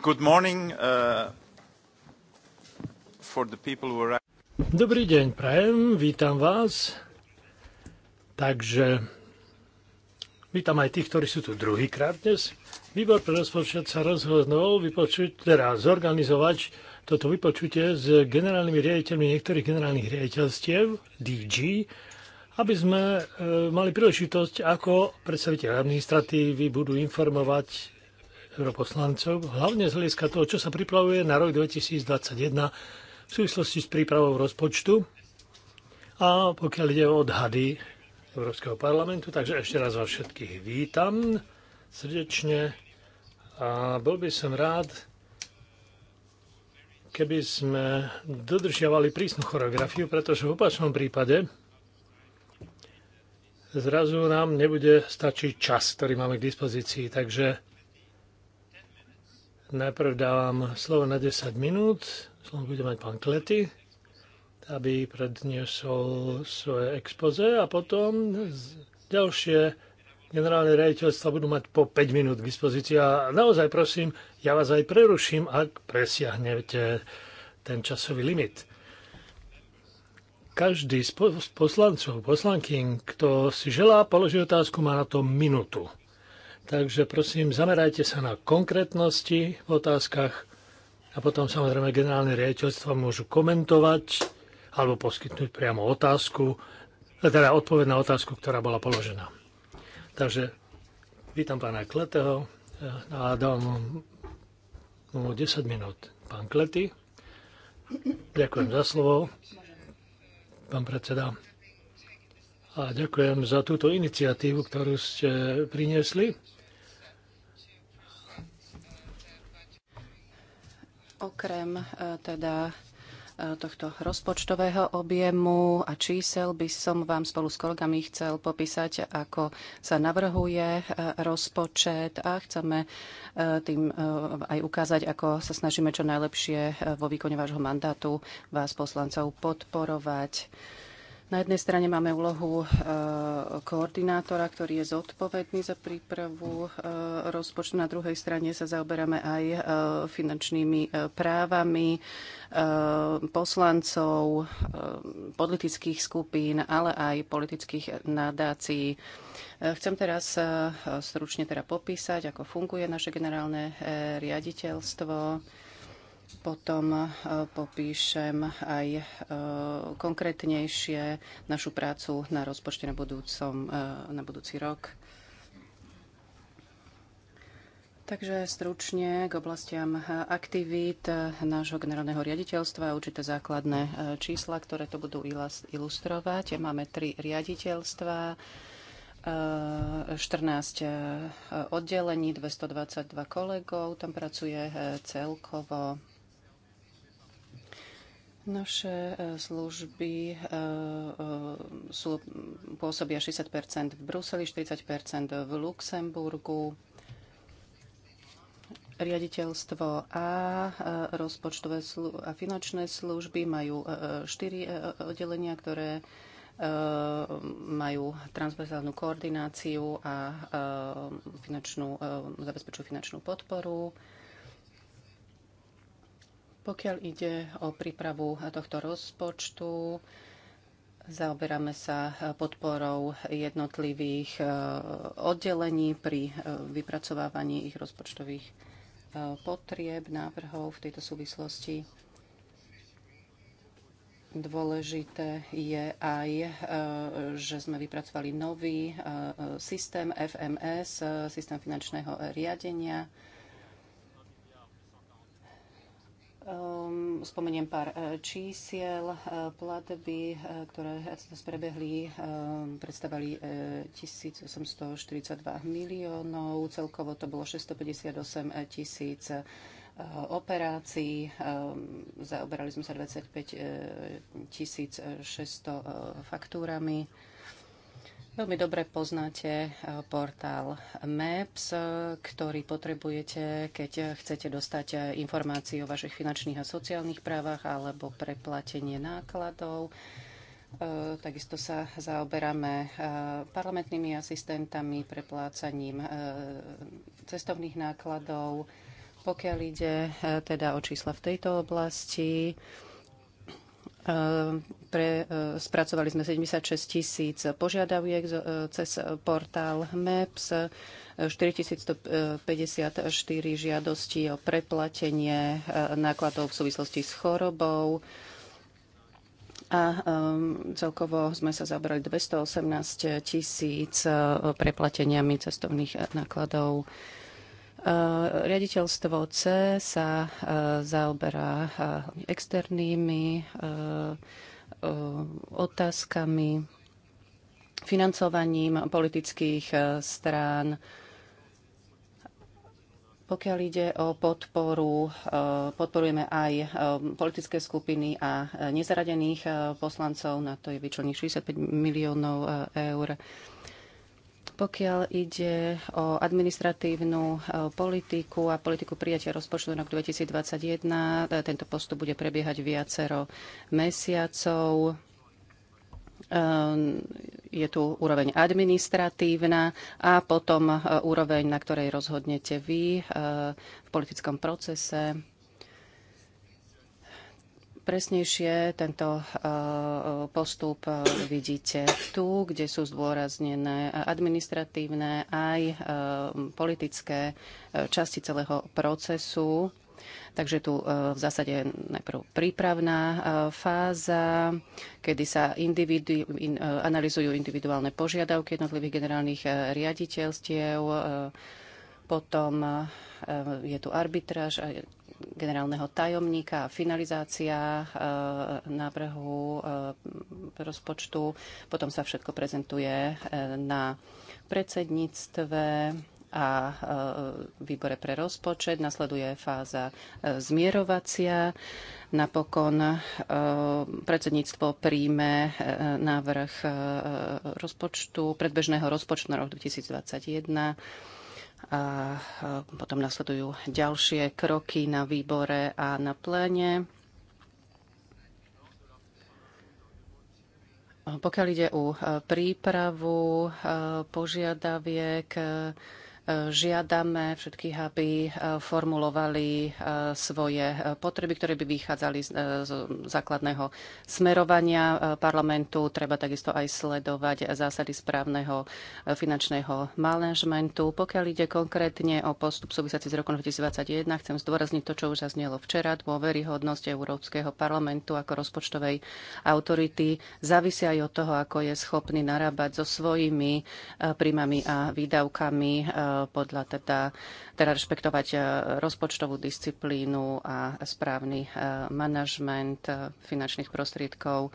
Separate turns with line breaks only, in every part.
Uh,
Dobrý deň, prajem, vítam vás. Takže vítam aj tých, ktorí sú tu druhýkrát dnes. Výbor pre rozpočet sa rozhodol vypočuť, teda zorganizovať toto vypočutie s generálnymi riaditeľmi niektorých generálnych riaditeľstiev DG, aby sme e, mali príležitosť, ako predstaviteľ administratívy budú informovať europoslancov, hlavne z hľadiska toho, čo sa pripravuje na rok 2021 v súvislosti s prípravou rozpočtu a pokiaľ ide o odhady Európskeho parlamentu. Takže ešte raz vás všetkých vítam srdečne a bol by som rád, keby sme dodržiavali prísnu choreografiu, pretože v opačnom prípade zrazu nám nebude stačiť čas, ktorý máme k dispozícii. Takže Najprv dávam slovo na 10 minút, slovo bude mať pán Klety, aby predniesol svoje expoze a potom ďalšie generálne rejiteľstva budú mať po 5 minút k dispozícii. A naozaj prosím, ja vás aj preruším, ak presiahnete ten časový limit. Každý z poslancov, poslankyň, kto si želá položiť otázku, má na to minútu. Takže prosím, zamerajte sa na konkrétnosti v otázkach a potom samozrejme generálne riaditeľstva môžu komentovať alebo poskytnúť priamo otázku, teda odpoveď na otázku, ktorá bola položená. Takže vítam pána Kleteho no a dávam mu 10 minút. Pán Klety, ďakujem za slovo, pán predseda. A ďakujem za túto iniciatívu, ktorú ste priniesli.
Okrem e, teda e, tohto rozpočtového objemu a čísel by som vám spolu s kolegami chcel popísať, ako sa navrhuje e, rozpočet a chceme tým aj ukázať, ako sa snažíme čo najlepšie vo výkone vášho mandátu vás poslancov podporovať. Na jednej strane máme úlohu e, koordinátora, ktorý je zodpovedný za prípravu e, rozpočtu. Na druhej strane sa zaoberáme aj e, finančnými právami poslancov, politických skupín, ale aj politických nadácií. Chcem teraz stručne teda popísať, ako funguje naše generálne riaditeľstvo potom e, popíšem aj e, konkrétnejšie našu prácu na rozpočte na, budúcom, e, na budúci rok. Takže stručne k oblastiam aktivít nášho generálneho riaditeľstva a určité základné čísla, ktoré to budú ilustrovať. Máme tri riaditeľstva, 14 oddelení, 222 kolegov, tam pracuje celkovo naše e, služby e, e, sú, pôsobia 60 v Bruseli, 40 v Luxemburgu. Riaditeľstvo A, rozpočtové a finančné služby majú štyri oddelenia, ktoré majú transverzálnu koordináciu a finančnú, zabezpečujú finančnú podporu. Pokiaľ ide o prípravu tohto rozpočtu, zaoberáme sa podporou jednotlivých e, oddelení pri e, vypracovávaní ich rozpočtových e, potrieb, návrhov v tejto súvislosti. Dôležité je aj, že sme vypracovali nový systém FMS, systém finančného riadenia Um, spomeniem pár e, čísiel. E, platby, e, ktoré dnes prebehli, um, ehm, predstavali 1842 miliónov. Celkovo to bolo 658 tisíc operácií. Um, zaoberali sme sa 25 600 faktúrami. Veľmi dobre poznáte e, portál MAPS, e, ktorý potrebujete, keď e, chcete dostať informácie o vašich finančných a sociálnych právach alebo preplatenie nákladov. Takisto sa zaoberáme parlamentnými asistentami, preplácaním cestovných nákladov. Pokiaľ ide teda o čísla v tejto oblasti, Ehm, pre, e, spracovali sme 76 tisíc požiadaviek e, cez portál MEPS, 4154 e, žiadosti o preplatenie nákladov v súvislosti s chorobou a ehm, celkovo sme sa zabrali 218 tisíc preplateniami cestovných nákladov Eh, riaditeľstvo C sa eh, zaoberá eh, externými otázkami, financovaním politických strán, pokiaľ ide o podporu, podporujeme aj politické skupiny a nezaradených poslancov, na to je vyčlených 65 miliónov eur. Pokiaľ ide o administratívnu e, politiku a politiku prijatia rozpočtu rok 2021, e, tento postup bude prebiehať viacero mesiacov. E, je tu úroveň administratívna a potom úroveň, na ktorej rozhodnete vy v politickom procese Presnejšie tento e, postup e, vidíte tu, kde sú zdôraznené administratívne aj e, politické časti celého procesu. Takže tu v zásade najprv prípravná fáza, kedy sa individu, in, analizujú individuálne požiadavky jednotlivých generálnych riaditeľstiev, potom je tu arbitráž a generálneho tajomníka a finalizácia eh, návrhu eh, rozpočtu. Potom sa všetko prezentuje eh, na predsedníctve a výbore pre rozpočet. Nasleduje fáza zmierovacia. Napokon predsedníctvo príjme návrh rozpočtu, predbežného rozpočtu na rok 2021 a potom nasledujú ďalšie kroky na výbore a na pléne. Pokiaľ ide o prípravu požiadaviek, Žiadame všetkých, aby e, formulovali e, svoje e, potreby, ktoré by vychádzali z základného smerovania parlamentu. Treba takisto aj sledovať zásady správneho finančného manažmentu. Pokiaľ ide konkrétne o postup súvisiaci s rokom 2021, chcem zdôrazniť to, čo už zaznelo včera. Dôveryhodnosť Európskeho parlamentu ako rozpočtovej autority závisia aj od toho, ako je schopný narábať so svojimi príjmami a výdavkami podľa teda, teda rešpektovať e, rozpočtovú disciplínu a správny e, manažment e, finančných prostriedkov.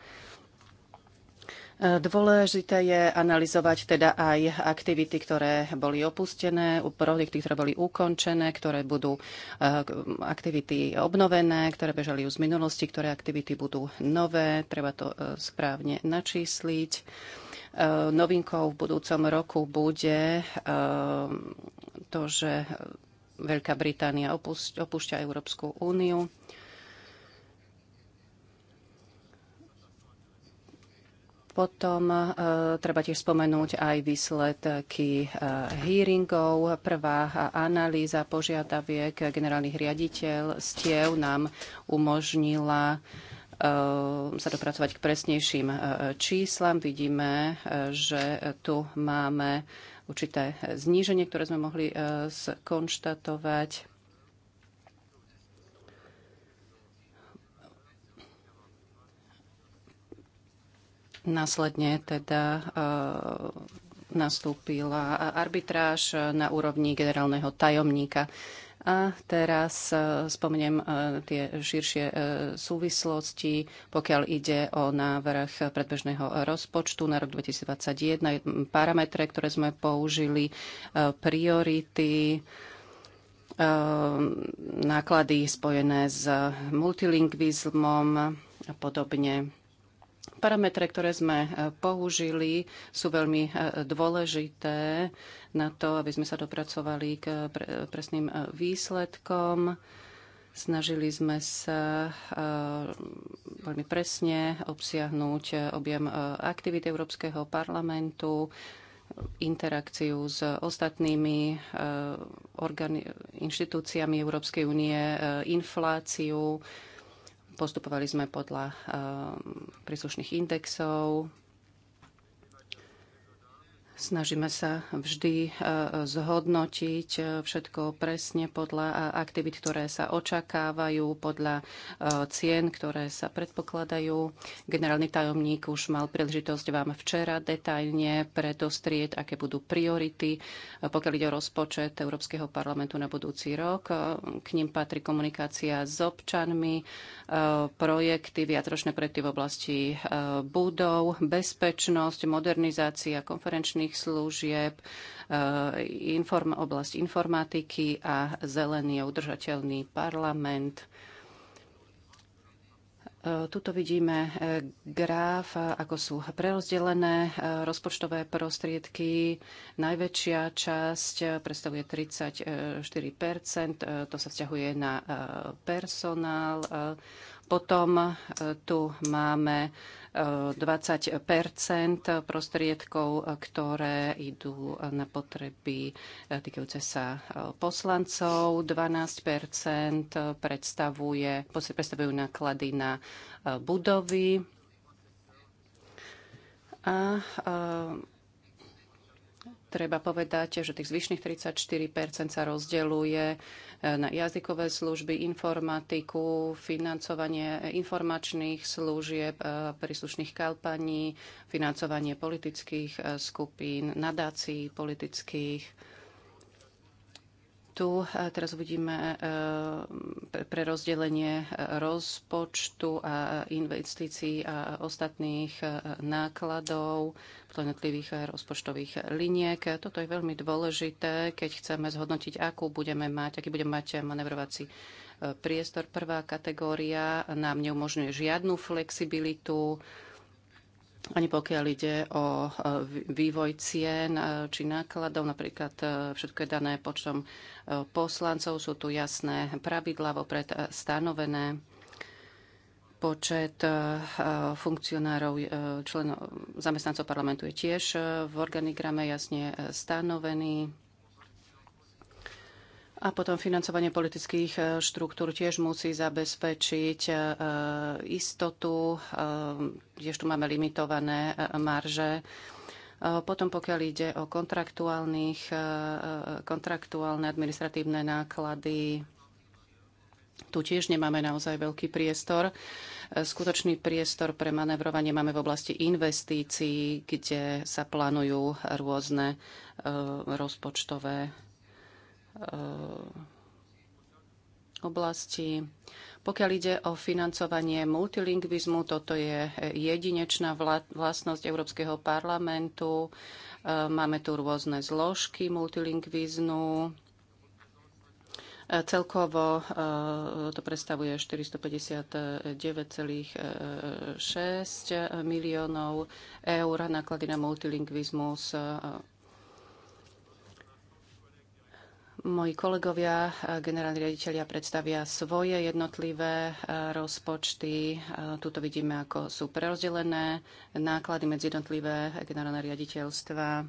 Dôležité je analyzovať teda aj aktivity, ktoré boli opustené, projekty, ktoré boli ukončené, ktoré budú aktivity obnovené, ktoré bežali už z minulosti, ktoré aktivity budú nové, treba to správne načísliť E, novinkou v budúcom roku bude e, to, že Veľká Británia opúšťa Európsku úniu. Potom uh, treba tiež spomenúť aj výsledky uh, hearingov. Prvá analýza požiadaviek generálnych riaditeľ stiev nám umožnila uh, Ehm, sa dopracovať k presnejším e, číslam. Vidíme, e, že tu máme určité zníženie, ktoré sme mohli e, skonštatovať. Následne teda nastúpila arbitráž na úrovni generálneho tajomníka. A teraz e, spomeniem e, tie širšie e, súvislosti, pokiaľ ide o návrh predbežného rozpočtu na rok 2021, parametre, ktoré sme použili, priority, náklady spojené s multilingvizmom a podobne. Parametre, ktoré sme e, použili, sú veľmi e, dôležité na to, aby sme sa dopracovali k e, presným výsledkom. Snažili sme sa veľmi presne obsiahnuť objem aktivity Európskeho parlamentu, interakciu s ostatnými inštitúciami Európskej únie, infláciu, Postupovali sme podľa ehm, príslušných indexov, Snažíme sa vždy e, zhodnotiť e, všetko presne podľa e, aktivít, ktoré sa očakávajú, podľa cien, ktoré sa predpokladajú. Generálny tajomník už mal príležitosť vám včera detailne predostrieť, aké budú priority, pokiaľ ide o rozpočet Európskeho parlamentu na budúci rok. K ním patrí komunikácia s občanmi, projekty, viacročné projekty v oblasti budov, bezpečnosť, modernizácia konferenčných sociálnych služieb, e, inform, oblasť informatiky a zelený a udržateľný parlament. E, tuto vidíme e, graf, ako sú prerozdelené rozpočtové prostriedky. Najväčšia časť predstavuje 34 to sa vzťahuje na personál. Potom tu máme 20 prostriedkov, ktoré idú na potreby eh, týkajúce sa eh, poslancov, 12 predstavuje, predstavujú náklady na eh, budovy a treba povedať, že tých zvyšných 34 sa rozdeľuje e, na jazykové služby, informatiku, financovanie informačných služieb, e, príslušných kalpaní, financovanie politických e, skupín, nadácií politických tu eh, teraz uvidíme eh, pre rozdelenie eh, rozpočtu a investícií a ostatných nákladov jednotlivých rozpočtových liniek. Toto je veľmi dôležité, keď chceme zhodnotiť, akú budeme mať, aký budeme mať manevrovací priestor. Prvá kategória nám neumožňuje žiadnu flexibilitu ani pokiaľ ide o e, vývoj cien e, či nákladov, napríklad e, všetko je dané počtom poslancov, sú tu jasné pravidlá vopred stanovené. Počet funkcionárov, členov, zamestnancov parlamentu je tiež v organigrame jasne stanovený. A potom financovanie politických e, štruktúr tiež musí zabezpečiť e, istotu, e, tiež tu máme limitované marže. Potom pokiaľ ide o kontraktuálnych, kontraktuálne administratívne náklady, tu tiež nemáme naozaj veľký priestor. Skutočný priestor pre manevrovanie máme v oblasti investícií, kde sa plánujú rôzne rozpočtové Eh, oblasti. Pokiaľ ide o financovanie multilingvizmu, toto je jedinečná vlastnosť Európskeho parlamentu. Eh, máme tu rôzne zložky multilingvizmu. Eh, celkovo to predstavuje 459,6 miliónov eur náklady na multilingvizmus Moji kolegovia, eh, generálni riaditeľia predstavia svoje jednotlivé eh, rozpočty. Eh, tuto vidíme, ako sú prerozdelené náklady medzi jednotlivé generálne riaditeľstva.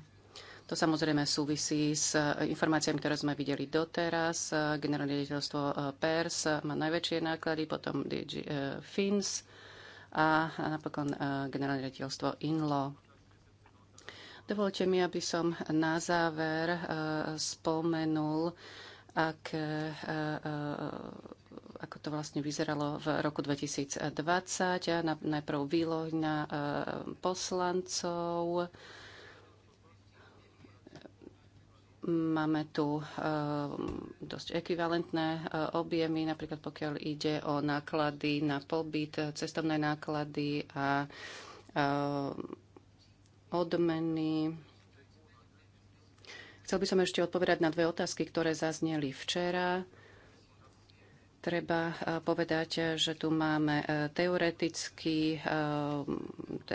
To samozrejme súvisí s informáciami, ktoré sme videli doteraz. Generálne riaditeľstvo PERS má najväčšie náklady, potom DG, FINS a napokon generálne riaditeľstvo INLO. Dovolte mi, aby som na záver e, spomenul, ak, e, e, ako to vlastne vyzeralo v roku 2020. Najprv výloh na poslancov. Máme tu dosť ekvivalentné objemy, napríklad pokiaľ ide o náklady na pobyt, cestovné náklady a odmeny. Chcel by som ešte odpovedať na dve otázky, ktoré zazneli včera treba e, povedať, že tu máme e, teoretický, e,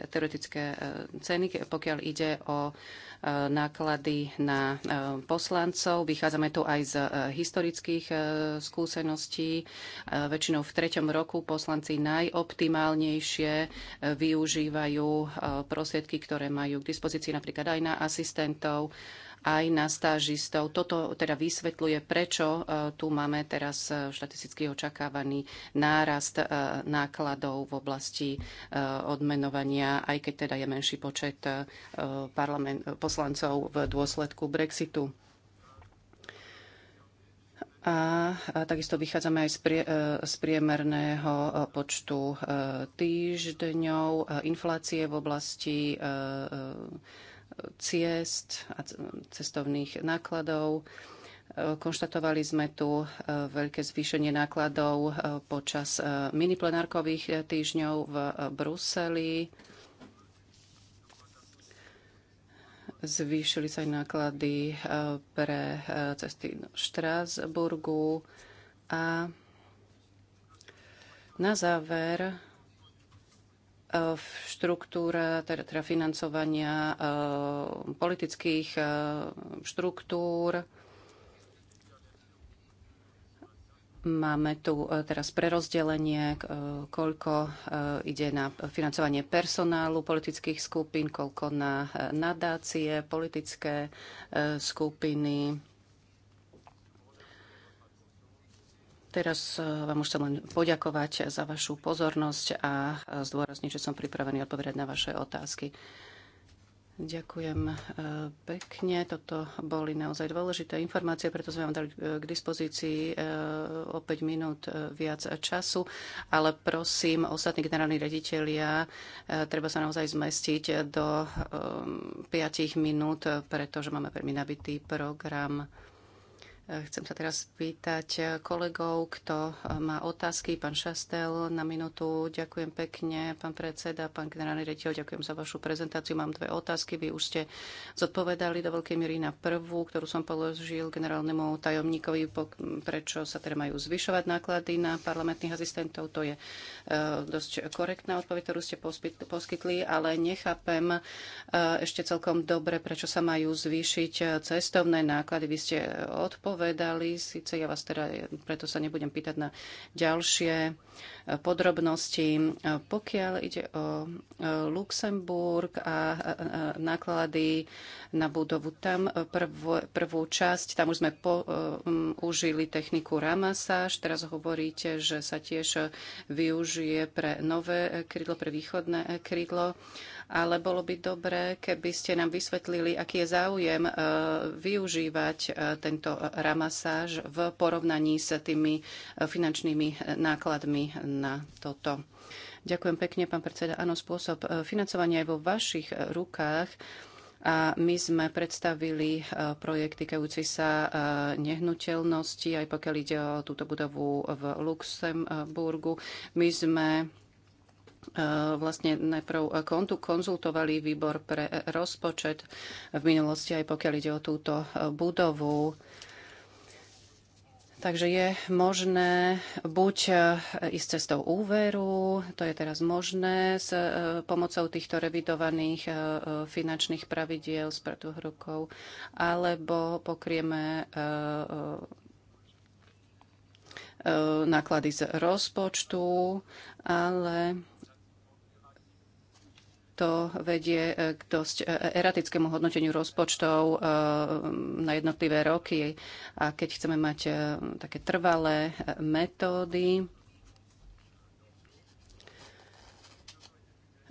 teoretické ceny, pokiaľ ide o náklady na poslancov. Vychádzame tu aj z historických skúseností. Väčšinou v treťom roku poslanci najoptimálnejšie využívajú prostriedky, ktoré majú k dispozícii napríklad aj na asistentov aj na stážistov. Toto teda vysvetľuje, prečo e, tu máme teraz e, štatisticky očakávaný nárast e, nákladov v oblasti odmenovania, aj keď teda je menší počet poslancov v dôsledku Brexitu. A, takisto vychádzame aj z, z priemerného počtu týždňov, inflácie v oblasti ciest a cestovných nákladov. Konštatovali sme tu e, veľké zvýšenie nákladov e, počas e, miniplenárkových týždňov v Bruseli. Zvýšili sa aj náklady pre cesty do Štrásburgu. A na záver štruktúra, teda, teda financovania eh, politických eh, štruktúr. Máme tu eh, teraz prerozdelenie, koľko ide na financovanie personálu politických skupín, koľko na nadácie, politické skupiny Teraz e, vám už chcem len poďakovať za vašu pozornosť a zdôrazniť, že som pripravený odpovedať na vaše otázky. Ďakujem e, pekne. Toto boli naozaj dôležité informácie, preto sme vám dali e, k dispozícii o 5 minút viac času. Ale prosím, ostatní generálni rediteľia, treba sa naozaj zmestiť do 5 minút, pretože máme veľmi nabitý program. Chcem sa teraz spýtať kolegov, kto má otázky. Pán Šastel na minútu. Ďakujem pekne, pán predseda, pán generálny rediteľ, ďakujem za vašu prezentáciu. Mám dve otázky. Vy už ste zodpovedali do veľkej miery na prvú, ktorú som položil generálnemu tajomníkovi, prečo sa teda majú zvyšovať náklady na parlamentných asistentov. To je e, dosť korektná odpoveď, ktorú ste poskytli, ale nechápem e, ešte celkom dobre, prečo sa majú zvýšiť cestovné náklady. Vy ste odpovedali odpovedali. Sice ja vás teda, preto sa nebudem pýtať na ďalšie e, podrobnosti. E, pokiaľ ide o e, Luxemburg a náklady na budovu, tam prv, prvú časť, tam už sme užili techniku ramasáž. Teraz hovoríte, že sa tiež využije pre nové krídlo, pre východné krídlo ale bolo by dobré, keby ste nám vysvetlili, aký je záujem e, využívať e, tento ramasáž v porovnaní s tými e, finančnými nákladmi na toto. Ďakujem pekne, pán predseda. Áno, spôsob financovania je vo vašich rukách a my sme predstavili projekt týkajúci sa nehnuteľnosti, aj pokiaľ ide o túto budovu v Luxemburgu. My sme E, vlastne najprv kontu konzultovali výbor pre rozpočet v minulosti, aj pokiaľ ide o túto e, budovu. Takže je možné buď e, ísť cestou úveru, to je teraz možné s pomocou týchto revidovaných finančných pravidiel z prvých rokov, alebo pokrieme náklady z rozpočtu, ale to vedie e, k dosť e, eratickému hodnoteniu rozpočtov e, na jednotlivé roky. A keď chceme mať také trvalé metódy,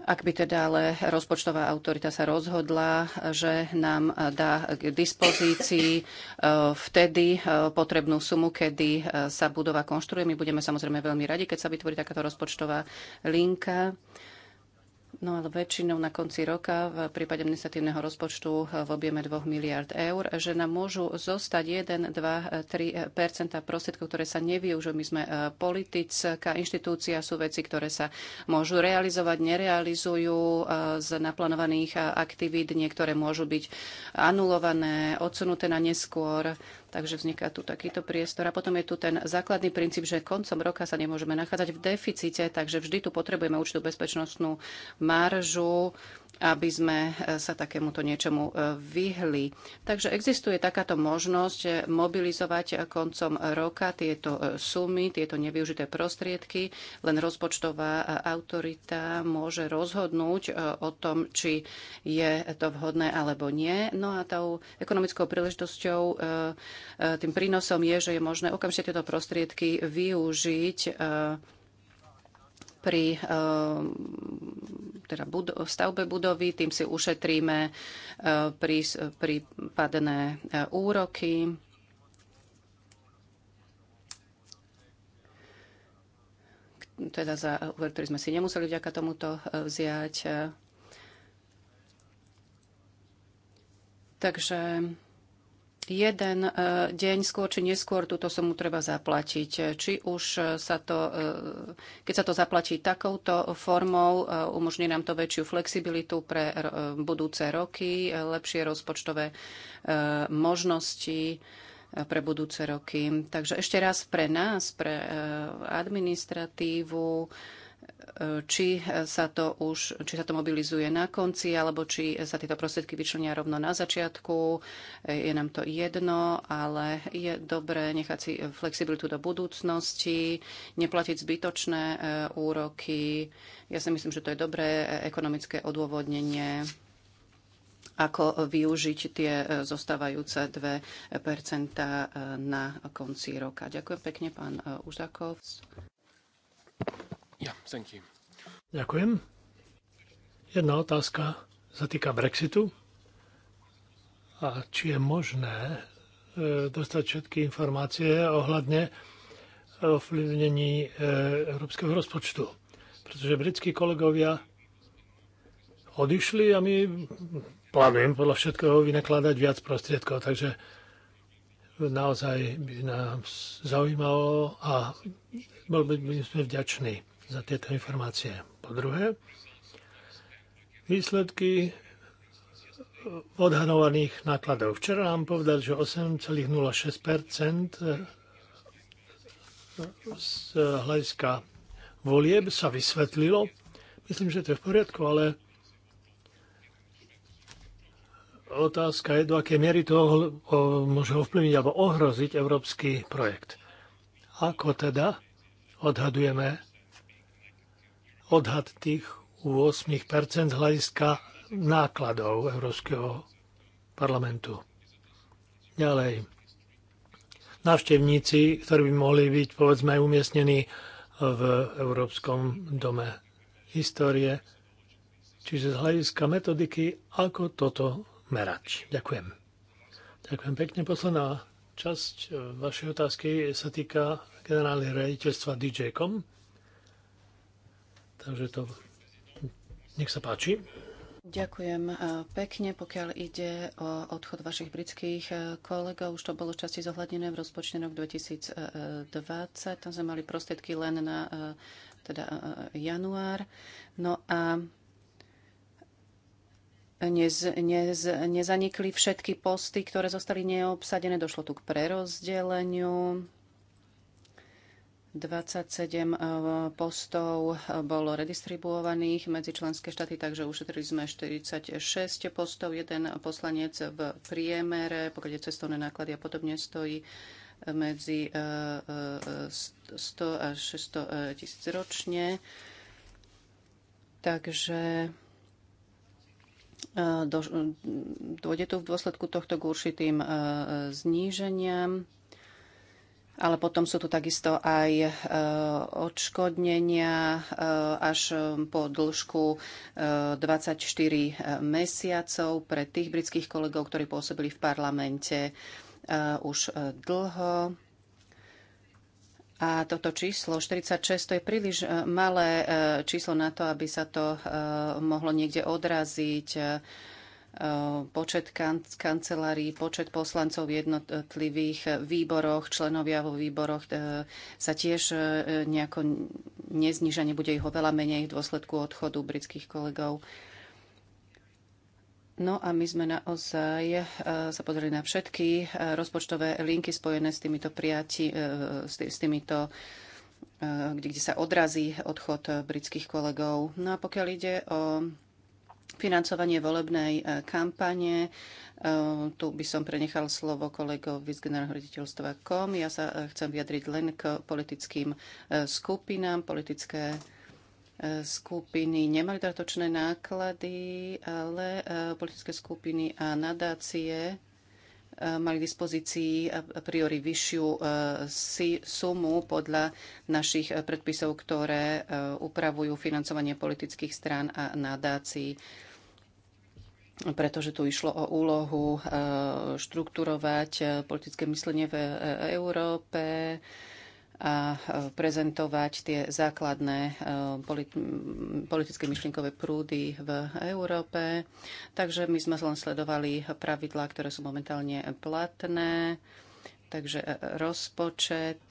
Ak by teda ale rozpočtová autorita sa rozhodla, že nám dá k dispozícii vtedy potrebnú sumu, kedy sa budova konštruuje, my budeme samozrejme veľmi radi, keď sa vytvorí takáto rozpočtová linka. No ale väčšinou na konci roka v prípade administratívneho rozpočtu eh, v objeme 2 miliard eur, že nám môžu zostať 1, 2, 3 prostriedkov, ktoré sa nevyužijú. My sme eh, politická inštitúcia, sú veci, ktoré sa môžu realizovať, nerealizujú eh, z naplánovaných aktivít. Niektoré môžu byť anulované, odsunuté na neskôr. Takže vzniká tu takýto priestor. A potom je tu ten základný princíp, že koncom roka sa nemôžeme nachádzať v deficite, takže vždy tu potrebujeme určitú bezpečnostnú maržu aby sme e, sa takémuto niečomu e, vyhli. Takže existuje takáto možnosť e, mobilizovať koncom roka tieto sumy, tieto nevyužité prostriedky. Len rozpočtová autorita môže rozhodnúť o tom, či je to vhodné alebo nie. No a tou ekonomickou príležitosťou, tým prínosom je, že je možné okamžite tieto prostriedky využiť pri eh, teda stavbe budovy, tým si ušetríme eh, prípadné eh, úroky. teda za úver, ktorý sme si nemuseli vďaka tomuto vziať. Takže jeden e, deň skôr či neskôr túto sumu treba zaplatiť. Či už sa to, e, keď sa to zaplatí takouto formou, e, umožní nám to väčšiu flexibilitu pre budúce roky, lepšie rozpočtové možnosti pre budúce roky. Takže ešte raz pre nás, pre administratívu, či sa, to už, či sa to mobilizuje na konci, alebo či sa tieto prostriedky vyčlenia rovno na začiatku. Je nám to jedno, ale je dobré nechať si flexibilitu do budúcnosti, neplatiť zbytočné e, úroky. Ja si myslím, že to je dobré ekonomické odôvodnenie ako využiť tie e, zostávajúce 2 e, na konci roka. Ďakujem pekne, pán Užakov.
Yeah, thank you. Ďakujem. Jedna otázka sa týka Brexitu. A či je možné e, dostať všetky informácie ohľadne ovplyvnení e, európskeho rozpočtu. Pretože britskí kolegovia odišli a my plánujem podľa všetkého vynakladať viac prostriedkov, takže naozaj by nás zaujímalo a bol by sme vďační za tieto informácie. Po druhé, výsledky odhadovaných nákladov. Včera nám povedal, že 8,06 z hľadiska volieb sa vysvetlilo. Myslím, že to je v poriadku, ale otázka je, do akej miery to môže ovplyvniť alebo ohroziť európsky projekt. Ako teda odhadujeme odhad tých 8% z hľadiska nákladov Európskeho parlamentu. Ďalej, návštevníci, ktorí by mohli byť povedzme umiestnení v Európskom dome histórie, čiže z hľadiska metodiky, ako toto merať. Ďakujem. Ďakujem pekne. Posledná časť eh, vašej otázky sa týka generálneho riaditeľstva DJ.com. Takže to... Nech sa páči.
Ďakujem e, pekne. Pokiaľ ide o odchod vašich britských e, kolegov, už to bolo časti zohľadnené v rozpočte rok 2020. Tam sme mali prostriedky len na e, teda, január. No a Nez, nez, nezanikli všetky posty, ktoré zostali neobsadené. Došlo tu k prerozdeleniu. 27 eh, postov eh, bolo redistribuovaných medzi členské štáty, takže ušetrili sme 46 postov. Jeden poslanec v priemere, pokiaľ je cestovné náklady a podobne, stojí eh, medzi 100 až 600 tisíc ročne. Takže hm, dôjde tu v dôsledku tohto k určitým zníženiam ale potom sú tu takisto aj e, odškodnenia e, až e, po dĺžku 24 mesiacov pre tých britských kolegov, ktorí pôsobili v parlamente už dlho. A toto číslo 46 to je príliš malé číslo na to, aby sa to mohlo niekde odraziť Eh, počet kan- kancelárií, počet poslancov v jednotlivých výboroch, členovia vo výboroch eh, sa tiež eh, nejako nezniža, nebude ich oveľa menej v dôsledku odchodu britských kolegov. No a my sme naozaj sa pozreli na všetky rozpočtové linky spojené s týmito prijati, s týmito kde sa odrazí odchod britských kolegov. No a pokiaľ ide o financovanie volebnej e, kampane. E, tu by som prenechal slovo kolegovi z generálneho rediteľstva KOM. Ja sa e, chcem vyjadriť len k politickým skupinám. Politické skupiny nemali dodatočné náklady, ale politické skupiny a nadácie mali k dispozícii a priori vyššiu e, sumu podľa našich e, predpisov, ktoré e, upravujú financovanie politických strán a nadácií pretože tu išlo o úlohu štruktúrovať politické myslenie v Európe, a e, prezentovať tie základné e, politické myšlienkové prúdy v Európe. Takže my sme len sledovali pravidlá, ktoré sú momentálne platné. Takže e, rozpočet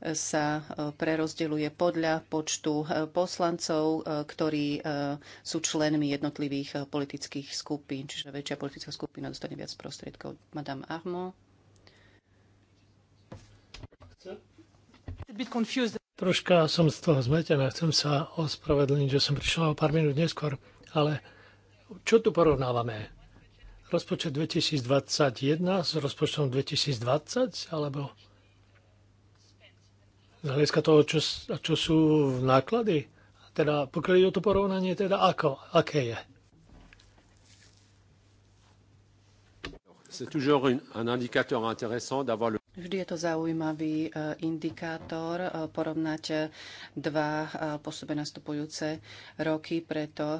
sa prerozdeľuje podľa počtu poslancov, ktorí sú členmi jednotlivých politických skupín. Čiže väčšia politická skupina dostane viac prostriedkov. Madame Armand.
Troška som z toho zmetená, chcem sa ospravedlniť, že som prišla o pár minút neskôr, ale čo tu porovnávame? Rozpočet 2021 s rozpočtom 2020, alebo z hľadiska toho, čo, čo sú v náklady? Teda pokiaľ je to porovnanie, teda ako, aké je? C'est toujours un indicateur intéressant d'avoir le
Vždy je to zaujímavý e, indikátor e, porovnať e, dva po sebe nastupujúce roky, preto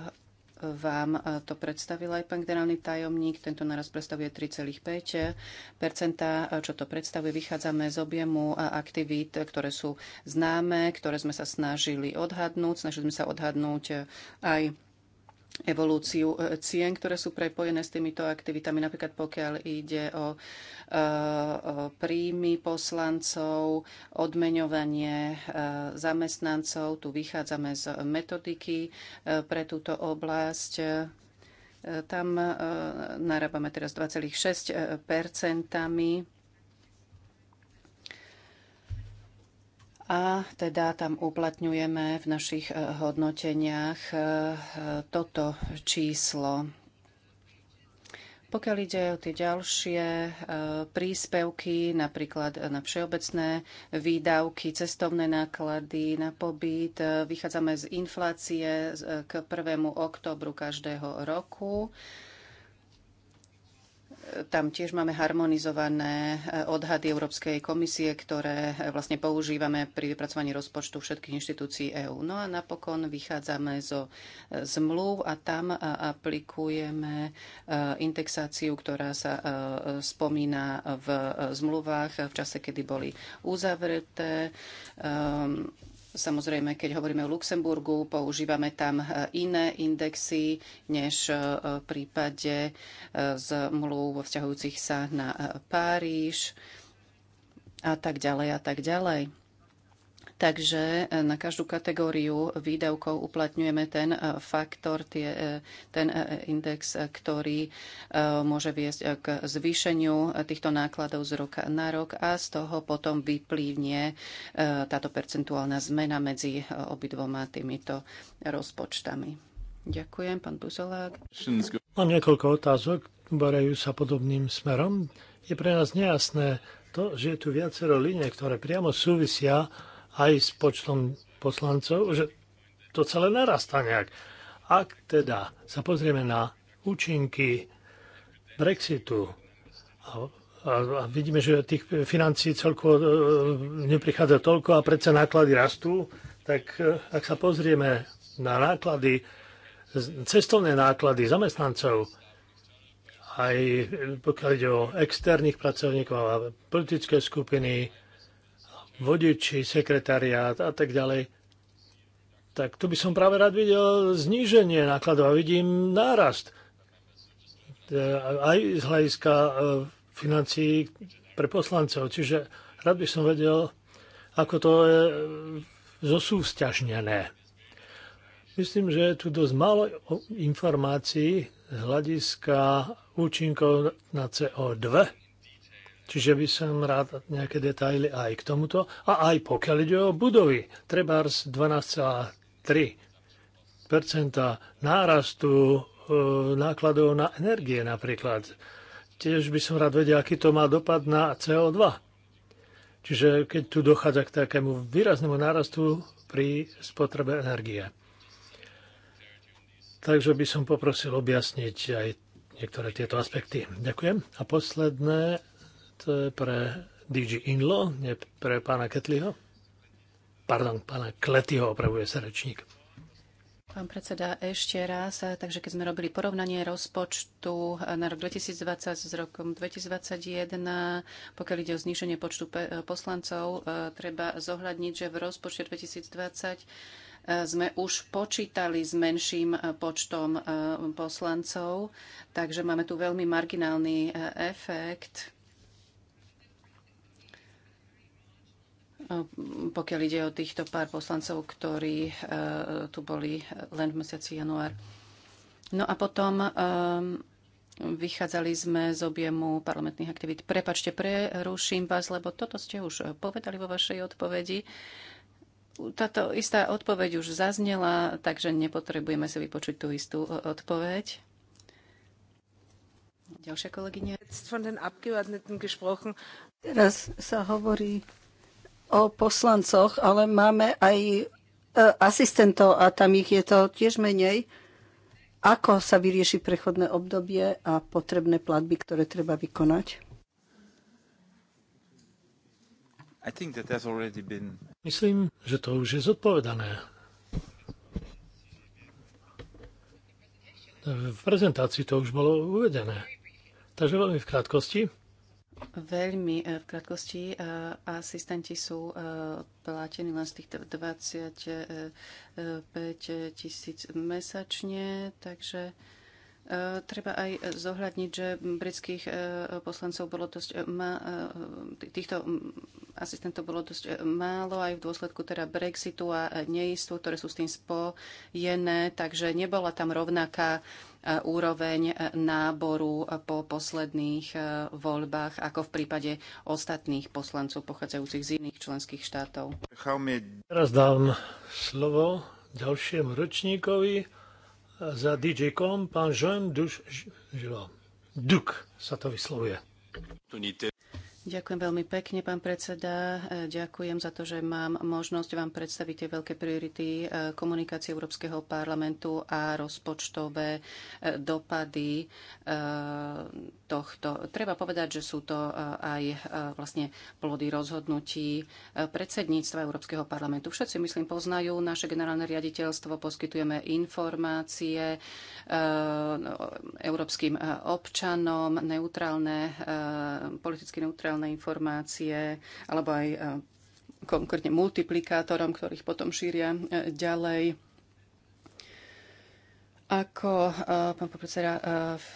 vám to predstavil aj pán generálny tajomník. Tento naraz predstavuje 3,5 Čo to predstavuje? Vychádzame z objemu aktivít, ktoré sú známe, ktoré sme sa snažili odhadnúť. Snažili sme sa odhadnúť aj evolúciu e, cien, ktoré sú prepojené s týmito aktivitami. Napríklad pokiaľ ide o, e, príjmy poslancov, odmeňovanie e, zamestnancov. Tu vychádzame z metodiky pre túto oblasť. Tam narábame teraz 2,6 percentami a teda tam uplatňujeme v našich e, hodnoteniach e, toto číslo. Pokiaľ ide o tie ďalšie e, príspevky, napríklad na všeobecné výdavky, cestovné náklady na pobyt, vychádzame z inflácie k 1. oktobru každého roku. Tam tiež máme harmonizované e, odhady Európskej komisie, ktoré e, vlastne používame pri vypracovaní rozpočtu všetkých inštitúcií EÚ. No a napokon vychádzame zo e, zmluv a tam aplikujeme indexáciu, ktorá sa spomína v zmluvách v čase, kedy boli uzavreté. Ehm, Samozrejme, keď hovoríme o Luxemburgu, používame tam e, iné indexy než e, v prípade e, zmluv vzťahujúcich sa na Páriž a tak ďalej a tak ďalej. Takže e, na každú kategóriu výdavkov uplatňujeme ten e, faktor, tie, e, ten index, ktorý môže viesť k zvýšeniu týchto nákladov z roka na rok a z toho potom vyplývne táto percentuálna zmena medzi obidvoma týmito rozpočtami. Ďakujem, pán
Buzolák. Mám niekoľko otázok, berajú sa podobným smerom. Je pre nás nejasné to, že je tu viacero línie, ktoré priamo súvisia aj s počtom poslancov, že to celé narastá nejak. Ak teda sa pozrieme na účinky Brexitu a, a vidíme, že tých financí celkovo e, neprichádza toľko a predsa náklady rastú, tak e, ak sa pozrieme na náklady, cestovné náklady zamestnancov, aj pokiaľ ide o externých pracovníkov a politické skupiny, vodiči, sekretariát a tak ďalej. Tak tu by som práve rád videl zníženie nákladov a vidím nárast e, aj z hľadiska e, financií pre poslancov. Čiže rád by som vedel, ako to je zosúvzťažnené. Myslím, že je tu dosť málo informácií z hľadiska účinkov na CO2 Čiže by som rád nejaké detaily aj k tomuto. A aj pokiaľ ide o budovy, trebárs 12,3 nárastu e, nákladov na energie napríklad. Tiež by som rád vedel, aký to má dopad na CO2. Čiže keď tu dochádza k takému výraznému nárastu pri spotrebe energie. Takže by som poprosil objasniť aj niektoré tieto aspekty. Ďakujem. A posledné Eh, pre DJ Inlo, nie pre pána Ketliho. Pardon, pána Kletyho opravuje sa rečník.
Pán predseda, ešte raz, eh, takže keď sme robili porovnanie rozpočtu eh, na rok 2020 s rokom 2021, pokiaľ ide o zníženie počtu poslancov, treba zohľadniť, že v rozpočte 2020 sme už počítali s menším počtom poslancov, takže máme tu veľmi marginálny efekt pokiaľ ide o týchto pár poslancov, ktorí e, tu boli len v mesiaci január. No a potom e, vychádzali sme z objemu parlamentných aktivít. Prepačte, preruším vás, lebo toto ste už povedali vo vašej odpovedi. Táto istá odpoveď už zaznela, takže nepotrebujeme si vypočuť tú istú e, odpoveď. Ďalšia kolegyňa.
Teraz sa hovorí o poslancoch, ale máme aj e, asistentov a tam ich je to tiež menej. Ako sa vyrieši prechodné obdobie a potrebné platby, ktoré treba vykonať? Been...
Myslím, že to už je zodpovedané. V prezentácii to už bolo uvedené. Takže veľmi v krátkosti.
Veľmi e, v krátkosti. E, asistenti sú e, platení len z tých 25 tisíc mesačne, takže treba aj zohľadniť, že britských poslancov bolo dosť ma- týchto asistentov bolo dosť málo aj v dôsledku teda Brexitu a neistú, ktoré sú s tým spojené, takže nebola tam rovnaká úroveň náboru po posledných eh, voľbách, ako v prípade ostatných poslancov pochádzajúcich z iných členských štátov.
Teraz dám slovo ďalšiemu ročníkovi eh, za DJ.com, pán Jean Duk sa to vyslovuje.
Ďakujem veľmi pekne, pán predseda. E, ďakujem za to, že mám možnosť vám predstaviť tie veľké priority e, komunikácie Európskeho parlamentu a rozpočtové e, dopady tohto. Treba povedať, že sú to aj vlastne plody rozhodnutí predsedníctva Európskeho parlamentu. Všetci, myslím, poznajú naše generálne riaditeľstvo, poskytujeme informácie no, európskym občanom, neutrálne, politicky neutrálne aktuálne informácie alebo aj eh, konkrétne multiplikátorom, ktorých potom šíria eh, ďalej ako eh, pán podpredseda eh,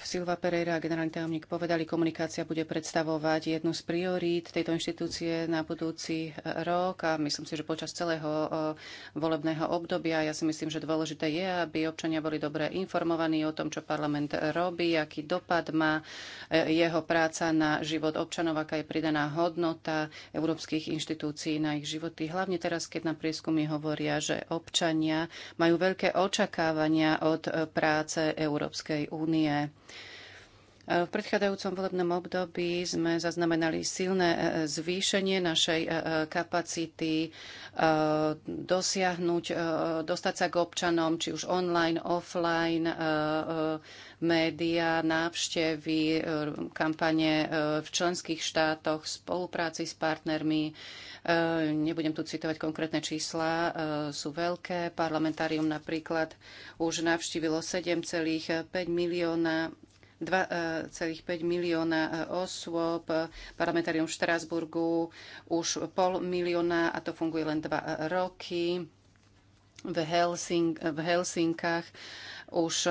Silva Pereira a generálny tajomník povedali, komunikácia bude predstavovať jednu z priorít tejto inštitúcie na budúci eh, rok a myslím si, že počas celého volebného obdobia ja si myslím, že dôležité je, aby občania boli dobre informovaní o tom, čo parlament robí, aký dopad má jeho práca na život občanov, aká je pridaná hodnota európskych inštitúcií na ich životy. Hlavne teraz, keď na prieskumy hovoria, že občania majú veľké očakávania od práce Európskej únie. V predchádzajúcom volebnom období sme zaznamenali silné e, e, zvýšenie našej e, kapacity dosiahnuť, dostať sa k občanom, či už online, offline, média, návštevy, kampane v členských štátoch, spolupráci s partnermi. Nebudem tu citovať konkrétne čísla, sú veľké. Parlamentárium napríklad už navštívilo 7,5 milióna 2,5 e, milióna e, osôb, parlamentárium v Štrásburgu už pol milióna a to funguje len dva e, roky. V, Helsing, v Helsinkách už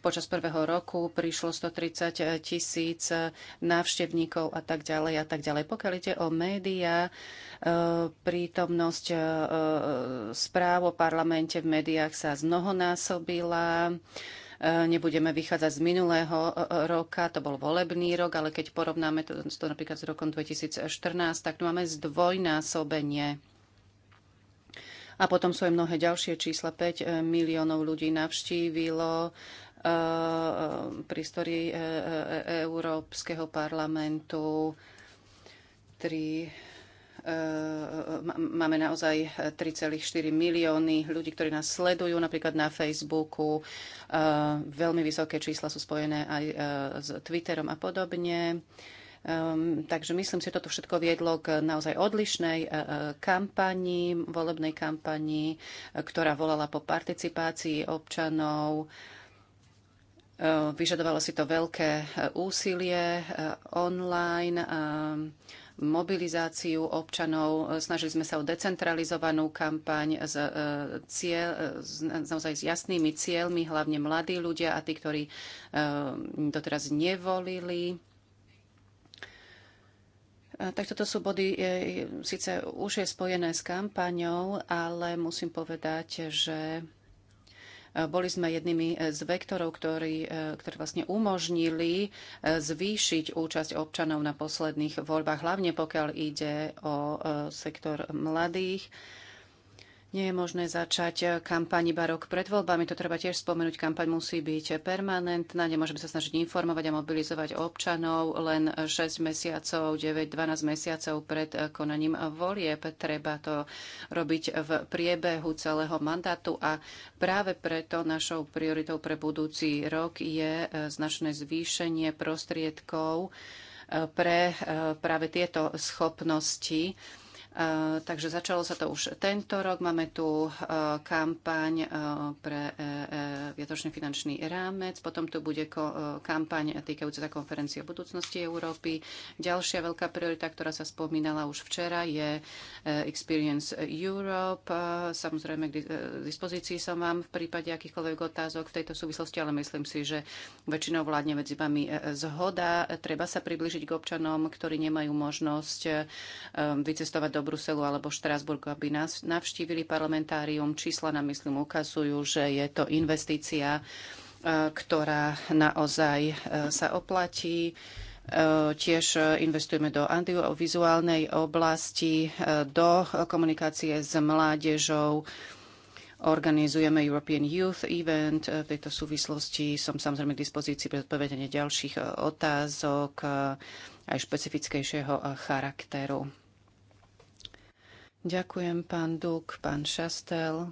počas prvého roku prišlo 130 tisíc návštevníkov a tak ďalej a tak ďalej. Pokiaľ ide o médiá, prítomnosť správ o parlamente v médiách sa znohonásobila. E, nebudeme vychádzať z minulého e, e, roka, to bol volebný rok, ale keď porovnáme to, to napríklad s rokom 2014, tak tu máme zdvojnásobenie. A potom sú aj mnohé ďalšie čísla. 5 miliónov ľudí navštívilo prístory Európskeho parlamentu. 3 Eh, máme naozaj 3,4 eh, milióny ľudí, ktorí nás sledujú napríklad na Facebooku. Eh, veľmi vysoké čísla sú spojené aj s Twitterom a podobne. Um, takže myslím si, že toto všetko viedlo k naozaj odlišnej uh, kampani, volebnej kampani, uh, ktorá volala po participácii občanov. Uh, vyžadovalo si to veľké úsilie online ehm, mobilizáciu občanov. Snažili sme sa o decentralizovanú kampaň s, e, cieľ, s, naozaj s jasnými cieľmi, hlavne mladí ľudia a tí, ktorí doteraz e, nevolili. E, tak toto sú body, síce už je spojené s kampaňou, ale musím povedať, že boli sme jednými e, z vektorov, ktorí, e, ktorí vlastne umožnili e, zvýšiť účasť občanov na posledných voľbách, hlavne pokiaľ ide o sektor mladých nie je možné začať eh, kampaň iba rok pred voľbami, to treba tiež spomenúť. Kampaň musí byť permanentná, nemôžeme sa snažiť informovať a mobilizovať občanov len 6 mesiacov, 9, 12 mesiacov pred eh, konaním volieb. Treba to robiť v priebehu celého mandátu a práve preto našou prioritou pre budúci rok je eh, značné zvýšenie prostriedkov pre práve tieto schopnosti E, takže začalo sa to už tento rok. Máme tu e, kampaň e, pre viatočný finančný rámec, potom tu bude kampaň týkajúca sa konferencie o budúcnosti Európy. Ďalšia veľká priorita, ktorá sa spomínala už včera, je Experience Europe. Samozrejme, k dispozícii som vám v prípade akýchkoľvek otázok v tejto súvislosti, ale myslím si, že väčšinou vládne medzi vami zhoda. Treba sa približiť k občanom, ktorí nemajú možnosť vycestovať do do Bruselu alebo Štrásburgu, aby nás navštívili parlamentárium. Čísla nám, myslím, ukazujú, že je to investícia, e, ktorá naozaj e, sa oplatí. E, tiež investujeme do audiovizuálnej oblasti, do komunikácie s mládežou. Organizujeme European Youth Event. V tejto súvislosti som samozrejme k dispozícii pre odpovedanie ďalších otázok aj špecifickejšieho charakteru. Ďakujem, pán Duk, pán Šastel.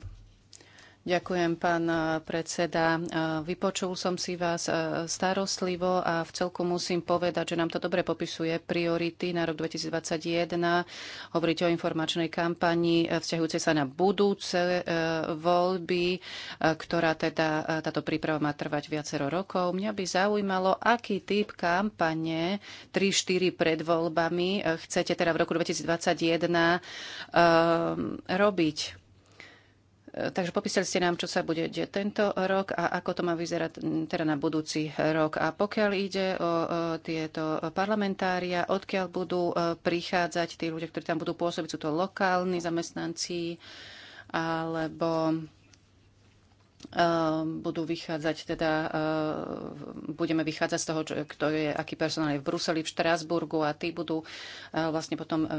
Ďakujem, pán eh, predseda. Eh, vypočul som si vás eh, starostlivo a v celku musím povedať, že nám to dobre popisuje priority na rok 2021. Hovoríte o informačnej kampani vzťahujúcej sa na budúce voľby, ktorá teda táto príprava má trvať viacero rokov. Mňa by zaujímalo, aký typ kampane 3-4 pred voľbami chcete teda v roku 2021 robiť Takže popísali ste nám, čo sa bude deť tento rok a ako to má vyzerať teda na budúci rok. A pokiaľ ide o tieto parlamentária, odkiaľ budú e, prichádzať tí ľudia, ktorí tam budú pôsobiť, sú to lokálni zamestnanci alebo Ehm, budú vychádzať teda, ehm, budeme vychádzať z toho, čo, kto je, aký personál je v Bruseli, v Štrásburgu a tí budú eh, vlastne potom eh,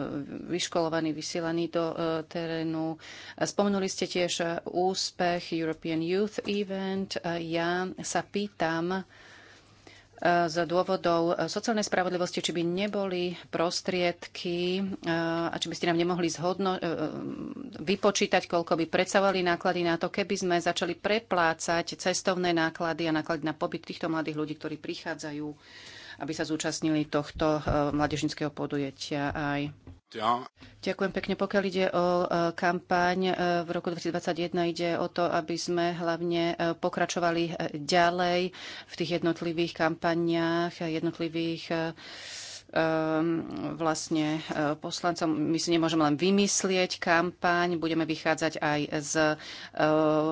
vyškolovaní, vysielaní do eh, terénu. Spomenuli ste tiež úspech European Youth Event. Ja sa pýtam, z dôvodov e, sociálnej spravodlivosti, či by neboli prostriedky e, a či by ste nám nemohli zhodno, e, vypočítať, koľko by predstavovali náklady na to, keby sme začali preplácať cestovné náklady a náklady na pobyt týchto mladých ľudí, ktorí prichádzajú, aby sa zúčastnili tohto mladežnického podujetia. aj Ďakujem pekne. Pokiaľ ide o e, kampaň e, v roku 2021, ide o to, aby sme hlavne e, pokračovali ďalej v tých jednotlivých kampaniách, jednotlivých Ehm, vlastne eh, poslancom. My si nemôžeme len vymyslieť kampaň, budeme vychádzať aj z eh,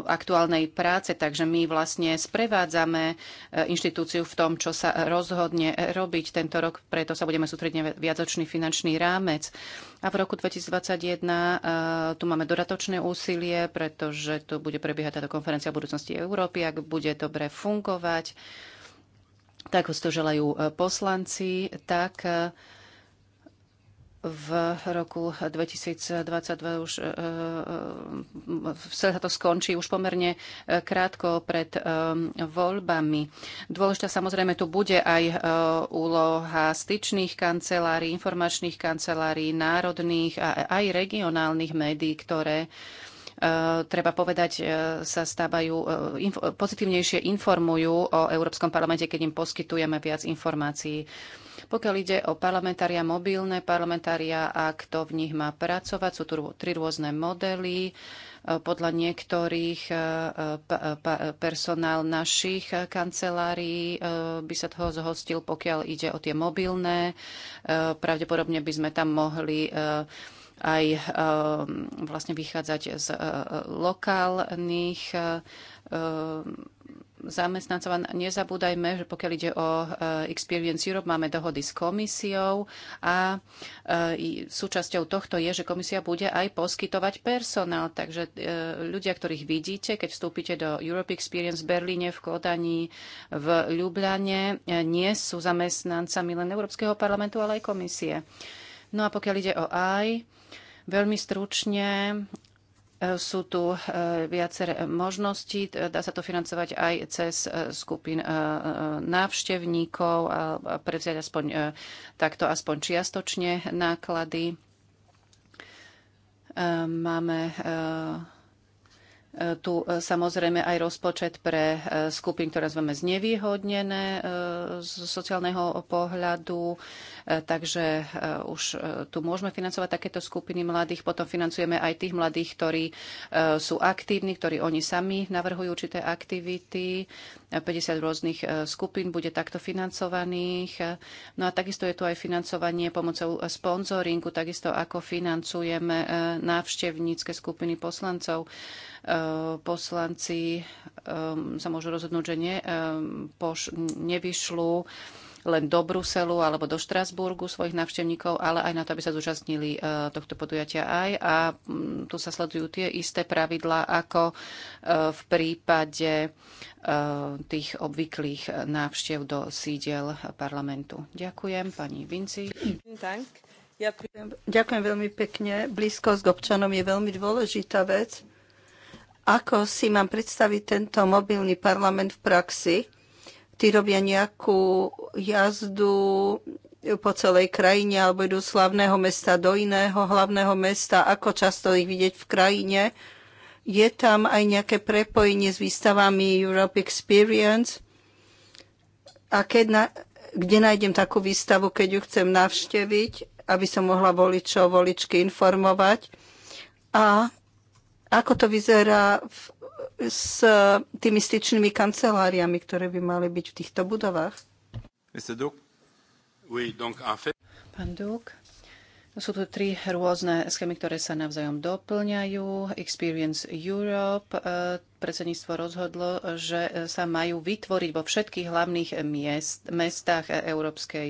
aktuálnej práce, takže my vlastne sprevádzame eh, inštitúciu v tom, čo sa rozhodne robiť tento rok, preto sa budeme sústrediť viacočný finančný rámec. A v roku 2021 tu máme dodatočné úsilie, pretože tu bude prebiehať táto konferencia o budúcnosti Európy, ak bude dobre fungovať tak to želajú e, poslanci, tak e, v roku 2022 už e, sa to skončí už pomerne krátko pred voľbami. Dôležitá samozrejme tu bude aj úloha styčných kancelárií, informačných kancelárií, národných a aj regionálnych médií, ktoré Eh, treba povedať, eh, sa stávajú, eh, pozitívnejšie informujú o Európskom parlamente, keď im poskytujeme viac informácií. Pokiaľ ide o parlamentária mobilné, parlamentária a kto v nich má pracovať, sú tu tri rôzne modely. Podľa niektorých personál našich kancelárií by sa toho zhostil, pokiaľ ide o tie mobilné. Pravdepodobne by sme tam mohli aj eh, vlastne vychádzať z eh, lokálnych eh, zamestnancov. A nezabúdajme, že pokiaľ ide o Experience Europe, máme dohody s komisiou a súčasťou tohto je, že komisia bude aj poskytovať personál. Takže ľudia, ktorých vidíte, keď vstúpite do Europe Experience v Berlíne, v Kodani, v Ljubljane, nie sú zamestnancami len Európskeho parlamentu, ale aj komisie. No a pokiaľ ide o AI, Veľmi stručne e, sú tu e, viaceré možnosti. E, dá sa to financovať aj cez skupin návštevníkov a prevziať aspoň takto aspoň čiastočne náklady. Máme tu samozrejme aj rozpočet pre skupiny, ktoré zveme znevýhodnené z sociálneho pohľadu. E, takže e, už e, tu môžeme financovať takéto skupiny mladých. Potom financujeme aj tých mladých, ktorí sú aktívni, ktorí oni sami navrhujú určité aktivity. 50 rôznych skupín bude takto financovaných. No a takisto je tu aj financovanie pomocou sponzoringu, takisto ako financujeme návštevnícke skupiny poslancov poslanci sa môžu rozhodnúť, že ne, poš, nevyšľú len do Bruselu alebo do Štrasburgu svojich návštevníkov, ale aj na to, aby sa zúčastnili e, tohto podujatia aj. A mm, tu sa sledujú tie isté pravidlá ako e, v prípade e, tých obvyklých návštev do sídel parlamentu. Ďakujem pani Vinci. Ďakujem. Ďakujem veľmi pekne. Blízkosť k občanom je veľmi dôležitá
vec. Ako si mám predstaviť tento mobilný parlament v praxi? tí robia nejakú jazdu po celej krajine alebo idú z hlavného mesta do iného hlavného mesta, ako často ich vidieť v krajine. Je tam aj nejaké prepojenie s výstavami Europe Experience. A keď na, kde nájdem takú výstavu, keď ju chcem navšteviť, aby som mohla voličov, voličky informovať. A ako to vyzerá v s tými styčnými kanceláriami, ktoré by
mali byť v týchto budovách? Pán Duk, sú tu tri rôzne schémy, ktoré sa navzájom doplňajú. Experience Europe, e, predsedníctvo rozhodlo, že e, sa majú vytvoriť vo všetkých hlavných miest, mestách e, Európskej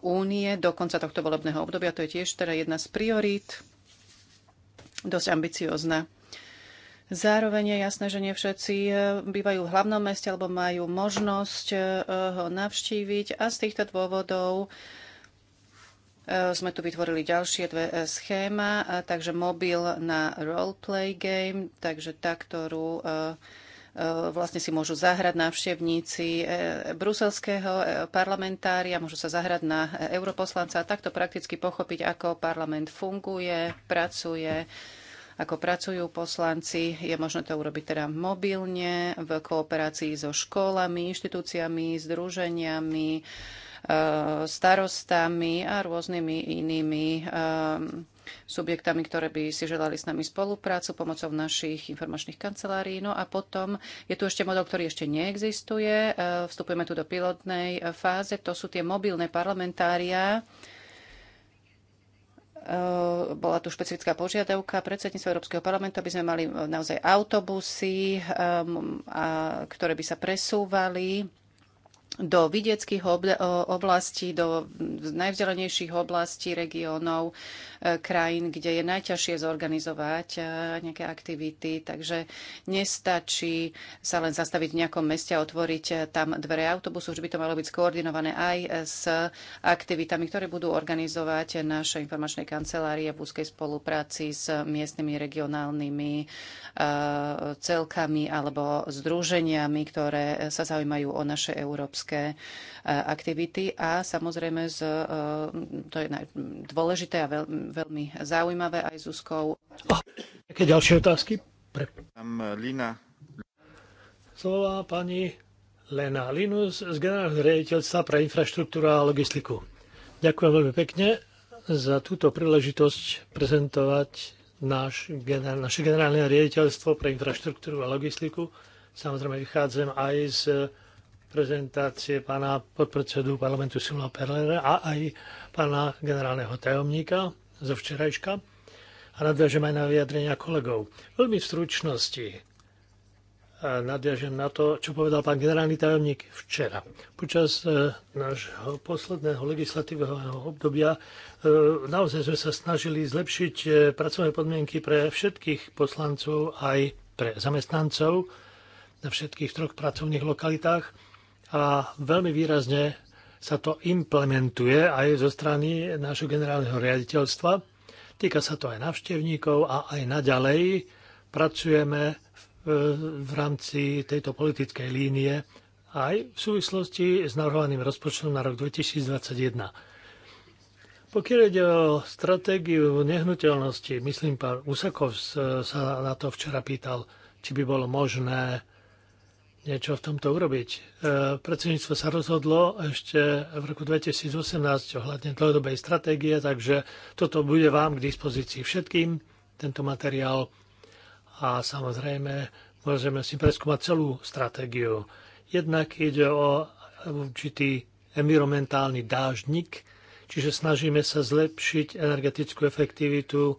únie do konca tohto volebného obdobia. To je tiež teda jedna z priorít, dosť ambiciozna. Zároveň je jasné, že nie všetci e, bývajú v hlavnom meste alebo majú možnosť e, ho navštíviť a z týchto dôvodov e, sme tu vytvorili ďalšie dve schéma, takže mobil na roleplay game, takže tá, ktorú vlastne si môžu zahrať návštevníci bruselského parlamentária, môžu sa zahrať na europoslanca a takto prakticky pochopiť, ako parlament funguje, pracuje, ako pracujú poslanci. Je možné to urobiť teda mobilne, v kooperácii so školami, inštitúciami, združeniami, e, starostami a rôznymi inými e, subjektami, ktoré by si želali s nami spoluprácu pomocou našich informačných kancelárií. No a potom je tu ešte model, ktorý ešte neexistuje. E, vstupujeme tu do pilotnej fáze. To sú tie mobilné parlamentária, Eh, bola tu špecifická požiadavka predsedníctva Európskeho parlamentu, aby sme mali naozaj autobusy, eh, ktoré by sa presúvali do vidieckých oblastí, do najvzdelenejších oblastí regiónov, e, krajín, kde je najťažšie zorganizovať e, nejaké aktivity. Takže nestačí sa len zastaviť v nejakom meste a otvoriť e, tam dvere autobusu, už by to malo byť skoordinované aj s aktivitami, ktoré budú organizovať naše informačné kancelárie v úzkej spolupráci s miestnymi regionálnymi celkami alebo združeniami, ktoré sa zaujímajú o naše európske európske aktivity a samozrejme z, e, to je dôležité a veľ, veľmi zaujímavé aj z úzkou. Oh,
aké ďalšie otázky? Pre... E, Lina. Slova pani Lena Linus z generálneho riaditeľstva pre infraštruktúru a logistiku. Ďakujem veľmi pekne za túto príležitosť prezentovať náš, naše generálne riaditeľstvo pre infraštruktúru a logistiku. Samozrejme vychádzam aj z prezentácie pána podpredsedu parlamentu Sula Perlera a aj pána generálneho tajomníka zo včerajška a nadviažem aj na vyjadrenia kolegov. Veľmi v stručnosti e, nadviažem na to, čo povedal pán generálny tajomník včera. Počas e, nášho posledného legislatívneho obdobia e, naozaj sme sa snažili zlepšiť pracovné podmienky pre všetkých poslancov aj pre zamestnancov na všetkých troch pracovných lokalitách a veľmi výrazne sa to implementuje aj zo strany nášho generálneho riaditeľstva. Týka sa to aj navštevníkov a aj naďalej pracujeme v rámci tejto politickej línie aj v súvislosti s navrhovaným rozpočtom na rok 2021. Pokiaľ ide o stratégiu nehnuteľnosti, myslím, pán Usakov e, sa na to včera pýtal, či by bolo možné niečo v tomto urobiť. E, predsedníctvo sa rozhodlo ešte v roku 2018 ohľadne dlhodobej stratégie, takže toto bude vám k dispozícii všetkým, tento materiál. A samozrejme, môžeme si preskúmať celú stratégiu. Jednak ide o určitý environmentálny dážnik, čiže snažíme sa zlepšiť energetickú efektivitu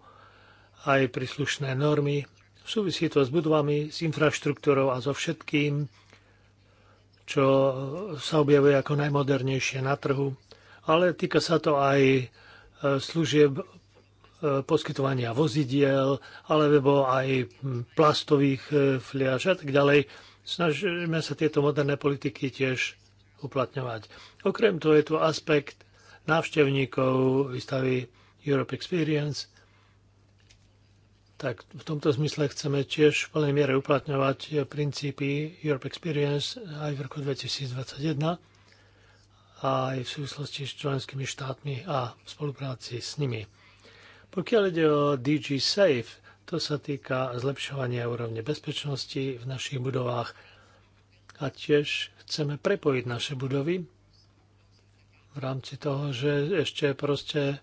aj príslušné normy Súvisí to s budovami, s infraštruktúrou a so všetkým, čo sa objavuje ako najmodernejšie na trhu. Ale týka sa to aj e, služieb e, poskytovania vozidiel, alebo aj plastových e, fliaž a tak ďalej. Snažíme sa tieto moderné politiky tiež uplatňovať. Okrem toho je tu aspekt návštevníkov výstavy Europe Experience, tak v tomto zmysle chceme tiež v plnej miere uplatňovať eh, princípy Europe Experience aj v roku 2021 aj v súvislosti s členskými štátmi a v spolupráci s nimi. Pokiaľ ide o DG Safe, to sa týka zlepšovania úrovne bezpečnosti v našich budovách a tiež chceme prepojiť naše budovy v rámci toho, že ešte proste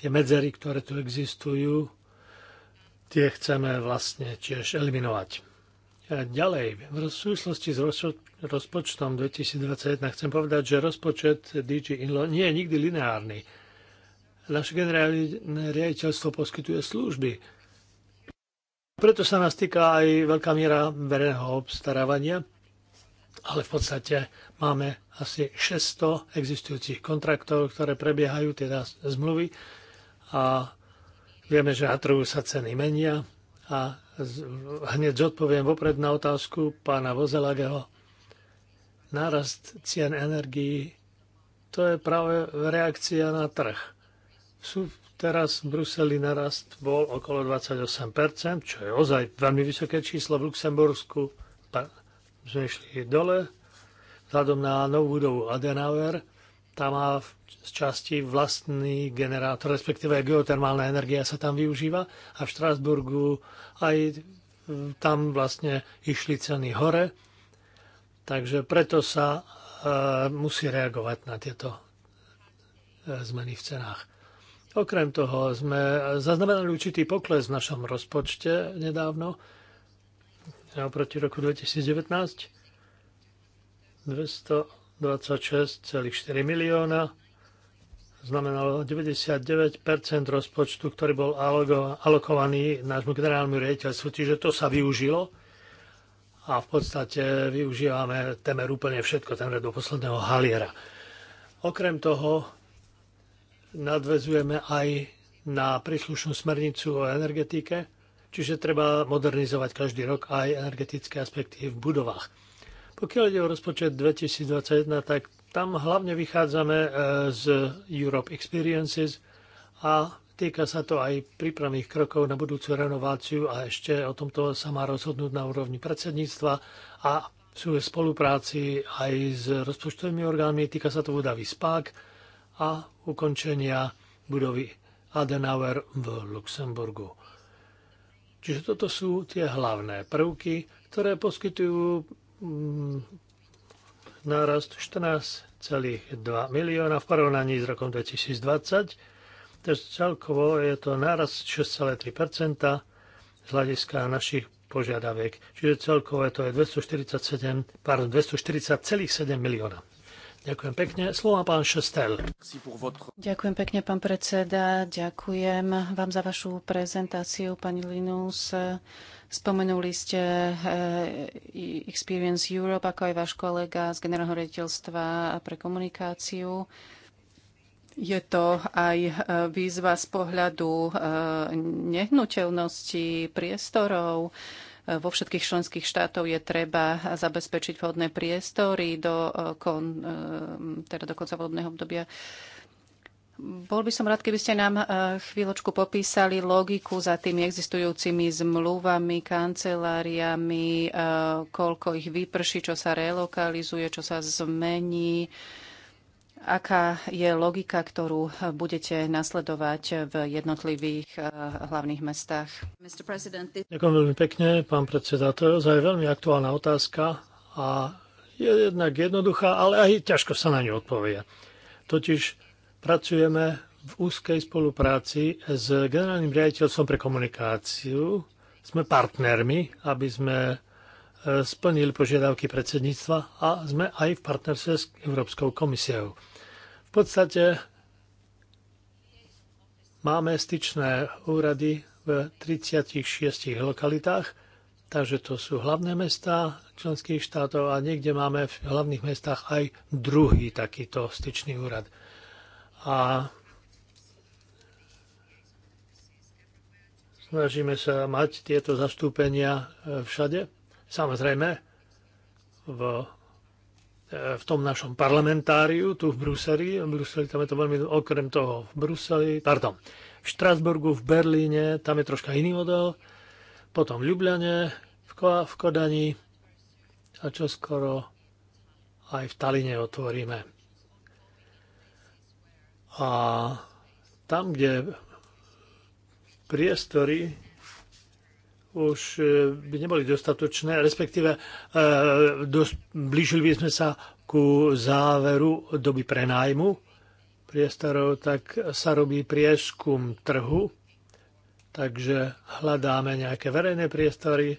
tie medzery, ktoré tu existujú, tie chceme vlastne tiež eliminovať. A ďalej, v súvislosti s rozpočtom 2021 chcem povedať, že rozpočet DG Inlo nie je nikdy lineárny. Naše generálne riaditeľstvo poskytuje služby. Preto sa nás týka aj veľká miera verejného obstarávania, ale v podstate máme asi 600 existujúcich kontraktov, ktoré prebiehajú, teda zmluvy, a Vieme, že na trhu sa ceny menia a hneď zodpoviem vopred na otázku pána Vozelageho. Nárast cien energií to je práve reakcia na trh. Sú teraz v Bruseli narast bol okolo 28%, čo je ozaj veľmi vysoké číslo v Luxembursku. Sme išli dole, vzhľadom na novú budovu Adenauer, tá má v časti vlastný generátor, respektíve geotermálna energia sa tam využíva a v Štrásburgu aj tam vlastne išli ceny hore, takže preto sa e, musí reagovať na tieto e, zmeny v cenách. Okrem toho sme zaznamenali určitý pokles v našom rozpočte nedávno, e, oproti roku 2019. 200 26,4 milióna znamenalo 99 rozpočtu, ktorý bol alokovaný nášmu generálnemu riaditeľstvu, čiže to sa využilo a v podstate využívame temer úplne všetko, temer do posledného haliera. Okrem toho nadvezujeme aj na príslušnú smernicu o energetike, čiže treba modernizovať každý rok aj energetické aspekty v budovách. Pokiaľ ide o rozpočet 2021, tak tam hlavne vychádzame e, z Europe Experiences a týka sa to aj prípravných krokov na budúcu renováciu a ešte o tomto sa má rozhodnúť na úrovni predsedníctva a sú v spolupráci aj s rozpočtovými orgánmi. Týka sa to budovy SPAK a ukončenia budovy Adenauer v Luxemburgu. Čiže toto sú tie hlavné prvky, ktoré poskytujú Mm, nárast 14,2 milióna v porovnaní s rokom 2020. Takže celkovo je to nárast 6,3 z hľadiska našich požiadaviek. Čiže celkovo je to je 247, pardon, 240,7 milióna. Ďakujem pekne. Slova pán Šestel. Ďakujem pekne, pán
predseda. Ďakujem vám za vašu prezentáciu, pani Linus. Spomenuli ste eh, Experience Europe, ako aj váš kolega z Generálneho rediteľstva pre komunikáciu. Je to aj eh, výzva z pohľadu eh, nehnuteľnosti priestorov, vo všetkých členských štátov je treba zabezpečiť vhodné priestory do, kon, teda do konca volebného obdobia. Bol by som rád, keby ste nám eh, chvíľočku popísali logiku za tými existujúcimi zmluvami, kanceláriami, eh, koľko ich vyprší, čo sa relokalizuje, čo sa zmení, aká je logika, ktorú budete nasledovať v jednotlivých eh, hlavných mestách. Ďakujem
veľmi pekne, pán predseda. To je ozaj veľmi aktuálna otázka a je jednak jednoduchá, ale aj ťažko sa na ňu odpovie. Totiž pracujeme v úzkej spolupráci s generálnym riaditeľstvom pre komunikáciu. Sme partnermi, aby sme e, splnili požiadavky predsedníctva a sme aj v partnerstve s Európskou komisiou. V podstate máme styčné úrady v 36 lokalitách, takže to sú hlavné mesta členských štátov a niekde máme v hlavných mestách aj druhý takýto styčný úrad a snažíme sa mať tieto zastúpenia e, všade. Samozrejme, v, e, v tom našom parlamentáriu, tu v Bruseli, v Bruseli tam je to veľmi, okrem toho v Bruseli, pardon, v Štrasburgu, v Berlíne, tam je troška iný model, potom v Ljubljane, v, Ko- v Kodani a čo skoro aj v Taline otvoríme a tam, kde priestory už e, by neboli dostatočné, respektíve e, dos, blížili by sme sa ku záveru doby prenájmu priestorov, tak sa robí prieskum trhu, takže hľadáme nejaké verejné priestory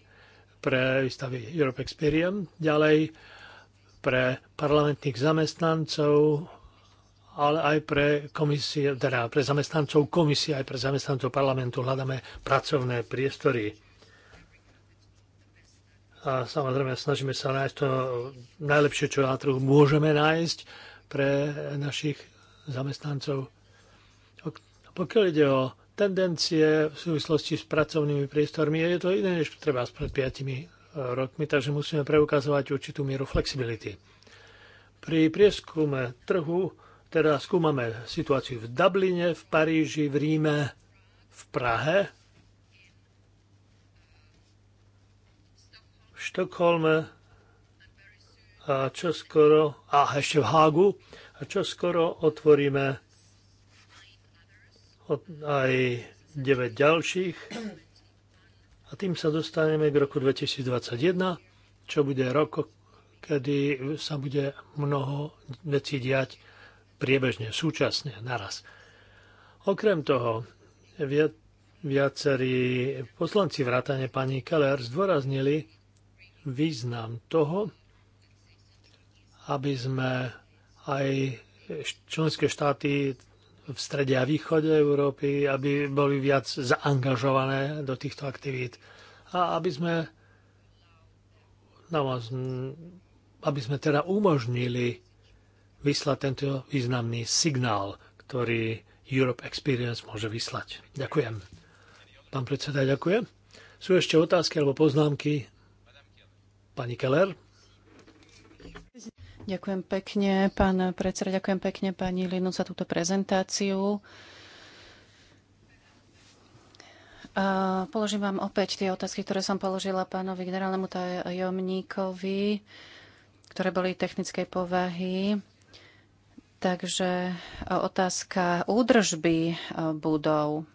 pre výstavy Europe Experience, ďalej pre parlamentných zamestnancov ale aj pre komisie, teda pre zamestnancov komisie, aj pre zamestnancov parlamentu hľadáme pracovné priestory. A samozrejme snažíme sa nájsť to najlepšie, čo na trhu môžeme nájsť pre našich zamestnancov. Pokiaľ ide o tendencie v súvislosti s pracovnými priestormi, je to iné než treba s pred 5 e, rokmi, takže musíme preukazovať určitú mieru flexibility. Pri prieskume trhu teda skúmame situáciu v Dubline, v Paríži, v Ríme, v Prahe, v Štokholme a čoskoro, a ešte v Hágu, a skoro otvoríme aj 9 ďalších. A tým sa dostaneme k roku 2021, čo bude rok, kedy sa bude mnoho vecí diať priebežne, súčasne, naraz. Okrem toho, viacerí poslanci vrátane pani Keller zdôraznili význam toho, aby sme aj členské štáty v strede a východe Európy, aby boli viac zaangažované do týchto aktivít a aby sme, no, aby sme teda umožnili vyslať tento významný signál, ktorý Europe Experience môže vyslať. Ďakujem. Pán predseda, ďakujem. Sú ešte otázky alebo poznámky? Pani Keller?
Ďakujem pekne, pán predseda, ďakujem pekne pani Linu za túto prezentáciu. A položím vám opäť tie otázky, ktoré som položila pánovi generálnemu tajomníkovi, ktoré boli technickej povahy. Takže e, otázka údržby e, budov.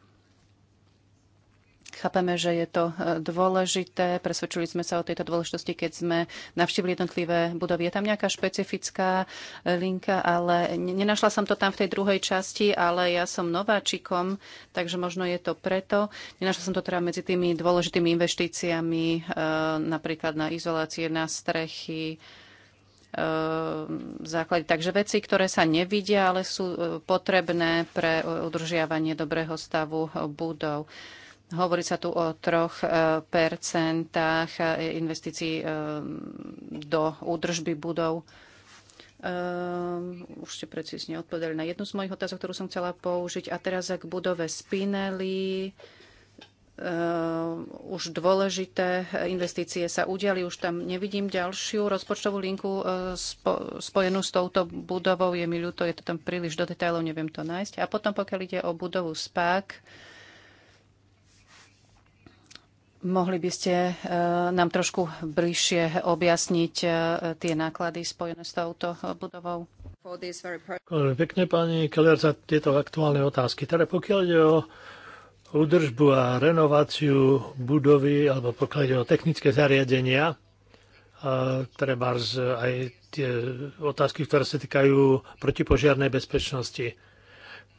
Chápeme, že je to e, dôležité. Presvedčili sme sa o tejto dôležitosti, keď sme navštívili jednotlivé budovy. Je tam nejaká špecifická linka, ale nenašla som to tam v tej druhej časti, ale ja som nováčikom, takže možno je to preto. Nenašla som to teda medzi tými dôležitými investíciami, napríklad na izolácie, na strechy, Ehm, základe. Takže veci, ktoré sa nevidia, ale sú e, potrebné pre udržiavanie dobrého stavu e, budov. Hovorí sa tu o troch e, percentách investícií do údržby budov. Ehm, už ste precízne odpovedali na jednu z mojich otázok, ktorú som chcela použiť. A teraz k budove Spinelli Uh, už dôležité investície sa udiali, už tam nevidím ďalšiu rozpočtovú linku uh, spo, spojenú s touto budovou. Je mi ľúto, je to tam príliš do detailov, neviem to nájsť. A potom, pokiaľ ide o budovu SPAC, mohli by ste uh, nám trošku bližšie objasniť e, tie náklady spojené s touto budovou?
pekne, pani Keller, za tieto aktuálne otázky. Teda pokiaľ ide o údržbu a renováciu budovy alebo pokiaľ o technické zariadenia, a treba aj tie otázky, ktoré sa týkajú protipožiarnej bezpečnosti.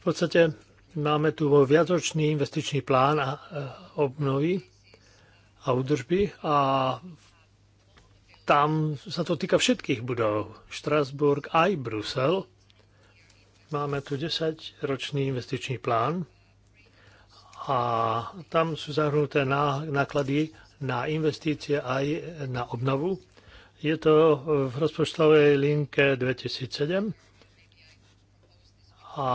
V podstate máme tu viacročný investičný plán a e, obnovy a údržby a tam sa to týka všetkých budov. Štrasburg aj Brusel. Máme tu 10-ročný investičný plán a tam sú zahrnuté náklady na investície aj na obnovu. Je to v rozpočtovej linke 2007 a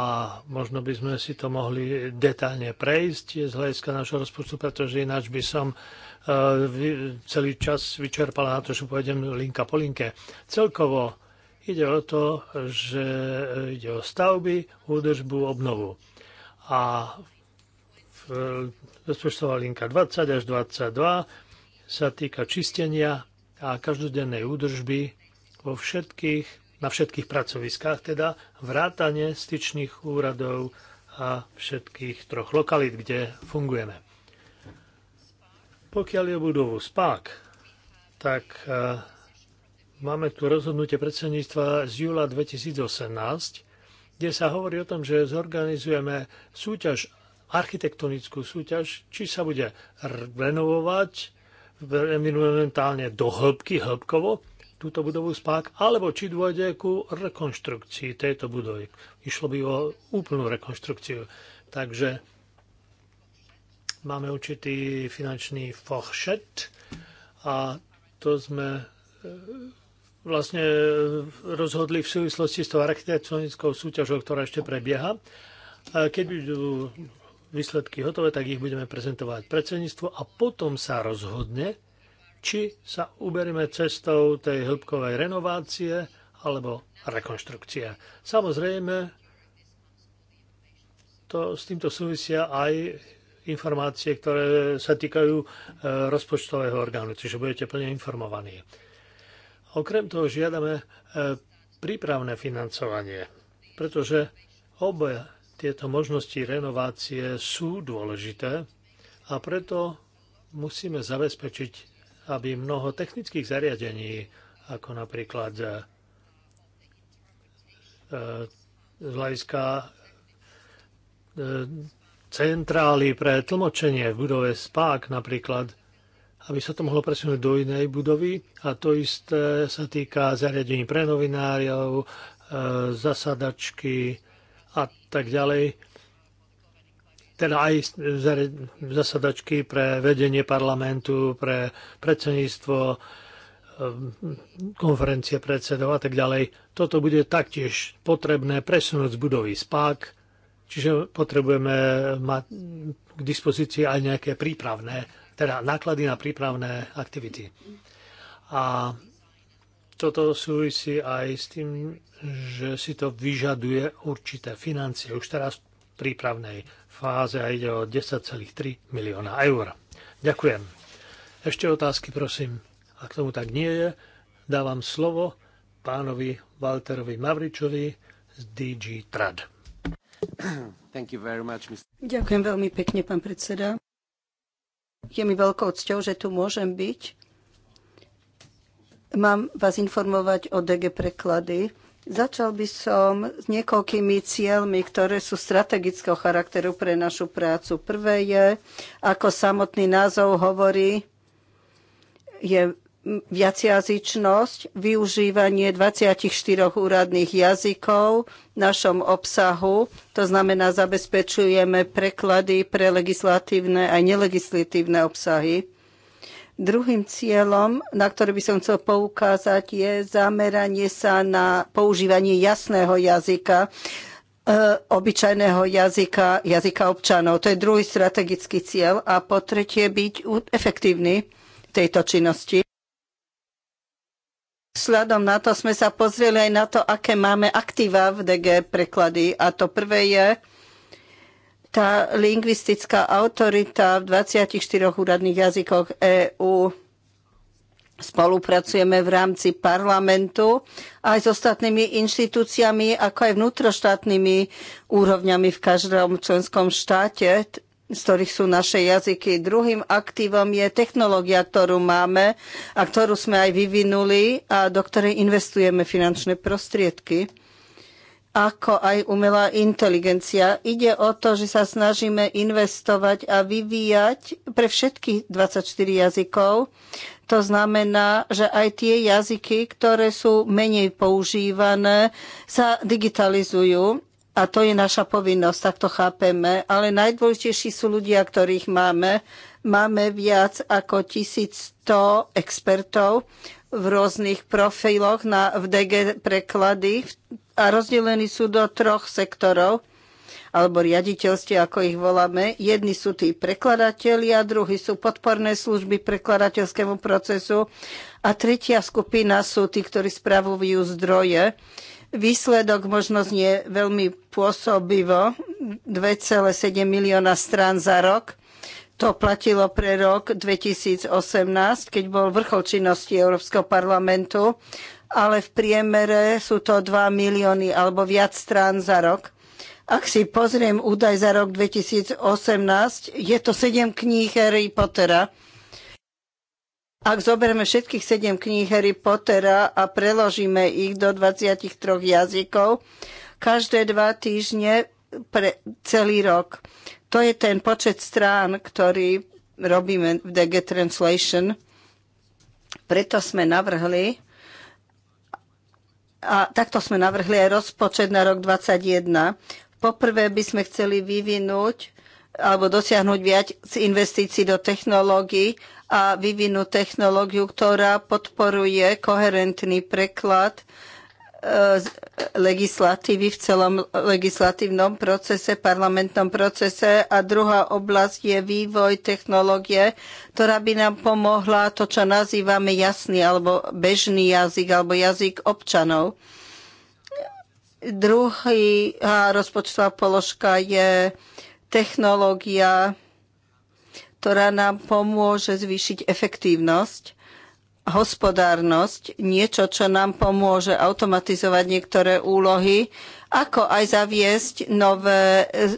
možno by sme si to mohli detálne prejsť z hľadiska našho rozpočtu, pretože ináč by som e, celý čas vyčerpala na to, že pôjdem linka po linke. Celkovo ide o to, že ide o stavby, údržbu, obnovu. A v E, rozpočtová linka 20 až 22 sa týka čistenia a každodennej údržby vo všetkých, na všetkých pracoviskách, teda vrátane styčných úradov a všetkých troch lokalít, kde fungujeme. Pokiaľ je budovu SPAK, tak e, máme tu rozhodnutie predsedníctva z júla 2018, kde sa hovorí o tom, že zorganizujeme súťaž architektonickú súťaž, či sa bude renovovať environmentálne do hĺbky, hĺbkovo, túto budovu spák, alebo či dôjde ku rekonštrukcii tejto budovy. Išlo by o úplnú rekonštrukciu. Takže máme určitý finančný fochšet. a to sme e, vlastne e, rozhodli v súvislosti s tou architektonickou súťažou, ktorá ešte prebieha. E, keď budú výsledky hotové, tak ich budeme prezentovať predsedníctvu a potom sa rozhodne, či sa uberieme cestou tej hĺbkovej renovácie alebo rekonštrukcie. Samozrejme, to, s týmto súvisia aj informácie, ktoré sa týkajú e, rozpočtového orgánu, čiže budete plne informovaní. Okrem toho žiadame e, prípravné financovanie, pretože obe tieto možnosti renovácie sú dôležité a preto musíme zabezpečiť, aby mnoho technických zariadení, ako napríklad e, e, z hľadiska e, centrály pre tlmočenie v budove SPAK napríklad, aby sa to mohlo presunúť do inej budovy. A to isté sa týka zariadení pre novinárov, zasadačky, tak ďalej, teda aj zasadačky pre vedenie parlamentu, pre predsedníctvo, ehm, konferencie predsedov a tak ďalej. Toto bude taktiež potrebné presunúť z budovy spák, čiže potrebujeme mať k dispozícii aj nejaké prípravné, teda náklady na prípravné aktivity. A toto súvisí aj s tým, že si to vyžaduje určité financie. Už teraz v prípravnej fáze a ide o 10,3 milióna eur. Ďakujem. Ešte otázky, prosím. k tomu tak nie je, dávam slovo pánovi Walterovi Mavričovi z DG Trad. Much,
Ďakujem veľmi pekne, pán predseda. Je mi veľkou cťou, že tu môžem byť Mám vás informovať o DG preklady. Začal by som s niekoľkými cieľmi, ktoré sú strategického charakteru pre našu prácu. Prvé je, ako samotný názov hovorí, je viacjazyčnosť, využívanie 24 úradných jazykov v našom obsahu. To znamená, zabezpečujeme preklady pre legislatívne aj nelegislatívne obsahy Druhým cieľom, na ktorý by som chcel poukázať, je zameranie sa na používanie jasného jazyka, e, obyčajného jazyka, jazyka občanov. To je druhý strategický cieľ. A po tretie, byť efektívny v tejto činnosti. Sledom na to sme sa pozreli aj na to, aké máme aktíva v DG preklady. A to prvé je tá lingvistická autorita v 24 úradných jazykoch EÚ. Spolupracujeme v rámci parlamentu aj s ostatnými inštitúciami, ako aj vnútroštátnymi úrovňami v každom členskom štáte, z ktorých sú naše jazyky. Druhým aktívom je technológia, ktorú máme a ktorú sme aj vyvinuli a do ktorej investujeme finančné prostriedky ako aj umelá inteligencia. Ide o to, že sa snažíme investovať a vyvíjať pre všetkých 24 jazykov. To znamená, že aj tie jazyky, ktoré sú menej používané, sa digitalizujú. A to je naša povinnosť, tak to chápeme. Ale najdôležitejší sú ľudia, ktorých máme. Máme viac ako 1100 expertov v rôznych profiloch na, v DG preklady, v a rozdelení sú do troch sektorov alebo riaditeľstie, ako ich voláme. Jedni sú tí prekladatelia, druhí sú podporné služby prekladateľskému procesu a tretia skupina sú tí, ktorí spravujú zdroje. Výsledok možno znie veľmi pôsobivo, 2,7 milióna strán za rok. To platilo pre rok 2018, keď bol vrchol činnosti Európskeho parlamentu ale v priemere sú to 2 milióny alebo viac strán za rok. Ak si pozriem údaj za rok 2018, je to 7 kníh Harry Pottera. Ak zoberieme všetkých 7 kníh Harry Pottera a preložíme ich do 23 jazykov, každé dva týždne pre celý rok. To je ten počet strán, ktorý robíme v DG Translation. Preto sme navrhli, a takto sme navrhli aj rozpočet na rok 2021. Poprvé by sme chceli vyvinúť alebo dosiahnuť viac investícií do technológií a vyvinúť technológiu, ktorá podporuje koherentný preklad legislatívy v celom legislatívnom procese, parlamentnom procese a druhá oblasť je vývoj technológie, ktorá by nám pomohla to, čo nazývame jasný alebo bežný jazyk alebo jazyk občanov. Druhá rozpočtová položka je technológia, ktorá nám pomôže zvýšiť efektívnosť hospodárnosť, niečo, čo nám pomôže automatizovať niektoré úlohy, ako aj zaviesť nové e,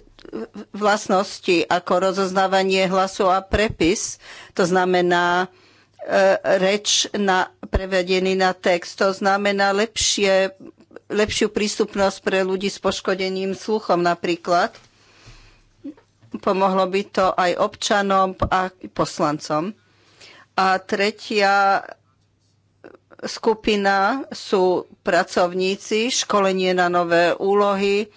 vlastnosti, ako rozoznávanie hlasu a prepis, to znamená e, reč na, prevedený na text. To znamená lepšie, lepšiu prístupnosť pre ľudí s poškodením sluchom napríklad. Pomohlo by to aj občanom a poslancom. A tretia skupina sú pracovníci, školenie na nové úlohy,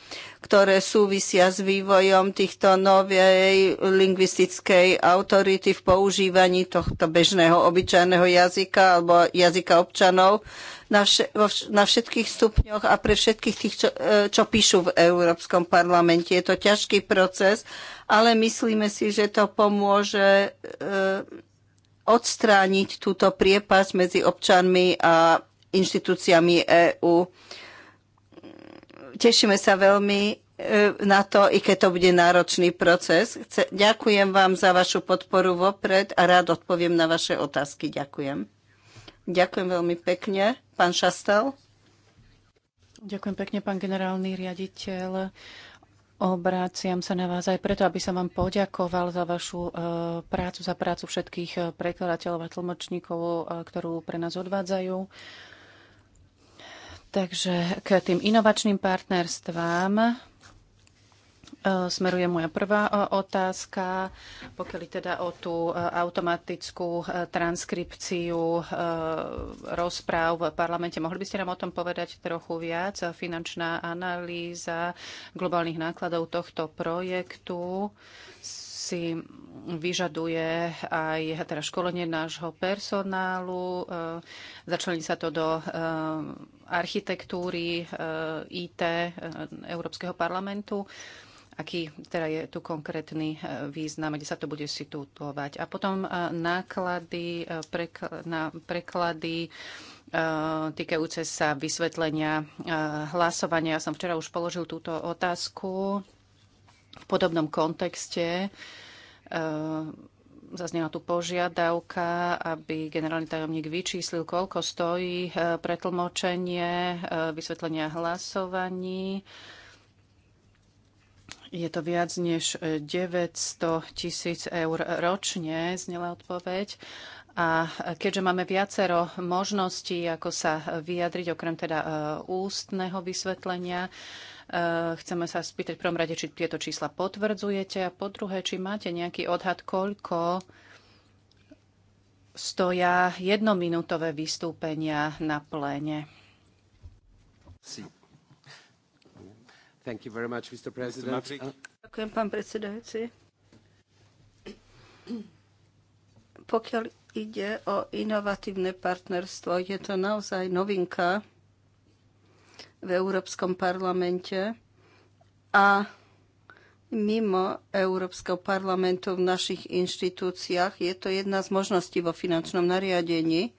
ktoré súvisia s vývojom týchto novej lingvistickej autority v používaní tohto bežného obyčajného jazyka alebo jazyka občanov na, vš- na všetkých stupňoch a pre všetkých tých, čo, e, čo píšu v Európskom parlamente. Je to ťažký proces, ale myslíme si, že to pomôže e, odstrániť túto priepas medzi občanmi a inštitúciami EÚ. Tešíme sa veľmi e, na to, i keď to bude náročný proces. Chce, ďakujem vám za vašu podporu vopred a rád odpoviem na vaše otázky. Ďakujem. Ďakujem veľmi pekne. Pán Šastel.
Ďakujem pekne, pán generálny riaditeľ. Obráciam sa na vás aj preto, aby som vám poďakoval za vašu e, prácu, za prácu všetkých e, prekladateľov a tlmočníkov, e, ktorú pre nás odvádzajú. Takže k tým inovačným partnerstvám E, smeruje moja prvá e, otázka, pokiaľ teda o tú e, automatickú transkripciu rozpráv v parlamente. Mohli by ste nám o tom povedať trochu viac? Finančná analýza globálnych nákladov tohto projektu si vyžaduje aj teda školenie nášho personálu. Začlení sa to do architektúry IT Európskeho parlamentu aký teda je tu konkrétny e, význam, kde sa to bude situovať. A potom e, náklady e, na preklady týkajúce sa vysvetlenia hlasovania. Ja som včera už položil túto otázku v podobnom kontexte zaznela tu požiadavka, aby generálny tajomník vyčíslil, koľko stojí pretlmočenie vysvetlenia hlasovaní. Je to viac než 900 e, tisíc eur ročne, znela odpoveď. A keďže máme viacero možností, ako sa vyjadriť, okrem teda e, ústneho vysvetlenia, e, chceme sa spýtať v prvom rade, či tieto čísla potvrdzujete a po druhé, či máte nejaký odhad, koľko stoja jednominútové vystúpenia na pléne.
Sí. Thank you very much, Mr. President. Uh,
Ďakujem, pán
predsedajúci. Pokiaľ ide o inovatívne partnerstvo, je to naozaj novinka v Európskom parlamente a mimo Európskeho parlamentu v našich inštitúciách. Je to jedna z možností vo finančnom nariadení.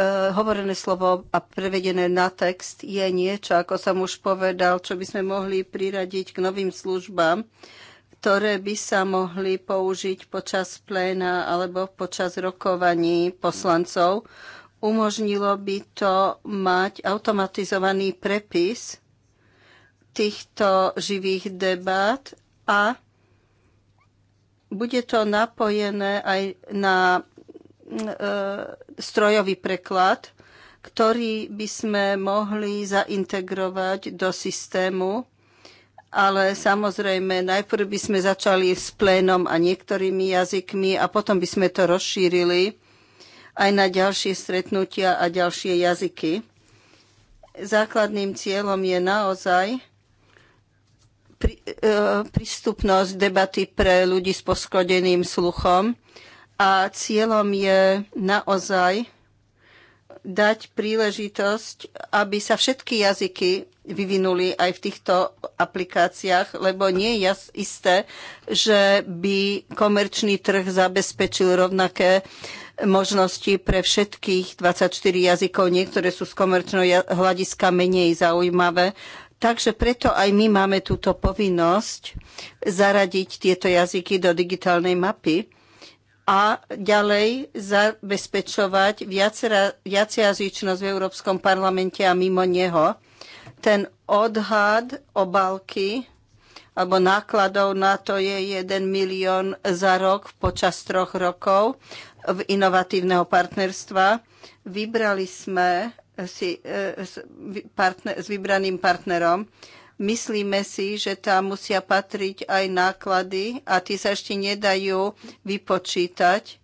E, hovorené slovo a prevedené na text je niečo, ako som už povedal, čo by sme mohli priradiť k novým službám, ktoré by sa mohli použiť počas pléna alebo počas rokovaní poslancov. Umožnilo by to mať automatizovaný prepis týchto živých debát a bude to napojené aj na E, strojový preklad, ktorý by sme mohli zaintegrovať do systému, ale samozrejme najprv by sme začali s plénom a niektorými jazykmi a potom by sme to rozšírili aj na ďalšie stretnutia a ďalšie jazyky. Základným cieľom je naozaj e, prístupnosť debaty pre ľudí s poškodeným sluchom a cieľom je naozaj dať príležitosť, aby sa všetky jazyky vyvinuli aj v týchto aplikáciách, lebo nie je isté, že by komerčný trh zabezpečil rovnaké možnosti pre všetkých 24 jazykov. Niektoré sú z komerčného hľadiska menej zaujímavé. Takže preto aj my máme túto povinnosť zaradiť tieto jazyky do digitálnej mapy a ďalej zabezpečovať viacjazyčnosť v Európskom parlamente a mimo neho. Ten odhad obálky alebo nákladov na to je 1 milión za rok počas troch rokov v inovatívneho partnerstva. Vybrali sme si e, s, partner, s vybraným partnerom Myslíme si, že tam musia patriť aj náklady a tie sa ešte nedajú vypočítať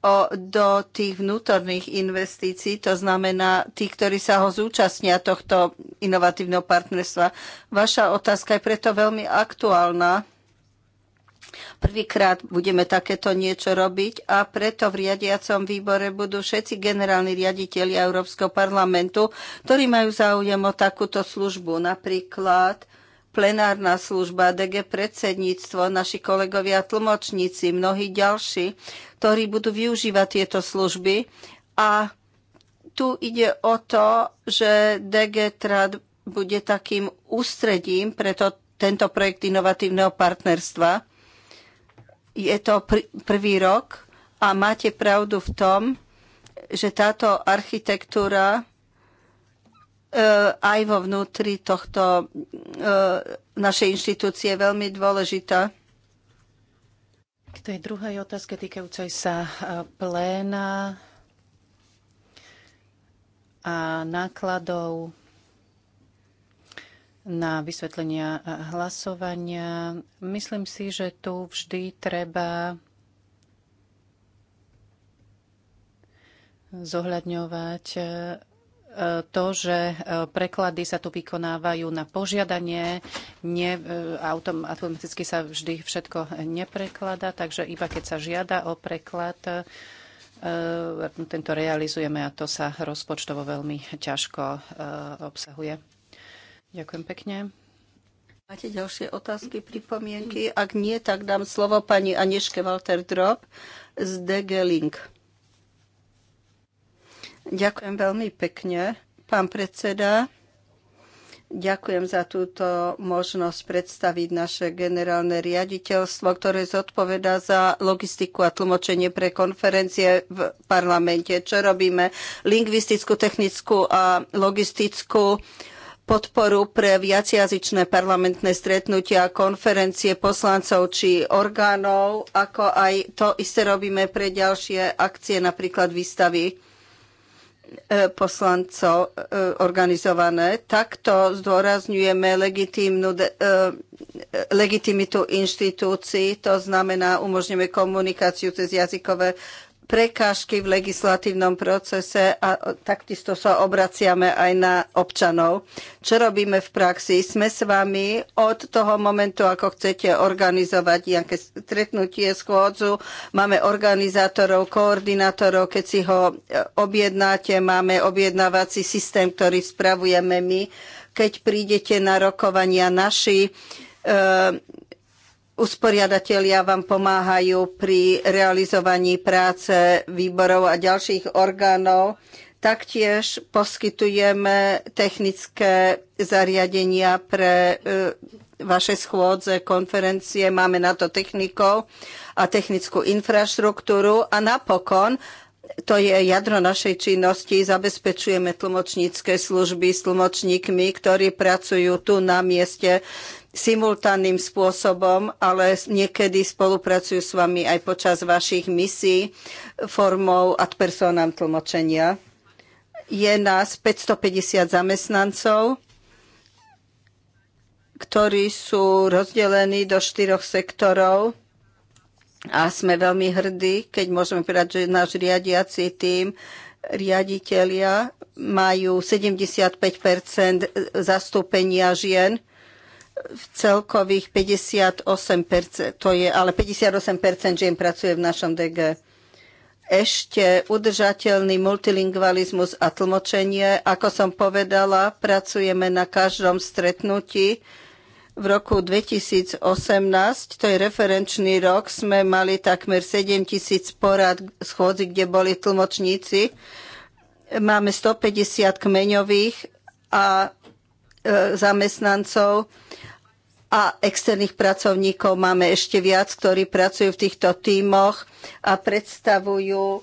o, do tých vnútorných investícií, to znamená tí, ktorí sa ho zúčastnia tohto inovatívneho partnerstva. Vaša otázka je preto veľmi aktuálna Prvýkrát budeme takéto niečo robiť a preto v riadiacom výbore budú všetci generálni riaditeľi Európskeho parlamentu, ktorí majú záujem o takúto službu. Napríklad plenárna služba, DG predsedníctvo, naši kolegovia tlmočníci, mnohí ďalší, ktorí budú využívať tieto služby. A tu ide o to, že DG Trad bude takým ústredím pre to, tento projekt inovatívneho partnerstva je to pr- prvý rok a máte pravdu v tom, že táto architektúra e, aj vo vnútri tohto e, našej inštitúcie je veľmi dôležitá.
K tej druhej otázke týkajúcej sa e, pléna a nákladov na vysvetlenia hlasovania. Myslím si, že tu vždy treba zohľadňovať e, to, že e, preklady sa tu vykonávajú na požiadanie, ne, e, autom, automaticky sa vždy všetko neprekladá, takže iba keď sa žiada o preklad, tento realizujeme a to sa rozpočtovo veľmi ťažko obsahuje. Ďakujem pekne.
Máte ďalšie otázky, pripomienky? Ak nie, tak dám slovo pani Aneške Walter Drop z DG Link. Ďakujem veľmi pekne, pán predseda. Ďakujem za túto možnosť predstaviť naše generálne riaditeľstvo, ktoré zodpovedá za logistiku a tlmočenie pre konferencie v parlamente. Čo robíme? Lingvistickú, technickú a logistickú podporu pre viacjazyčné parlamentné stretnutia, konferencie poslancov či orgánov, ako aj to isté robíme pre ďalšie akcie, napríklad výstavy e, poslancov e, organizované. Takto zdôrazňujeme e, legitimitu inštitúcií, to znamená umožňujeme komunikáciu cez jazykové prekážky v legislatívnom procese a takisto sa obraciame aj na občanov. Čo robíme v praxi? Sme s vami od toho momentu, ako chcete organizovať nejaké stretnutie, schôdzu. Máme organizátorov, koordinátorov, keď si ho e, objednáte, máme objednávací systém, ktorý spravujeme my. Keď prídete na rokovania naši, e, usporiadatelia vám pomáhajú pri realizovaní práce výborov a ďalších orgánov. Taktiež poskytujeme technické zariadenia pre e, vaše schôdze, konferencie, máme na to technikov a technickú infraštruktúru a napokon to je jadro našej činnosti. Zabezpečujeme tlmočnícke služby s tlmočníkmi, ktorí pracujú tu na mieste simultánnym spôsobom, ale niekedy spolupracujú s vami aj počas vašich misí formou ad personám tlmočenia. Je nás 550 zamestnancov, ktorí sú rozdelení do štyroch sektorov a sme veľmi hrdí, keď môžeme povedať, že náš riadiaci tím riaditeľia majú 75 zastúpenia žien v celkových 58%, to je ale 58% žien pracuje v našom DG. Ešte udržateľný multilingvalizmus a tlmočenie. Ako som povedala, pracujeme na každom stretnutí. V roku 2018, to je referenčný rok, sme mali takmer 7 tisíc porad schôdzi, kde boli tlmočníci. Máme 150 kmeňových a E, zamestnancov a externých pracovníkov máme ešte viac, ktorí pracujú v týchto tímoch a predstavujú e,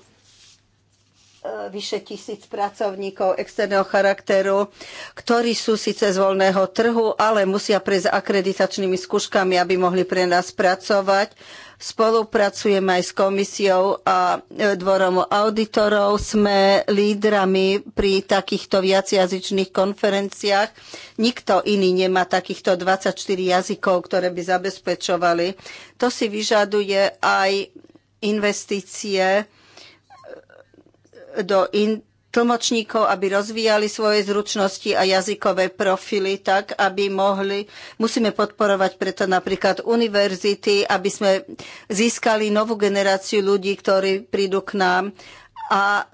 vyše tisíc pracovníkov externého charakteru, ktorí sú síce z voľného trhu, ale musia prejsť akreditačnými skúškami, aby mohli pre nás pracovať. Spolupracujem aj s komisiou a e, dvorom auditorov. Sme lídrami pri takýchto viacjazyčných konferenciách. Nikto iný nemá takýchto 24 jazykov, ktoré by zabezpečovali. To si vyžaduje aj investície do in- tlmočníkov, aby rozvíjali svoje zručnosti a jazykové profily tak, aby mohli. Musíme podporovať preto napríklad univerzity, aby sme získali novú generáciu ľudí, ktorí prídu k nám. A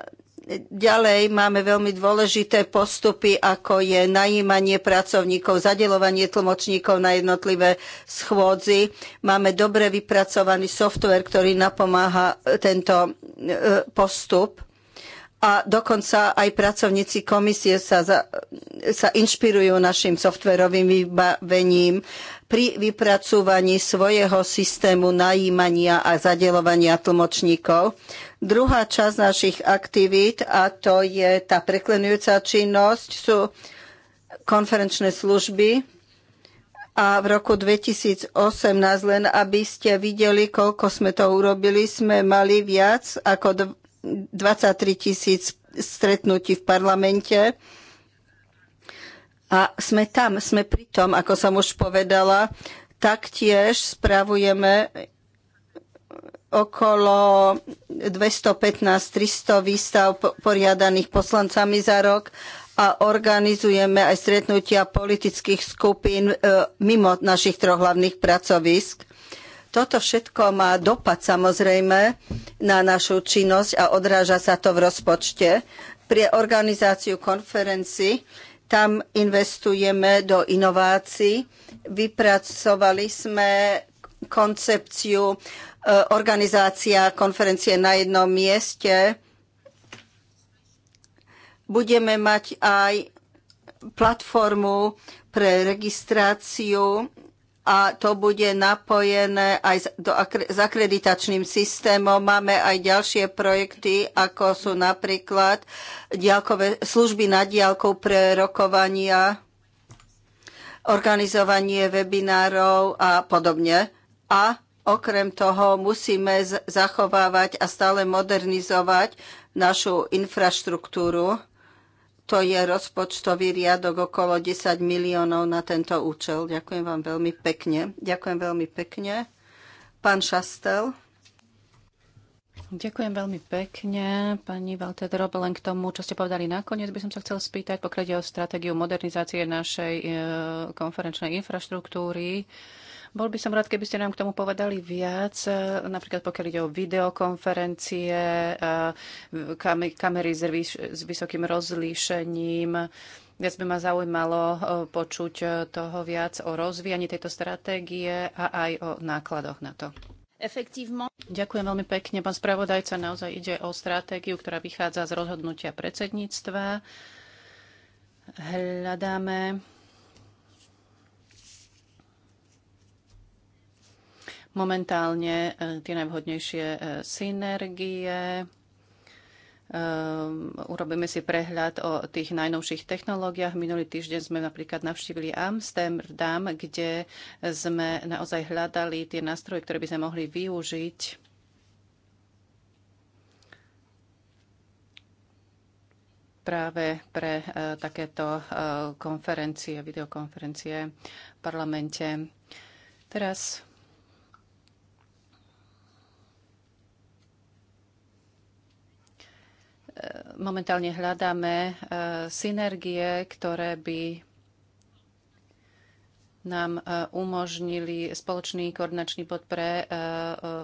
ďalej máme veľmi dôležité postupy, ako je najímanie pracovníkov, zadelovanie tlmočníkov na jednotlivé schôdzi. Máme dobre vypracovaný software, ktorý napomáha tento e, postup a dokonca aj pracovníci komisie sa, za, sa inšpirujú našim softverovým vybavením pri vypracúvaní svojho systému najímania a zadelovania tlmočníkov. Druhá časť našich aktivít, a to je tá preklenujúca činnosť, sú konferenčné služby. A v roku 2018, len aby ste videli, koľko sme to urobili, sme mali viac ako 23 tisíc stretnutí v parlamente. A sme tam, sme pri tom, ako som už povedala, taktiež spravujeme okolo 215-300 výstav poriadaných poslancami za rok a organizujeme aj stretnutia politických skupín e, mimo našich troch hlavných pracovisk. Toto všetko má dopad samozrejme na našu činnosť a odráža sa to v rozpočte. Pre organizáciu konferencií tam investujeme do inovácií. Vypracovali sme koncepciu e, organizácia konferencie na jednom mieste. Budeme mať aj platformu pre registráciu a to bude napojené aj s akreditačným systémom. Máme aj ďalšie projekty, ako sú napríklad diálkové, služby na diálku pre rokovania, organizovanie webinárov a podobne. A okrem toho musíme zachovávať a stále modernizovať našu infraštruktúru to je rozpočtový riadok okolo 10 miliónov na tento účel. Ďakujem vám veľmi pekne. Ďakujem veľmi pekne.
Pán Šastel. Ďakujem veľmi pekne, pani Valtedrob. Len k tomu, čo ste povedali nakoniec, by som sa chcel spýtať, pokiaľ ide o stratégiu modernizácie našej e, konferenčnej infraštruktúry. Bol by som rád, keby ste nám k tomu povedali viac, e, napríklad pokiaľ ide o videokonferencie, e, kamery s vysokým rozlíšením, Viac by ma zaujímalo e, počuť toho viac o rozvíjaní tejto stratégie a aj o nákladoch na to. Ďakujem veľmi pekne. Pán spravodajca, naozaj ide o stratégiu, ktorá vychádza z rozhodnutia predsedníctva. Hľadáme momentálne e, tie najvhodnejšie e, synergie. E, urobíme si prehľad o tých najnovších technológiách. Minulý týždeň sme napríklad navštívili Amsterdam, kde sme naozaj hľadali tie nástroje, ktoré by sme mohli využiť práve pre takéto konferencie, videokonferencie v parlamente. Teraz momentálne hľadáme e, synergie, ktoré by nám e, umožnili spoločný koordinačný bod pre e,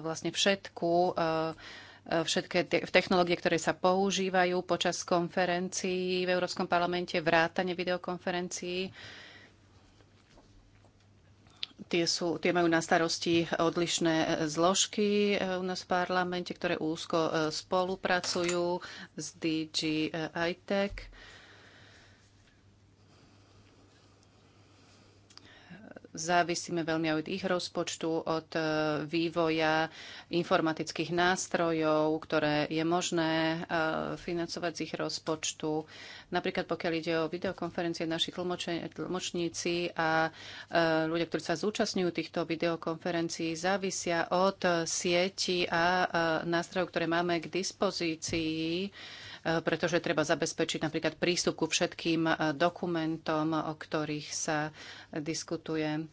vlastne všetku všetké technológie, ktoré sa používajú počas konferencií v Európskom parlamente, vrátane videokonferencií Tie, sú, tie majú na starosti odlišné zložky e, u nás v parlamente, ktoré úzko e, spolupracujú s DG e, ITEC. závisíme veľmi od ich rozpočtu, od e, vývoja informatických nástrojov, ktoré je možné e, financovať z ich rozpočtu. Napríklad pokiaľ ide o videokonferencie, naši tlmočníci a e, ľudia, ktorí sa zúčastňujú týchto videokonferencií, závisia od sieti a nástrojov, ktoré máme k dispozícii pretože treba zabezpečiť napríklad prístup ku všetkým eh, dokumentom, o ktorých sa diskutuje.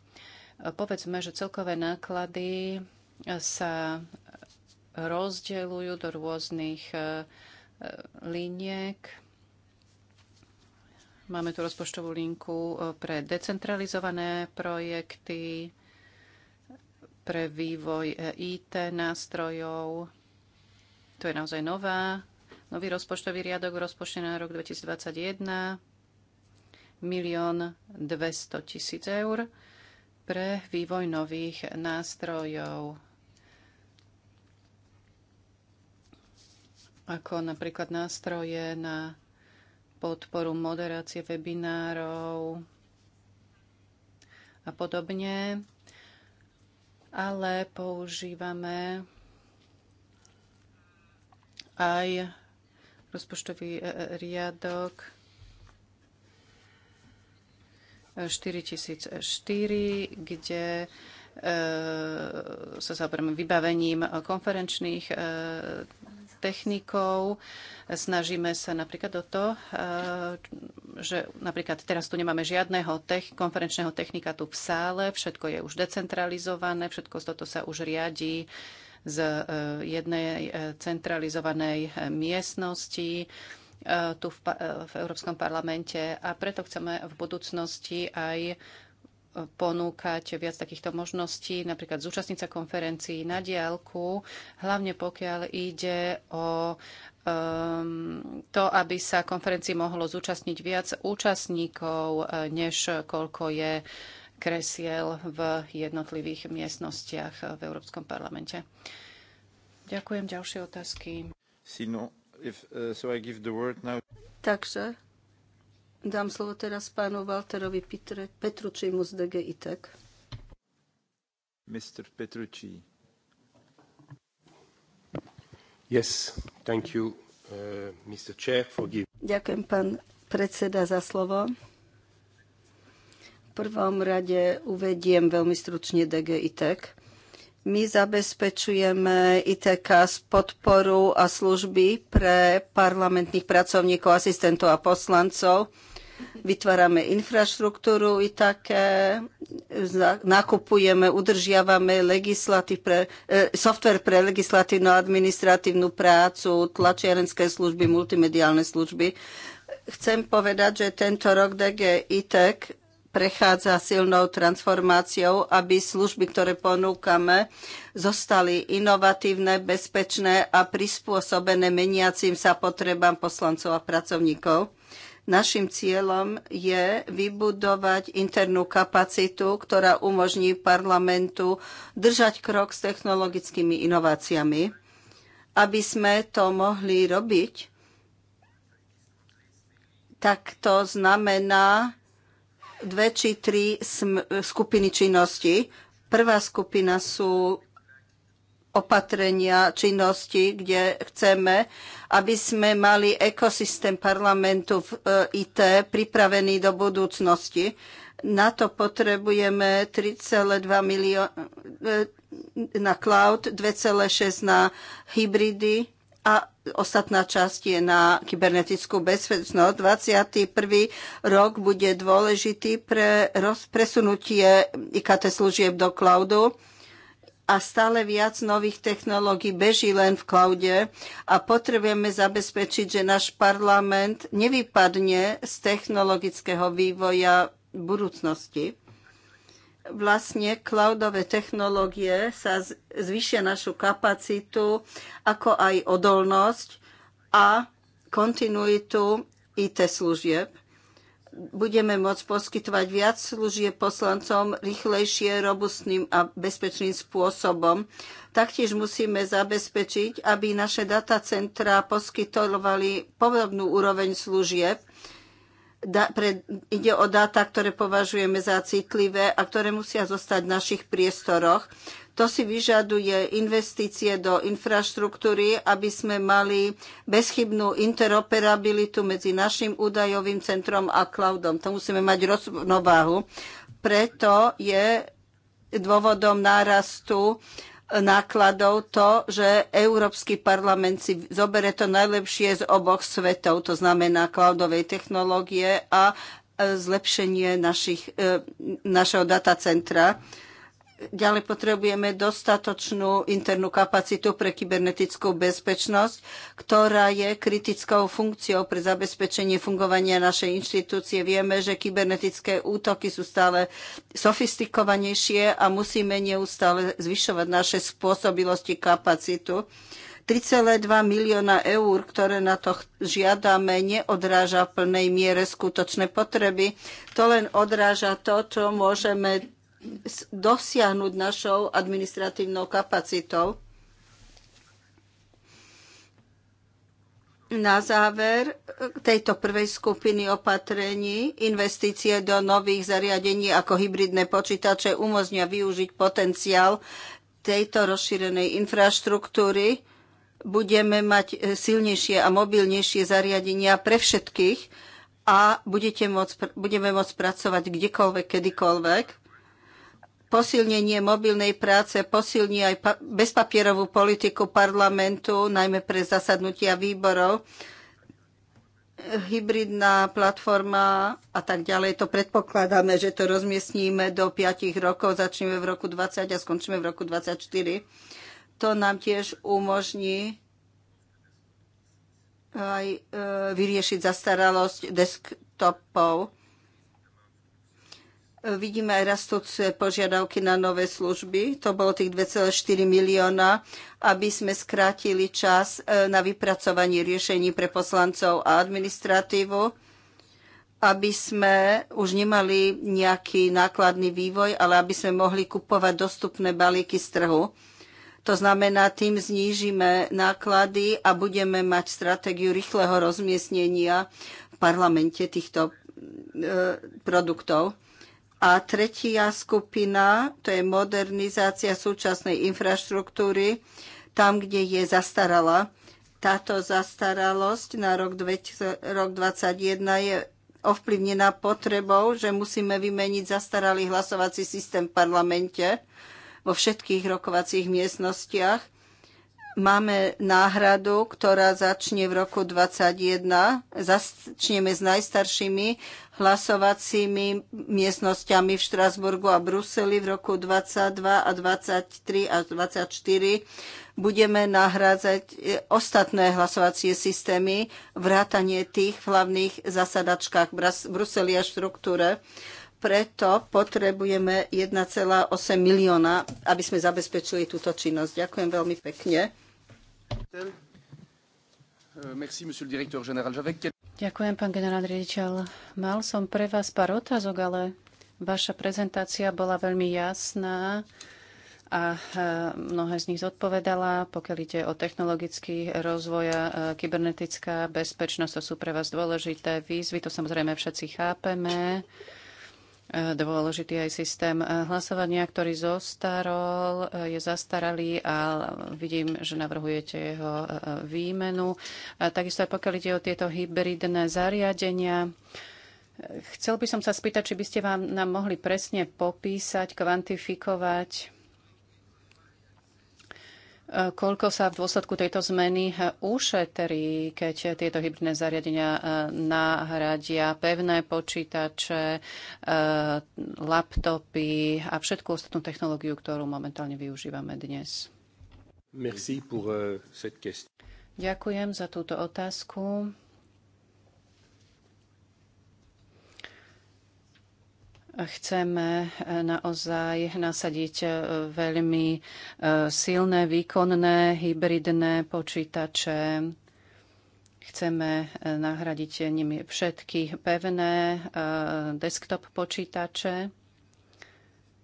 Povedzme, že celkové náklady eh, sa rozdeľujú do rôznych eh, liniek. Máme tu rozpočtovú linku pre decentralizované projekty, pre vývoj IT nástrojov. To je naozaj nová Nový rozpočtový riadok v rozpočte na rok 2021 milión 200 tisíc eur pre vývoj nových nástrojov, ako napríklad nástroje na podporu moderácie webinárov a podobne. Ale používame aj rozpočtový e, e, riadok 4004, e, kde sa zaoberáme vybavením konferenčných technikou. Snažíme sa napríklad o to, že napríklad teraz tu nemáme žiadneho tech, konferenčného technika tu v sále, všetko je už decentralizované, všetko toto sa už riadi z e, jednej e, centralizovanej e, miestnosti tu v, v Európskom parlamente a preto chceme v budúcnosti aj ponúkať viac takýchto možností, napríklad zúčastniť sa konferencií na diálku, hlavne pokiaľ ide o um, to, aby sa konferencii mohlo zúčastniť viac účastníkov, než koľko je uh, kresiel v jednotlivých miestnostiach v Európskom parlamente. Ďakujem. Ďalšie otázky.
Sinon, if, uh, so I give the word now.
Takže dám slovo teraz pánu Walterovi Petre, Petručimu z DGITEC.
Mr. Petrucci.
Yes, thank you, uh, Mr. Chair, for giving... Ďakujem, pán predseda, za slovo prvom rade uvediem veľmi stručne DGITEC. My zabezpečujeme ITK z e podporu a služby pre parlamentných pracovníkov, asistentov a poslancov. Vytvárame infraštruktúru také, e nakupujeme, udržiavame legislatív pre, e, software pre legislatívnu a administratívnu prácu, tlačiarenské služby, multimediálne služby. Chcem povedať, že tento rok DG ITEC prechádza silnou transformáciou, aby služby, ktoré ponúkame, zostali inovatívne, bezpečné a prispôsobené meniacim sa potrebám poslancov a pracovníkov. Našim cieľom je vybudovať internú kapacitu, ktorá umožní parlamentu držať krok s technologickými inováciami. Aby sme to mohli robiť, tak to znamená, dve či tri skupiny činností. Prvá skupina sú opatrenia, činnosti, kde chceme, aby sme mali ekosystém parlamentu v e, IT pripravený do budúcnosti. Na to potrebujeme 3,2 milióna e, na cloud, 2,6 na hybridy a ostatná časť je na kybernetickú bezpečnosť. 21. rok bude dôležitý pre presunutie IKT služieb do cloudu a stále viac nových technológií beží len v klaude a potrebujeme zabezpečiť, že náš parlament nevypadne z technologického vývoja budúcnosti vlastne cloudové technológie sa zvýšia našu kapacitu, ako aj odolnosť a kontinuitu IT služieb. Budeme môcť poskytovať viac služieb poslancom rýchlejšie, robustným a bezpečným spôsobom. Taktiež musíme zabezpečiť, aby naše datacentra poskytovali podobnú úroveň služieb, Da, pre, ide o dáta, ktoré považujeme za citlivé a ktoré musia zostať v našich priestoroch. To si vyžaduje investície do infraštruktúry, aby sme mali bezchybnú interoperabilitu medzi našim údajovým centrom a cloudom. To musíme mať rovnováhu. Preto je dôvodom nárastu nákladov to, že Európsky parlament si zobere to najlepšie z oboch svetov, to znamená cloudovej technológie a e, zlepšenie našich, e, našeho datacentra. centra Ďalej potrebujeme dostatočnú internú kapacitu pre kybernetickú bezpečnosť, ktorá je kritickou funkciou pre zabezpečenie fungovania našej inštitúcie. Vieme, že kybernetické útoky sú stále sofistikovanejšie a musíme neustále zvyšovať naše spôsobilosti kapacitu. 3,2 milióna eur, ktoré na to žiadame, neodráža v plnej miere skutočné potreby. To len odráža to, čo môžeme dosiahnuť našou administratívnou kapacitou. Na záver eh, tejto prvej skupiny opatrení investície do nových zariadení ako hybridné počítače umožňa využiť potenciál tejto rozšírenej infraštruktúry. Budeme mať eh, silnejšie a mobilnejšie zariadenia pre všetkých a budete môcť, budeme môcť pracovať kdekoľvek, kedykoľvek. Posilnenie mobilnej práce posilní aj pa- bezpapierovú politiku parlamentu, najmä pre zasadnutia výborov. Hybridná platforma a tak ďalej. To predpokladáme, že to rozmiestníme do 5 rokov. Začneme v roku 20 a skončíme v roku 24. To nám tiež umožní aj e, vyriešiť zastaralosť desktopov Vidíme aj rastúce požiadavky na nové služby. To bolo tých 2,4 milióna, aby sme skrátili čas e, na vypracovanie riešení pre poslancov a administratívu, aby sme už nemali nejaký nákladný vývoj, ale aby sme mohli kupovať dostupné balíky z trhu. To znamená, tým znížime náklady a budeme mať stratégiu rýchleho rozmiestnenia v parlamente týchto e, produktov. A tretia skupina, to je modernizácia súčasnej infraštruktúry, tam, kde je zastarala. Táto zastaralosť na rok 2021 je ovplyvnená potrebou, že musíme vymeniť zastaralý hlasovací systém v parlamente vo všetkých rokovacích miestnostiach Máme náhradu, ktorá začne v roku 2021. Začneme s najstaršími hlasovacími miestnosťami v Štrasburgu a Bruseli v roku 22 a 23 a 24. Budeme nahrádzať e, ostatné hlasovacie systémy, vrátanie tých v hlavných zasadačkách Bruseli a štruktúre preto potrebujeme 1,8 milióna, aby sme zabezpečili túto činnosť. Ďakujem veľmi pekne.
Ďakujem, pán generál riaditeľ. Mal som pre vás pár otázok, ale vaša prezentácia bola veľmi jasná a e, mnohé z nich zodpovedala. Pokiaľ ide o technologický rozvoj a e, kybernetická bezpečnosť, to sú pre vás dôležité výzvy, to samozrejme všetci chápeme. Eh, dôležitý aj systém eh, hlasovania, ktorý zostarol, eh, je zastaralý a vidím, že navrhujete jeho výmenu. A takisto aj pokiaľ ide o tieto hybridné zariadenia, chcel by som sa spýtať, či by ste vám nám mohli presne popísať, kvantifikovať Koľko sa v dôsledku tejto zmeny ušetrí, keď tieto hybridné zariadenia eh, nahradia pevné počítače, eh, laptopy a všetku ostatnú technológiu, ktorú momentálne využívame dnes? Merci pour eh, cette question. Ďakujem za túto otázku. chceme e, naozaj nasadiť e, veľmi e, silné, výkonné, hybridné počítače. Chceme nahradiť nimi všetky pevné desktop počítače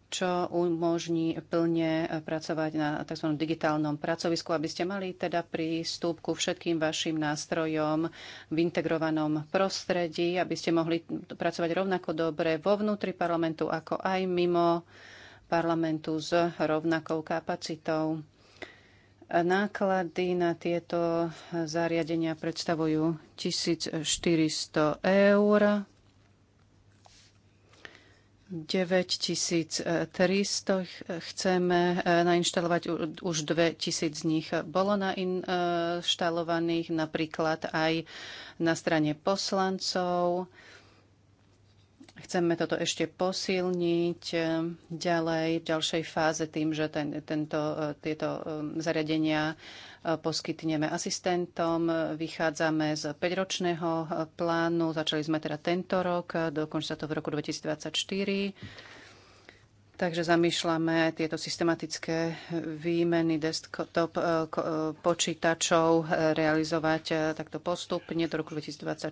čo umožní plne pracovať na tzv. digitálnom pracovisku, aby ste mali teda prístup ku všetkým vašim nástrojom v integrovanom prostredí, aby ste mohli pracovať rovnako dobre vo vnútri parlamentu, ako aj mimo parlamentu s rovnakou kapacitou. Náklady na tieto zariadenia predstavujú 1400 eur 9300 chceme eh, nainštalovať, už 2000 z nich bolo nainštalovaných, napríklad aj na strane poslancov. Chceme toto ešte posilniť eh, ďalej v ďalšej fáze tým, že ten, tento, eh, tieto zariadenia E, poskytneme asistentom. Vychádzame z 5-ročného e, plánu. Začali sme teda tento rok, e, dokončí sa to v roku 2024. Takže zamýšľame tieto systematické výmeny desktop počítačov realizovať takto postupne do roku 2024.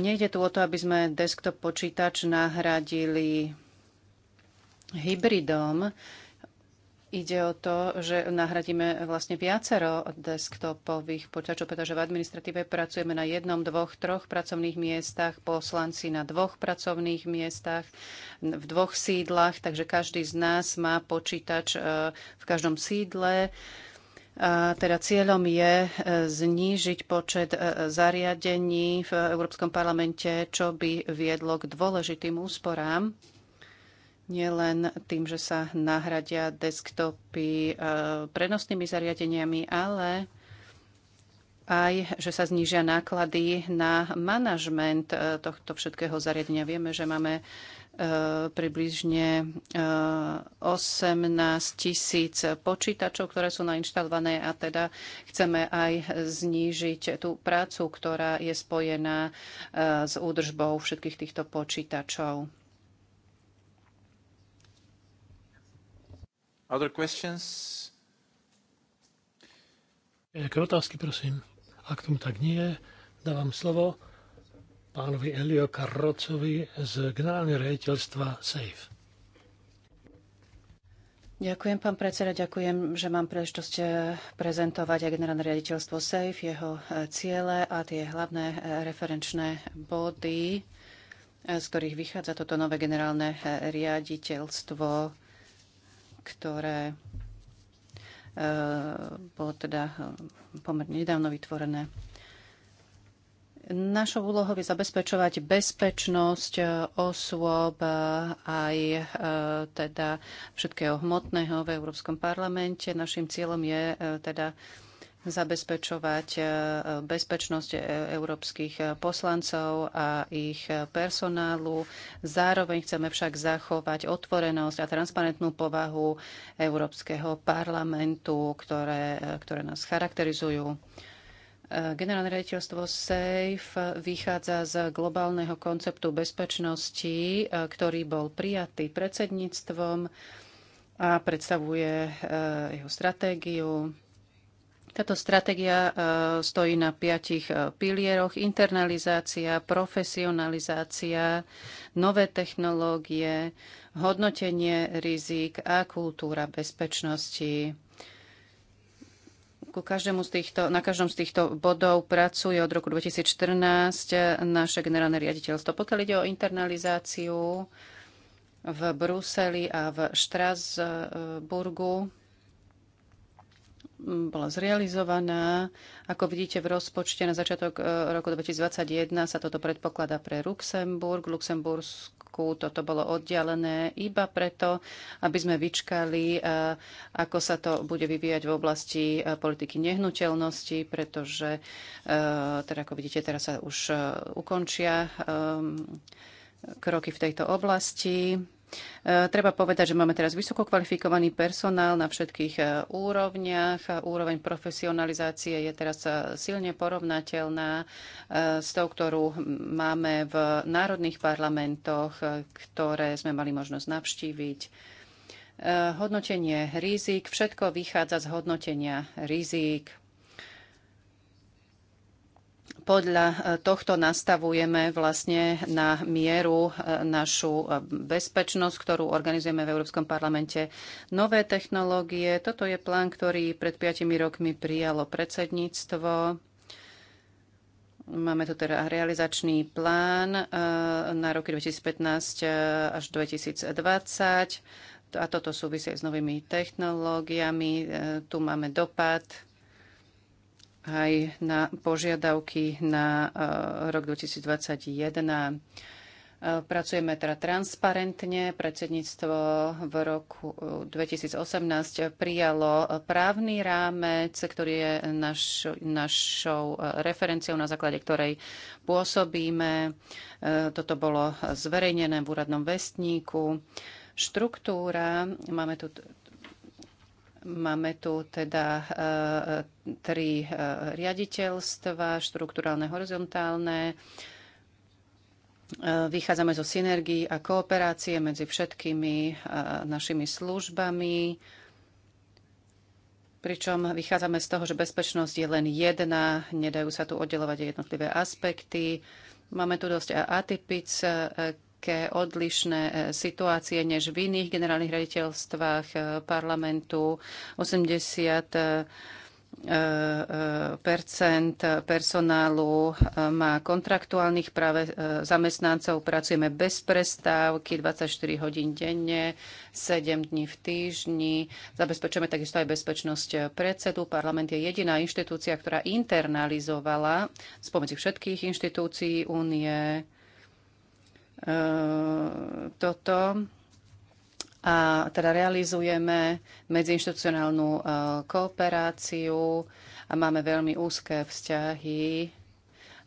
Nejde tu o to, aby sme desktop počítač nahradili hybridom, Ide o to, že nahradíme vlastne viacero desktopových počítačov, pretože v administratíve pracujeme na jednom, dvoch, troch pracovných miestach, poslanci na dvoch pracovných miestach, v dvoch sídlach, takže každý z nás má počítač e, v každom sídle. A teda cieľom je e, znížiť počet e, zariadení v Európskom parlamente, čo by viedlo k dôležitým úsporám nielen tým, že sa nahradia desktopy e, prenosnými zariadeniami, ale aj, že sa znížia náklady na manažment e, tohto všetkého zariadenia. Vieme, že máme e, približne 18 tisíc počítačov, ktoré sú nainštalované a teda chceme aj znížiť tú prácu, ktorá je spojená s údržbou všetkých týchto počítačov.
Other questions?
Nejaké otázky, prosím. Ak tomu tak nie je, dávam slovo pánovi Elio Karrocovi z generálneho rejiteľstva SAFE.
Ďakujem, pán predseda. Ďakujem, že mám príležitosť eh, prezentovať aj generálne riaditeľstvo SAFE, jeho eh, ciele a tie hlavné eh, referenčné body, z ktorých vychádza toto nové generálne riaditeľstvo ktoré eh, bolo teda eh, pomerne nedávno vytvorené. Našou úlohou je zabezpečovať bezpečnosť eh, osôb aj teda všetkého hmotného v Európskom parlamente. Našim cieľom je teda zabezpečovať e, bezpečnosť e, európskych e, poslancov a ich personálu. Zároveň chceme však zachovať otvorenosť a transparentnú povahu Európskeho parlamentu, ktoré, ktoré nás charakterizujú. Generálne riaditeľstvo SAFE vychádza z globálneho konceptu bezpečnosti, ktorý bol prijatý predsedníctvom a predstavuje jeho stratégiu. Táto stratégia e, stojí na piatich e, pilieroch. Internalizácia, profesionalizácia, nové technológie, hodnotenie rizik a kultúra bezpečnosti ku každému z týchto, na každom z týchto bodov pracuje od roku 2014 naše generálne riaditeľstvo. Pokiaľ ide o internalizáciu v Bruseli a v Štrasburgu, bola zrealizovaná. Ako vidíte v rozpočte na začiatok e, roku 2021 sa toto predpokladá pre Luxemburg. Luxembursku toto bolo oddialené iba preto, aby sme vyčkali, e, ako sa to bude vyvíjať v oblasti e, politiky nehnuteľnosti, pretože teda ako vidíte, teraz sa už ukončia kroky v tejto oblasti. E, treba povedať, že máme teraz vysoko kvalifikovaný personál na všetkých e, úrovniach. Úroveň profesionalizácie je teraz e, silne porovnateľná s tou, ktorú máme v národných parlamentoch, ktoré sme mali možnosť navštíviť hodnotenie rizik, všetko vychádza z hodnotenia rizik podľa e, tohto nastavujeme vlastne na mieru e, našu e, bezpečnosť, ktorú organizujeme v Európskom parlamente. Nové technológie, toto je plán, ktorý pred piatimi rokmi prijalo predsedníctvo. Máme tu teda realizačný plán na roky 2015 až 2020 a toto súvisie s novými technológiami. Tu máme dopad aj na požiadavky na eh, rok 2021. Eh, pracujeme teda transparentne. Predsedníctvo v roku 2018 eh, prijalo právny rámec, ktorý je naš, našou referenciou, na základe ktorej pôsobíme. Toto bolo zverejnené v úradnom vestníku. Štruktúra, máme tu Máme tu teda e, tri e, riaditeľstva, štruktúralne, horizontálne. E, vychádzame zo synergií a kooperácie medzi všetkými našimi službami. Pričom vychádzame z toho, že bezpečnosť je len jedna, nedajú sa tu oddelovať jednotlivé aspekty. Máme tu dosť atypické také odlišné e, situácie než v iných generálnych raditeľstvách e, parlamentu. 80 e, percent personálu má kontraktuálnych práve zamestnancov. Pracujeme bez prestávky 24 hodín denne, 7 dní v týždni. Zabezpečujeme takisto aj bezpečnosť predsedu. Parlament je jediná inštitúcia, ktorá internalizovala spomedzi všetkých inštitúcií únie E, toto a teda realizujeme medziinstitucionálnu e, kooperáciu a máme veľmi úzke vzťahy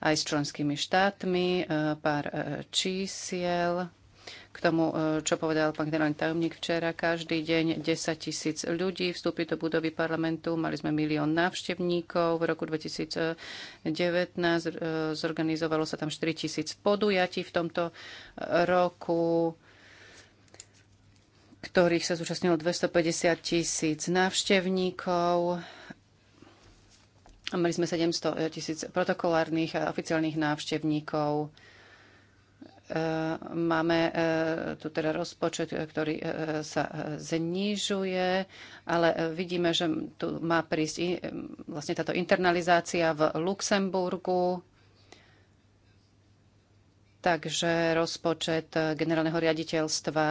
aj s členskými štátmi, e, pár čísiel. K tomu, e, čo povedal pán generálny tajomník včera, každý deň 10 tisíc ľudí vstúpi do budovy parlamentu. Mali sme milión návštevníkov. V roku 2019 e, zorganizovalo sa tam 4 tisíc podujatí v tomto roku ktorých sa zúčastnilo 250 tisíc návštevníkov. Mali sme 700 tisíc protokolárnych a oficiálnych návštevníkov. E, máme e, tu teda rozpočet, ktorý e, sa znižuje, ale vidíme, že tu má prísť vlastne táto internalizácia v Luxemburgu. Takže rozpočet generálneho riaditeľstva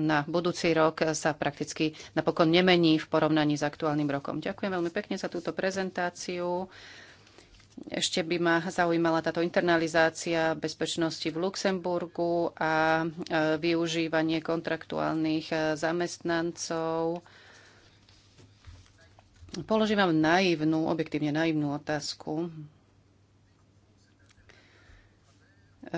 na budúci rok sa prakticky napokon nemení v porovnaní s aktuálnym rokom. Ďakujem veľmi pekne za túto prezentáciu. Ešte by ma zaujímala táto internalizácia bezpečnosti v Luxemburgu a e, využívanie kontraktuálnych e, zamestnancov. Položím vám naivnú, objektívne naivnú otázku e,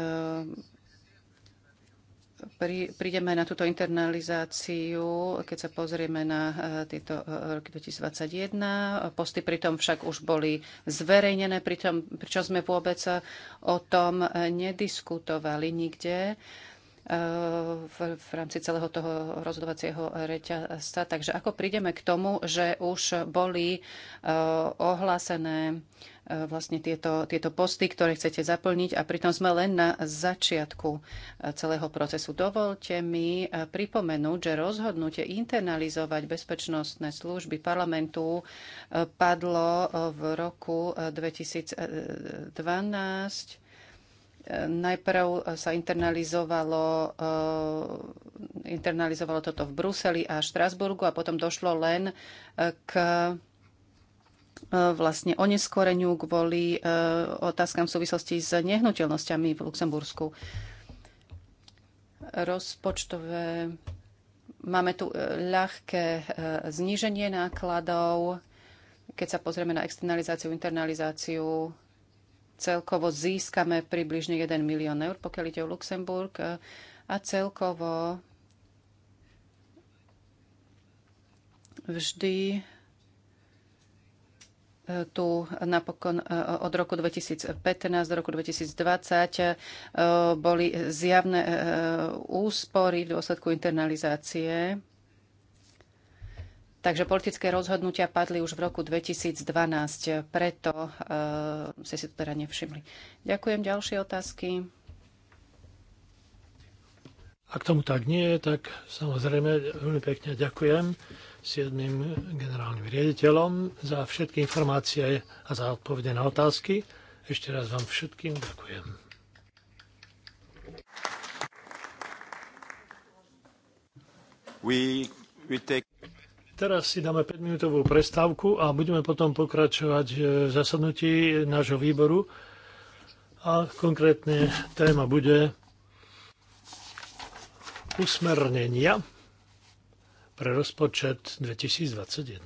prídeme na túto internalizáciu, keď sa pozrieme na eh, tieto eh, roky 2021. Posty pritom však už boli zverejnené, pritom, pričom sme vôbec eh, o tom nediskutovali nikde v, v rámci celého toho rozhodovacieho reťazca. Takže ako prídeme k tomu, že už boli ohlásené E, vlastne tieto, tieto posty, ktoré chcete zaplniť a pritom sme len na začiatku e, celého procesu. Dovolte mi e, pripomenúť, že rozhodnutie internalizovať bezpečnostné služby parlamentu padlo v roku 2012 Najprv sa internalizovalo, internalizovalo toto v Bruseli a Štrasburgu a potom došlo len k E, vlastne oneskoreniu kvôli e, otázkam v súvislosti s nehnuteľnosťami v Luxembursku. Rozpočtové. Máme tu e, ľahké zníženie nákladov. Keď sa pozrieme na externalizáciu, internalizáciu, celkovo získame približne 1 milión eur, pokiaľ ide o Luxemburg. A celkovo vždy tu napokon e, od roku 2015 do roku 2020 e, boli zjavné e, úspory v dôsledku internalizácie. Takže politické rozhodnutia padli už v roku 2012, preto ste si to teda nevšimli. Ďakujem. Ďalšie otázky?
Ak tomu tak nie, tak samozrejme veľmi pekne ďakujem jedným generálnym riaditeľom za všetky informácie a za odpovede na otázky. Ešte raz vám všetkým ďakujem. We, we take... Teraz si dáme 5-minútovú prestávku a budeme potom pokračovať e, v zasadnutí nášho výboru. A konkrétne téma bude usmernenia pre rozpočet 2021.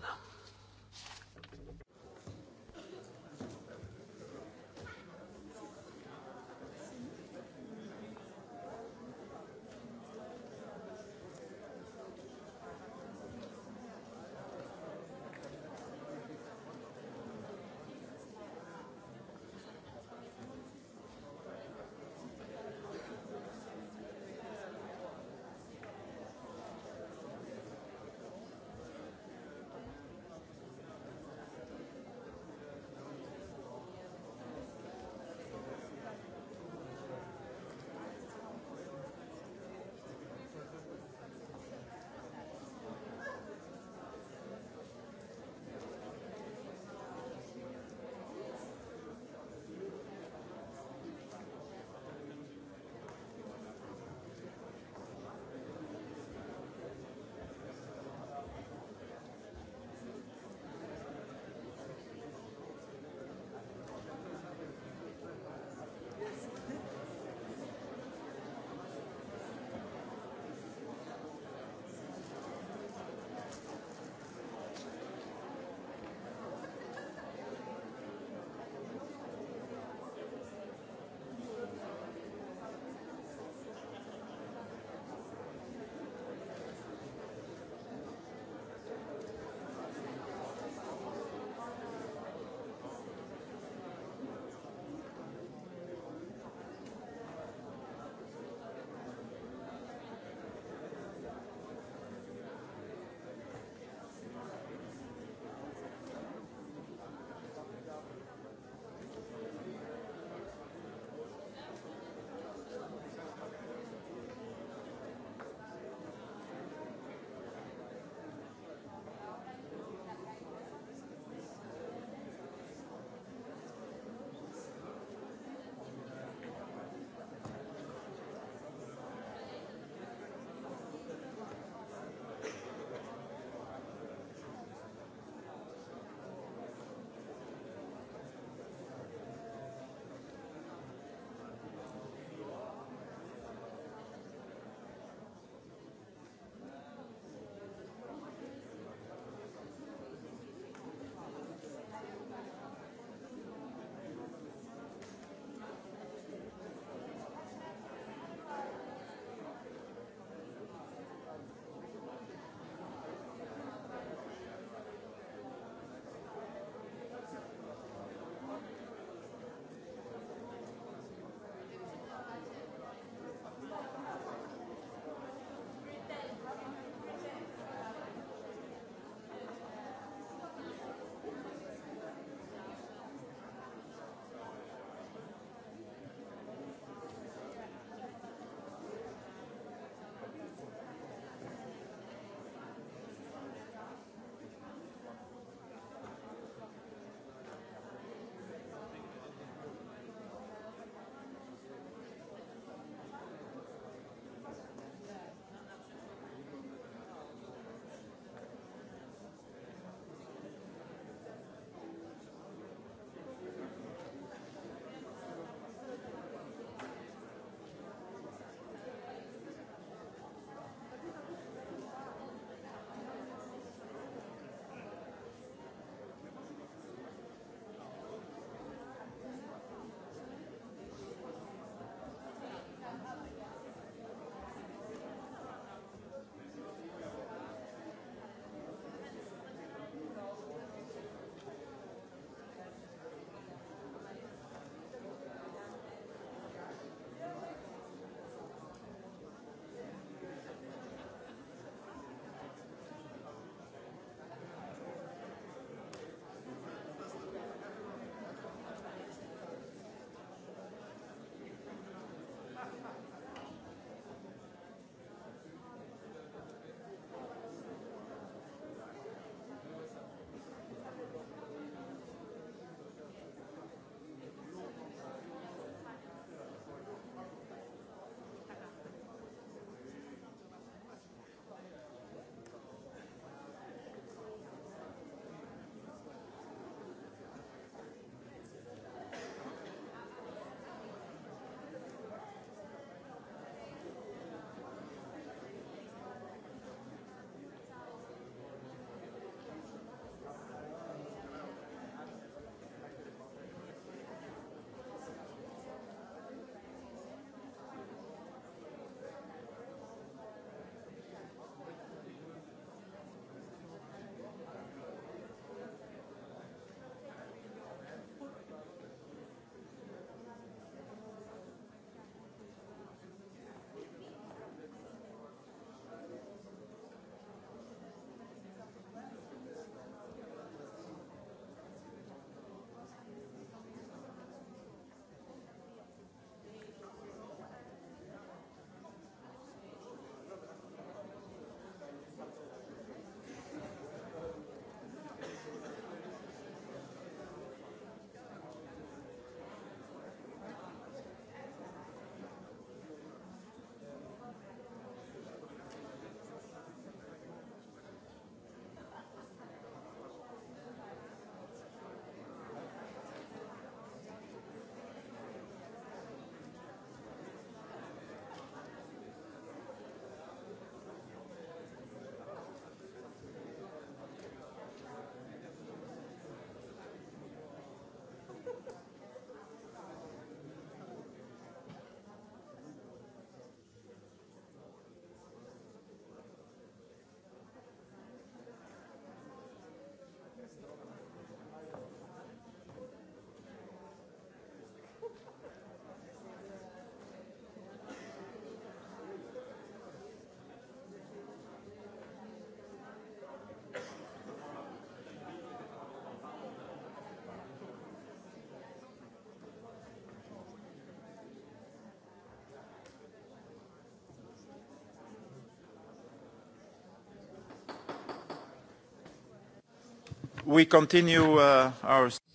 Uh,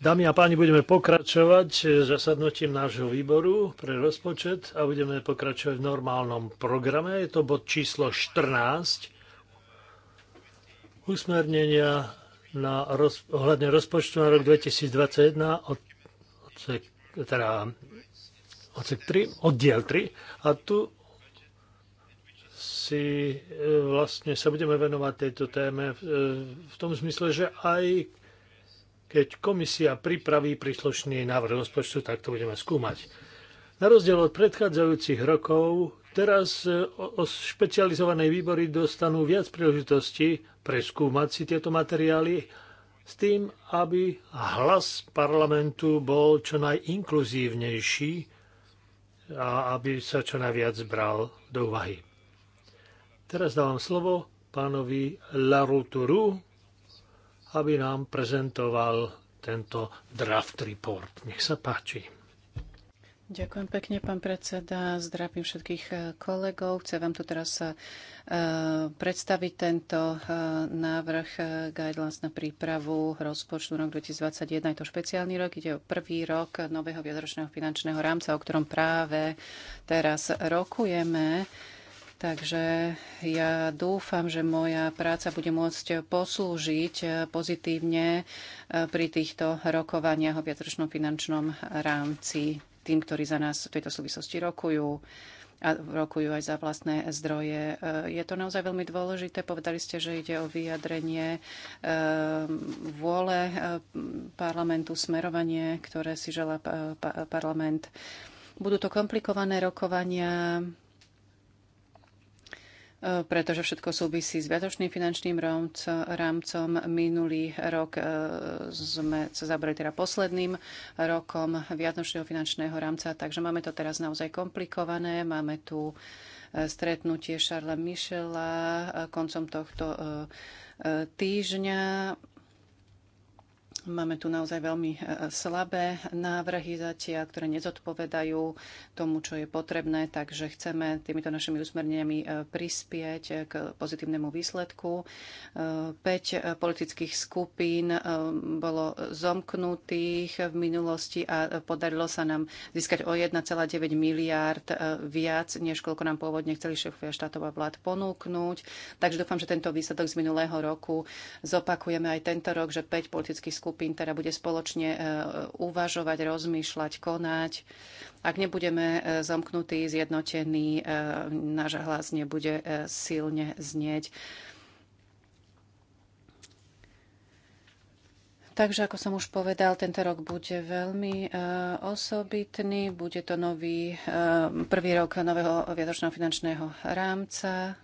Dámy a páni, budeme pokračovať eh, zasadnutím nášho výboru pre rozpočet a budeme pokračovať v normálnom programe. Je to bod číslo 14. Usmernenia na roz, ohľadne rozpočtu na rok 2021 od, teda 3, oddiel 3. A tu si e, vlastne sa budeme venovať tejto téme e, v tom zmysle, že aj keď komisia pripraví príslušný návrh rozpočtu, tak to budeme skúmať. Na rozdiel od predchádzajúcich rokov, teraz e, o špecializované výbory dostanú viac príležitostí preskúmať si tieto materiály s tým, aby hlas parlamentu bol čo najinkluzívnejší a aby sa čo najviac bral do úvahy. Teraz dávam slovo pánovi Laruturu, aby nám prezentoval tento draft report. Nech sa páči.
Ďakujem pekne, pán predseda. Zdravím všetkých eh, kolegov. Chcem vám tu teraz eh, predstaviť tento eh, návrh guidelines na prípravu rozpočtu rok 2021. Je to špeciálny rok, ide o prvý rok nového viadročného finančného rámca, o ktorom práve teraz rokujeme. Takže ja dúfam, že moja práca bude môcť poslúžiť pozitívne e, pri týchto rokovaniach o viacročnom finančnom rámci tým, ktorí za nás v tejto súvislosti rokujú a rokujú aj za vlastné zdroje. E, je to naozaj veľmi dôležité. Povedali ste, že ide o vyjadrenie e, vôle parlamentu, smerovanie, ktoré si žela parlament. Budú to komplikované rokovania, pretože všetko súvisí s viatočným finančným rámcom. Minulý rok e, sme sa zabrali teda posledným rokom viatočného finančného rámca, takže máme to teraz naozaj komplikované. Máme tu e, stretnutie Šarla Mišela e, koncom tohto týždňa Máme tu naozaj veľmi e, slabé návrhy zatiaľ, ktoré nezodpovedajú tomu, čo je potrebné, takže chceme týmito našimi usmerneniami e, prispieť e, k pozitívnemu výsledku. 5 politických skupín bolo zomknutých v minulosti a podarilo sa nám získať o 1,9 miliárd viac, než koľko nám pôvodne chceli šéfovia štátov a vlád ponúknuť. Takže dúfam, že tento výsledok z minulého roku zopakujeme aj tento rok, že 5 politických skupín skupín teda bude spoločne e, uvažovať, rozmýšľať, konať. Ak nebudeme e, zomknutí, zjednotení, e, náš hlas nebude silne znieť. Takže, ako som už povedal, tento rok bude veľmi osobitný. Bude to nový, prvý rok nového viatočného finančného rámca.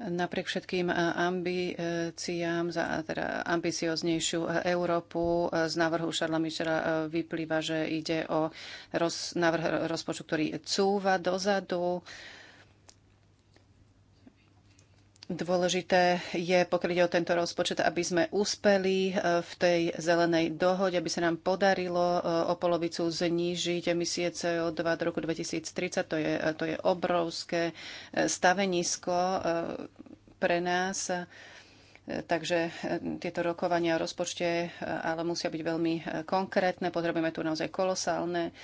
napriek všetkým eh, ambíciám za teda ambicioznejšiu eh, Európu eh, z návrhu Šarla Michela vyplýva, že ide o roz, návrh rozpočtu, ktorý cúva dozadu. Dôležité je, pokiaľ ide o tento rozpočet, aby sme úspeli e, v tej zelenej dohode, aby sa nám podarilo e, o polovicu znížiť emisie CO2 do roku 2030. To je, e, to je obrovské stavenisko pre nás. Takže tieto rokovania o rozpočte ale musia byť veľmi konkrétne. Potrebujeme tu naozaj kolosálne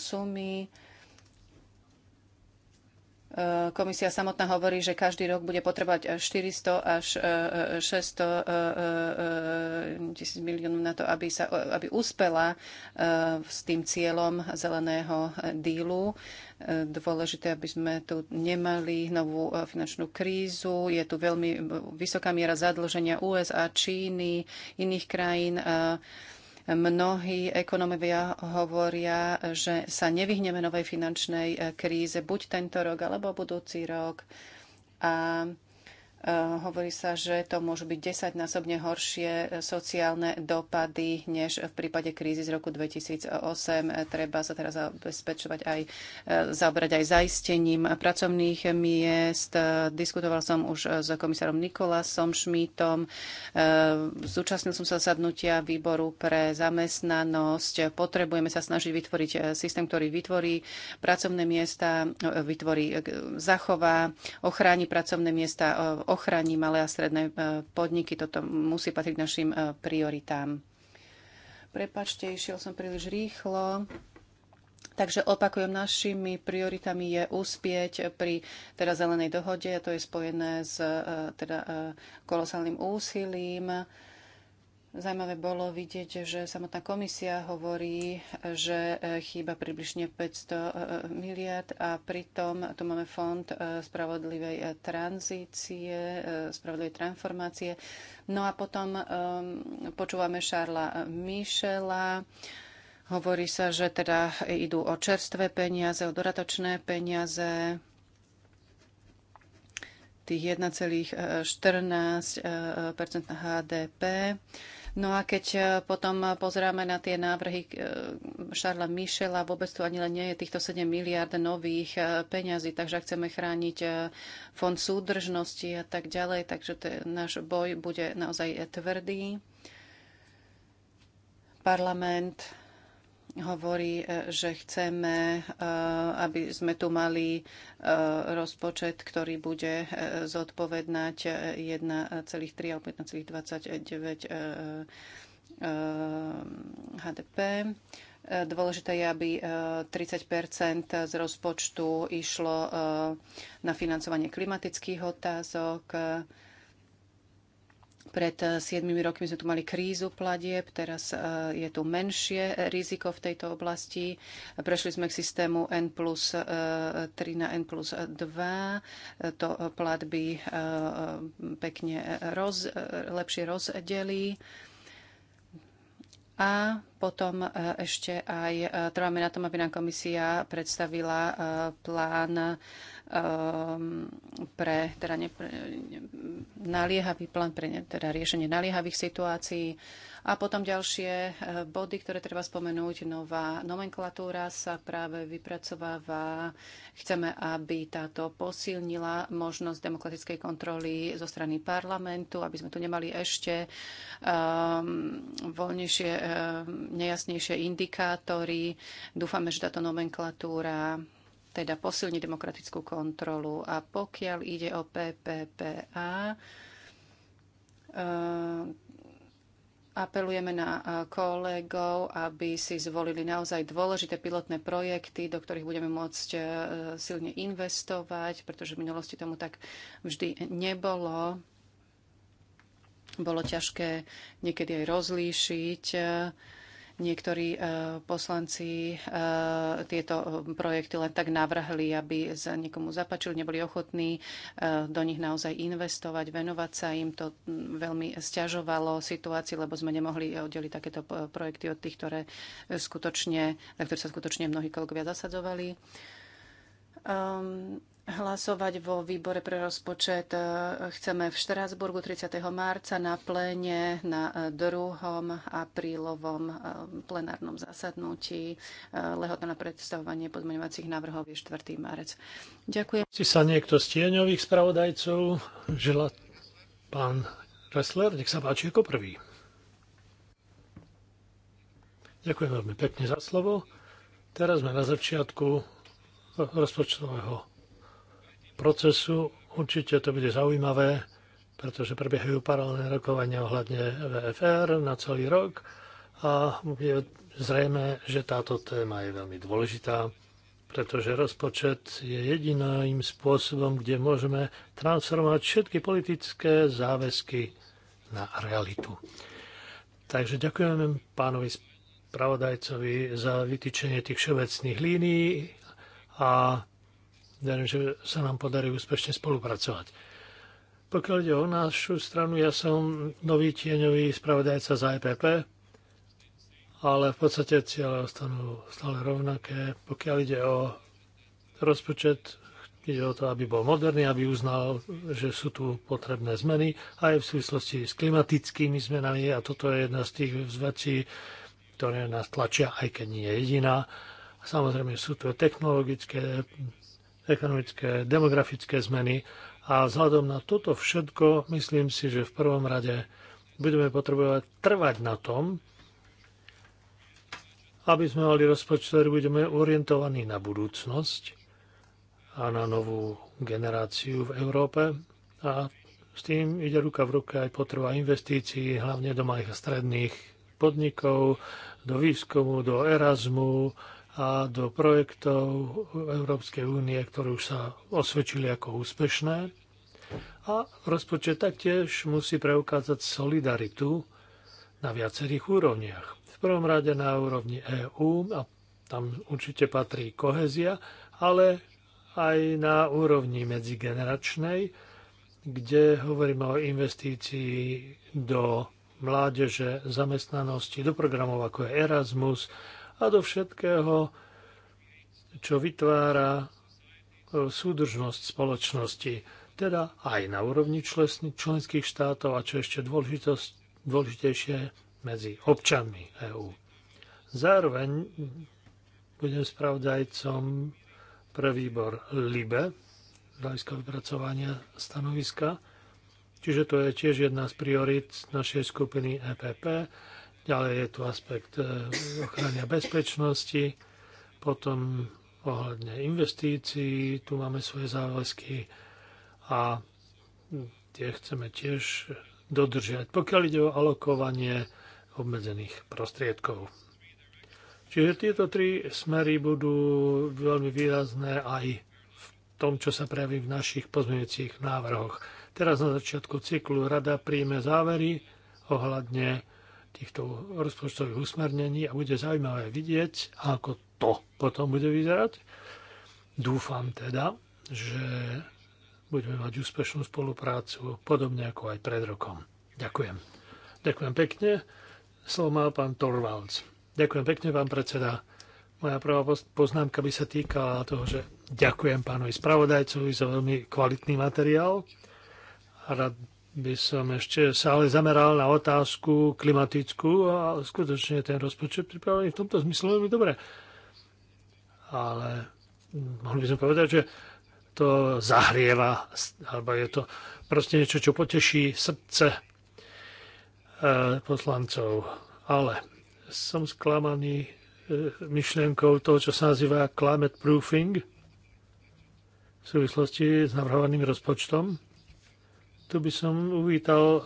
sumy E, komisia samotná hovorí, že každý rok bude potrebovať 400 e, až 600 e, tisíc miliónov na to, aby, sa, aby uspela s tým cieľom zeleného dílu. Dôležité, aby sme tu nemali novú finančnú krízu. Je tu veľmi vysoká miera zadlženia USA, Číny, iných krajín. Mnohí ekonomovia hovoria, že sa nevyhneme novej finančnej kríze buď tento rok alebo budúci rok. A Eh, hovorí sa, že to môžu byť desaťnásobne horšie eh, sociálne dopady, než v prípade krízy z roku 2008. Eh, treba sa teraz zabezpečovať aj, zaoberať aj zaistením pracovných miest. Diskutoval som už s komisárom Nikolasom Šmítom. Zúčastnil som sa sadnutia výboru pre zamestnanosť. Potrebujeme sa snažiť vytvoriť systém, ktorý vytvorí pracovné miesta, vytvorí, zachová, ochráni pracovné miesta, ochraní malé a stredné e, podniky. Toto musí patriť našim e, prioritám. Prepačte, išiel som príliš rýchlo. Takže opakujem, našimi prioritami je uspieť pri teda zelenej dohode, a to je spojené s e, teda, kolosálnym úsilím Zajímavé bolo vidieť, že samotná komisia hovorí, že e, chýba približne 500 e, e, miliard a pritom tu máme fond spravodlivej tranzície, spravodlivej transformácie. No a potom um, počúvame Šarla Mišela. Hovorí sa, že teda idú o čerstvé peniaze, o doratočné peniaze tých 1,14 HDP. No a keď e, potom pozráme na tie návrhy e, Šarla Mišela, vôbec tu ani len nie je týchto 7 miliard nových e, peňazí, takže ak chceme chrániť fond súdržnosti a tak ďalej, takže je, náš boj bude naozaj tvrdý. Parlament hovorí, e, že chceme, e, aby sme tu mali e, rozpočet, ktorý bude zodpovednať 1,3 alebo 1,29 HDP. Dôležité je, aby 30 z rozpočtu išlo na financovanie klimatických otázok pred 7 eh, rokmi sme tu mali krízu platieb, teraz eh, je tu menšie eh, riziko v tejto oblasti. Prešli sme k systému N plus 3 na N plus 2. To platby pekne roz, lepšie rozdelí. A potom ešte aj trváme na tom, aby nám komisia predstavila plán Ehm, pre teda ne, naliehavý plán pre teda riešenie naliehavých situácií. A potom ďalšie eh, body, ktoré treba spomenúť. Nová nomenklatúra sa práve vypracováva. Chceme, aby táto posilnila možnosť demokratickej kontroly zo strany parlamentu, aby sme tu nemali ešte um, voľnejšie, um, nejasnejšie indikátory. Dúfame, že táto nomenklatúra teda posilní demokratickú kontrolu. A pokiaľ ide o PPPA, eh, apelujeme na kolegov, aby si zvolili naozaj dôležité pilotné projekty, do ktorých budeme môcť eh, silne investovať, pretože v minulosti tomu tak vždy nebolo. Bolo ťažké niekedy aj rozlíšiť eh, Niektorí e, poslanci e, tieto e, projekty len tak navrhli, aby sa niekomu zapačili, neboli ochotní do nich naozaj investovať, venovať sa im. To veľmi stiažovalo situácii, lebo sme nemohli oddeliť takéto projekty od tých, ktoré skutočne, na ktoré sa skutočne mnohí kolegovia zasadzovali. Ehm, Hlasovať vo výbore pre rozpočet e, chceme v Štrásburgu 30. marca na pléne na 2. E, aprílovom e, plenárnom zasadnutí. Lehota na predstavovanie pozmeňovacích návrhov je 4. marec.
Ďakujem. Si sa niekto z tieňových spravodajcov žela pán Ressler, nech sa páči ako prvý. Ďakujem veľmi pekne za slovo. Teraz sme na začiatku rozpočtového procesu. Určite to bude zaujímavé, pretože prebiehajú paralelné rokovania ohľadne VFR na celý rok a je zrejme, že táto téma je veľmi dôležitá, pretože rozpočet je jediným spôsobom, kde môžeme transformovať všetky politické záväzky na realitu. Takže ďakujem pánovi spravodajcovi za vytýčenie tých všeobecných línií a verím, že sa nám podarí úspešne spolupracovať. Pokiaľ ide o našu stranu, ja som nový tieňový spravodajca za EPP, ale v podstate cieľe ostanú stále rovnaké. Pokiaľ ide o rozpočet, ide o to, aby bol moderný, aby uznal, že sú tu potrebné zmeny aj v súvislosti s klimatickými zmenami a toto je jedna z tých vecí, ktoré nás tlačia, aj keď nie je jediná. Samozrejme sú tu technologické ekonomické, demografické zmeny. A vzhľadom na toto všetko, myslím si, že v prvom rade budeme potrebovať trvať na tom, aby sme mali rozpočet, ktorý budeme orientovaní na budúcnosť a na novú generáciu v Európe. A s tým ide ruka v ruke aj potreba investícií, hlavne do malých a stredných podnikov, do výskumu, do Erasmu, a do projektov Európskej únie, ktoré už sa osvedčili ako úspešné. A rozpočet taktiež musí preukázať solidaritu na viacerých úrovniach. V prvom rade na úrovni EÚ a tam určite patrí kohezia, ale aj na úrovni medzigeneračnej, kde hovoríme o investícii do mládeže, zamestnanosti, do programov ako je Erasmus a do všetkého, čo vytvára e, súdržnosť spoločnosti, teda aj na úrovni členských štátov a čo ešte dôležitejšie medzi občanmi EÚ. Zároveň budem spravdajcom pre výbor LIBE, z hľadiska vypracovania stanoviska, čiže to je tiež jedna z priorit našej skupiny EPP Ďalej je tu aspekt e, ochrany a bezpečnosti, potom ohľadne investícií, tu máme svoje záväzky a tie chceme tiež dodržiať, pokiaľ ide o alokovanie obmedzených prostriedkov. Čiže tieto tri smery budú veľmi výrazné aj v tom, čo sa prejaví v našich pozmeňujúcich návrhoch. Teraz na začiatku cyklu rada príjme závery ohľadne týchto rozpočtových usmernení a bude zaujímavé vidieť, ako to potom bude vyzerať. Dúfam teda, že budeme mať úspešnú spoluprácu, podobne ako aj pred rokom. Ďakujem. Ďakujem pekne. Slovo mal pán Torvalds. Ďakujem pekne, pán predseda. Moja prvá poznámka by sa týkala toho, že ďakujem pánovi spravodajcovi za veľmi kvalitný materiál. Rád by som ešte sa ale zameral na otázku klimatickú a skutočne ten rozpočet pripravený v tomto zmysle veľmi dobre. Ale mohli by sme povedať, že to zahrieva, alebo je to proste niečo, čo poteší srdce eh, poslancov. Ale som sklamaný eh, myšlienkou toho, čo sa nazýva climate proofing v súvislosti s navrhovaným rozpočtom tu by som uvítal e,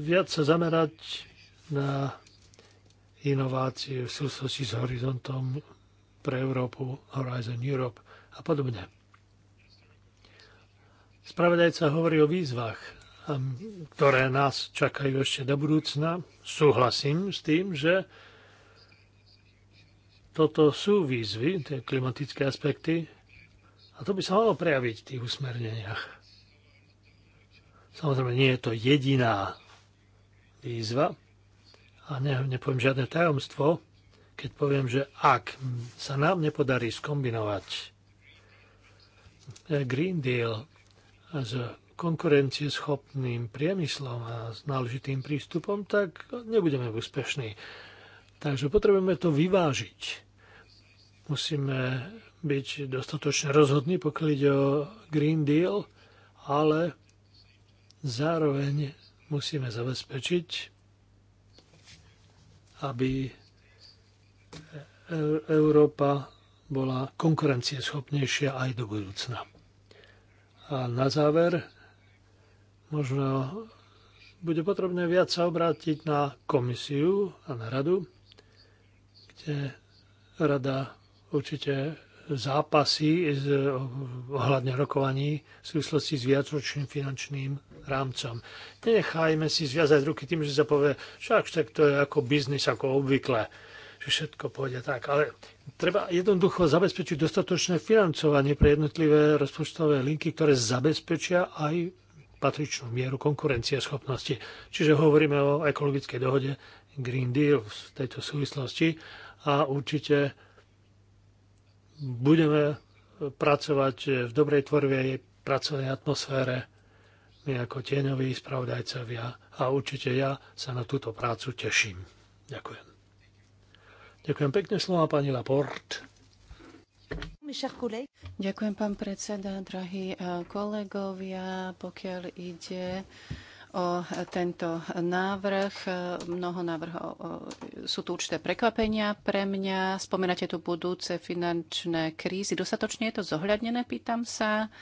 viac sa zamerať na inovácie v súvislosti s horizontom pre Európu, Horizon Europe a podobne. Spravedajca hovorí o výzvach, ktoré nás čakajú ešte do budúcna. Súhlasím s tým, že toto sú výzvy, tie klimatické aspekty, a to by sa malo prejaviť v tých usmerneniach. Samozrejme, nie je to jediná výzva. A ne, nepoviem žiadne tajomstvo, keď poviem, že ak sa nám nepodarí skombinovať eh, Green Deal s konkurencieschopným priemyslom a s náležitým prístupom, tak nebudeme úspešní. Takže potrebujeme to vyvážiť. Musíme byť dostatočne rozhodní, pokiaľ ide o Green Deal, ale Zároveň musíme zabezpečiť, aby e- Európa bola konkurencieschopnejšia aj do budúcna. A na záver možno bude potrebné viac sa obrátiť na komisiu a na radu, kde rada určite zápasy ohľadne rokovaní v súvislosti s viacročným finančným rámcom. Nenechajme si zviazať ruky tým, že sa povie, však tak to je ako biznis, ako obvykle, že všetko pôjde tak. Ale treba jednoducho zabezpečiť dostatočné financovanie pre jednotlivé rozpočtové linky, ktoré zabezpečia aj patričnú mieru konkurencie schopnosti. Čiže hovoríme o ekologickej dohode Green Deal v tejto súvislosti a určite budeme pracovať v dobrej tvorivej pracovnej atmosfére my ako tieňoví spravodajcovia a určite ja sa na túto prácu teším. Ďakujem. Ďakujem pekne slova pani Laport.
Ďakujem, pán predseda, drahí eh, kolegovia. Pokiaľ ide o tento návrh. Mnoho návrhov sú tu určité prekvapenia pre mňa. Spomínate tu budúce finančné krízy. Dostatočne je to zohľadnené, pýtam sa.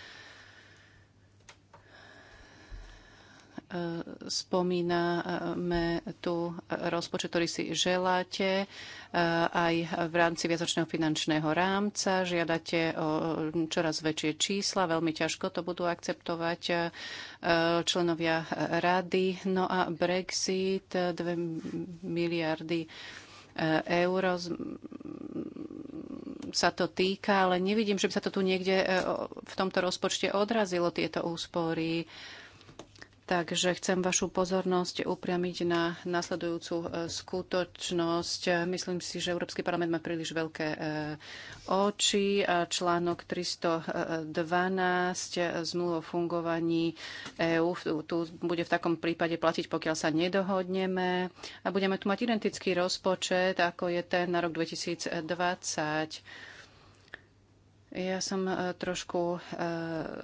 spomíname tu rozpočet, ktorý si želáte e, aj v rámci viacočného finančného rámca. Žiadate o čoraz väčšie čísla, veľmi ťažko to budú akceptovať e, členovia rady. No a Brexit, 2 miliardy e, eur sa to týka, ale nevidím, že by sa to tu niekde v tomto rozpočte odrazilo, tieto úspory. Takže chcem vašu pozornosť upriamiť na nasledujúcu e, skutočnosť. Myslím si, že Európsky parlament má príliš veľké e, oči. Článok 312 e, zmluv o fungovaní EÚ tu bude v takom prípade platiť, pokiaľ sa nedohodneme. A budeme tu mať identický rozpočet, ako je ten na rok 2020 ja som e, trošku e,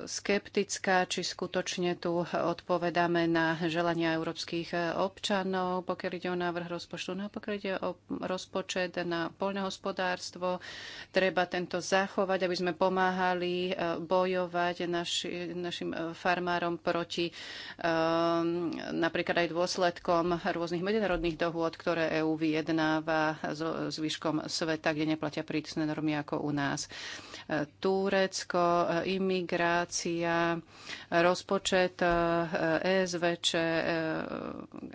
skeptická, či skutočne tu odpovedáme na želania európskych e, občanov, pokiaľ ide o návrh rozpočtu. No a pokiaľ ide o rozpočet na poľnohospodárstvo, treba tento zachovať, aby sme pomáhali bojovať naši, našim farmárom proti napríklad aj dôsledkom rôznych medzinárodných dohôd, ktoré EÚ vyjednáva s výškom sveta, kde neplatia prísne normy ako u nás Turecko, imigrácia, rozpočet ESVČ, eh, e eh,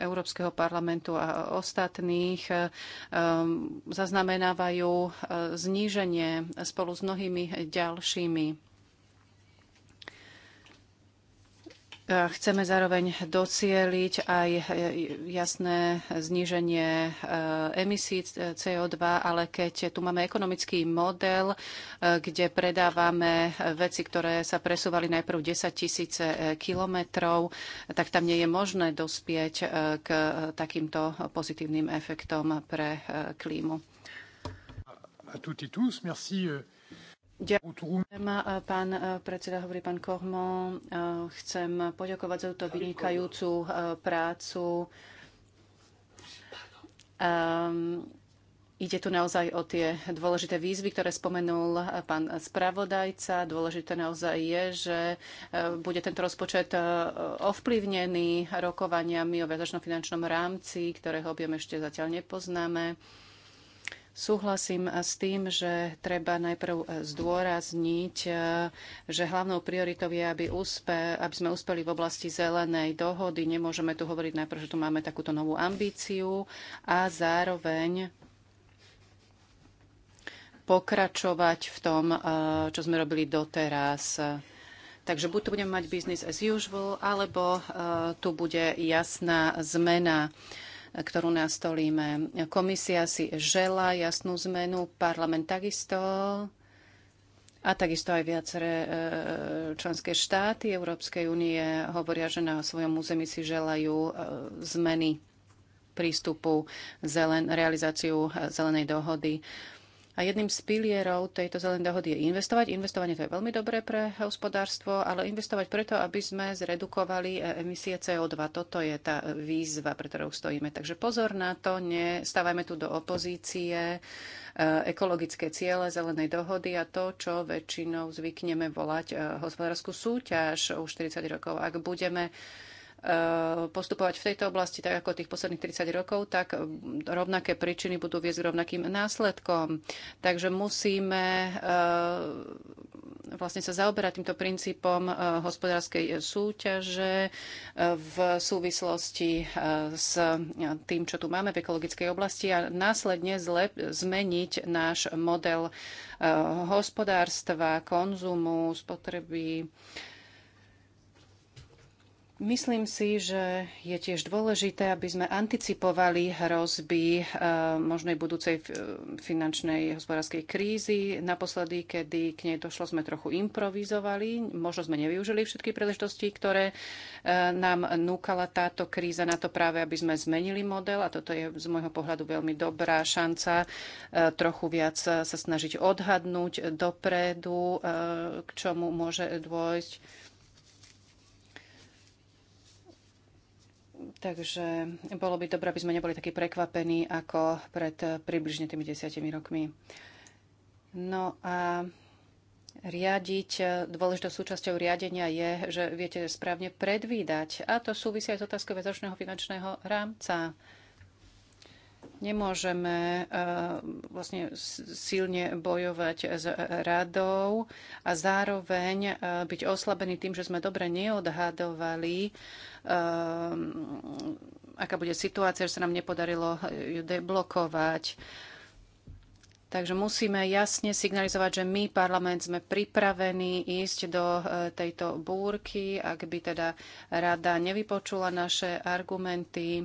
Európskeho parlamentu a ostatných eh, zaznamenávajú zníženie spolu s mnohými ďalšími Chceme zároveň docieliť aj e, jasné zníženie e, emisí CO2, ale keď tu máme ekonomický model, e, kde predávame veci, ktoré sa presúvali najprv 10 tisíce kilometrov, tak tam nie je možné dospieť k takýmto pozitívnym efektom pre klímu.
A tous, merci Ďakujem,
pán e, predseda, hovorí pán Kohmo. E, chcem poďakovať za túto vynikajúcu e, prácu. Um, ide tu naozaj o tie dôležité výzvy, ktoré spomenul pán spravodajca. Dôležité naozaj je, že bude tento rozpočet ovplyvnený rokovaniami o viazačnom finančnom rámci, ktorého objem ešte zatiaľ nepoznáme. Súhlasím s tým, že treba najprv zdôrazniť, e, že hlavnou prioritou je, aby, úspe, aby sme uspeli v oblasti zelenej dohody. Nemôžeme tu hovoriť najprv, že tu máme takúto novú ambíciu a zároveň pokračovať v tom, e, čo sme robili doteraz. Takže buď tu budeme mať business as usual, alebo e, tu bude jasná zmena ktorú nastolíme. Komisia si žela jasnú zmenu, parlament takisto a takisto aj viaceré e, členské štáty Európskej únie hovoria, že na svojom území si želajú e, zmeny prístupu, zelen, realizáciu e, zelenej dohody. A jedným z pilierov tejto zelenej dohody je investovať. Investovanie to je veľmi dobré pre hospodárstvo, ale investovať preto, aby sme zredukovali emisie CO2. Toto je tá výzva, pre ktorou stojíme. Takže pozor na to, nestávajme tu do opozície e, ekologické ciele zelenej dohody a to, čo väčšinou zvykneme volať e, hospodárskú súťaž už 40 rokov. Ak budeme Eh, postupovať v tejto oblasti tak ako tých posledných 30 rokov, tak mm, rovnaké príčiny budú viesť k rovnakým následkom. Takže musíme eh, vlastne sa zaoberať týmto princípom eh, hospodárskej súťaže v súvislosti s tým, čo tu máme v ekologickej oblasti a následne zlep- zmeniť náš model hospodárstva, konzumu, spotreby Myslím si, že je tiež dôležité, aby sme anticipovali hrozby e, možnej budúcej e, finančnej hospodárskej krízy. Naposledy, kedy k nej došlo, sme trochu improvizovali. Možno sme nevyužili všetky príležitosti, ktoré e, nám núkala táto kríza na to práve, aby sme zmenili model. A toto je z môjho pohľadu veľmi dobrá šanca trochu viac sa snažiť odhadnúť dopredu, k čomu môže dôjsť takže bolo by dobré, aby sme neboli takí prekvapení ako pred približne tými desiatimi rokmi. No a riadiť, dôležitou súčasťou riadenia je, že viete správne predvídať. A to súvisia aj s otázkou väzočného finančného rámca. Nemôžeme e, vlastne silne bojovať s radou a zároveň e, byť oslabení tým, že sme dobre neodhadovali e, aká bude situácia, že sa nám nepodarilo ju deblokovať. Takže musíme jasne signalizovať, že my, parlament, sme pripravení ísť do tejto búrky, ak by teda rada nevypočula naše argumenty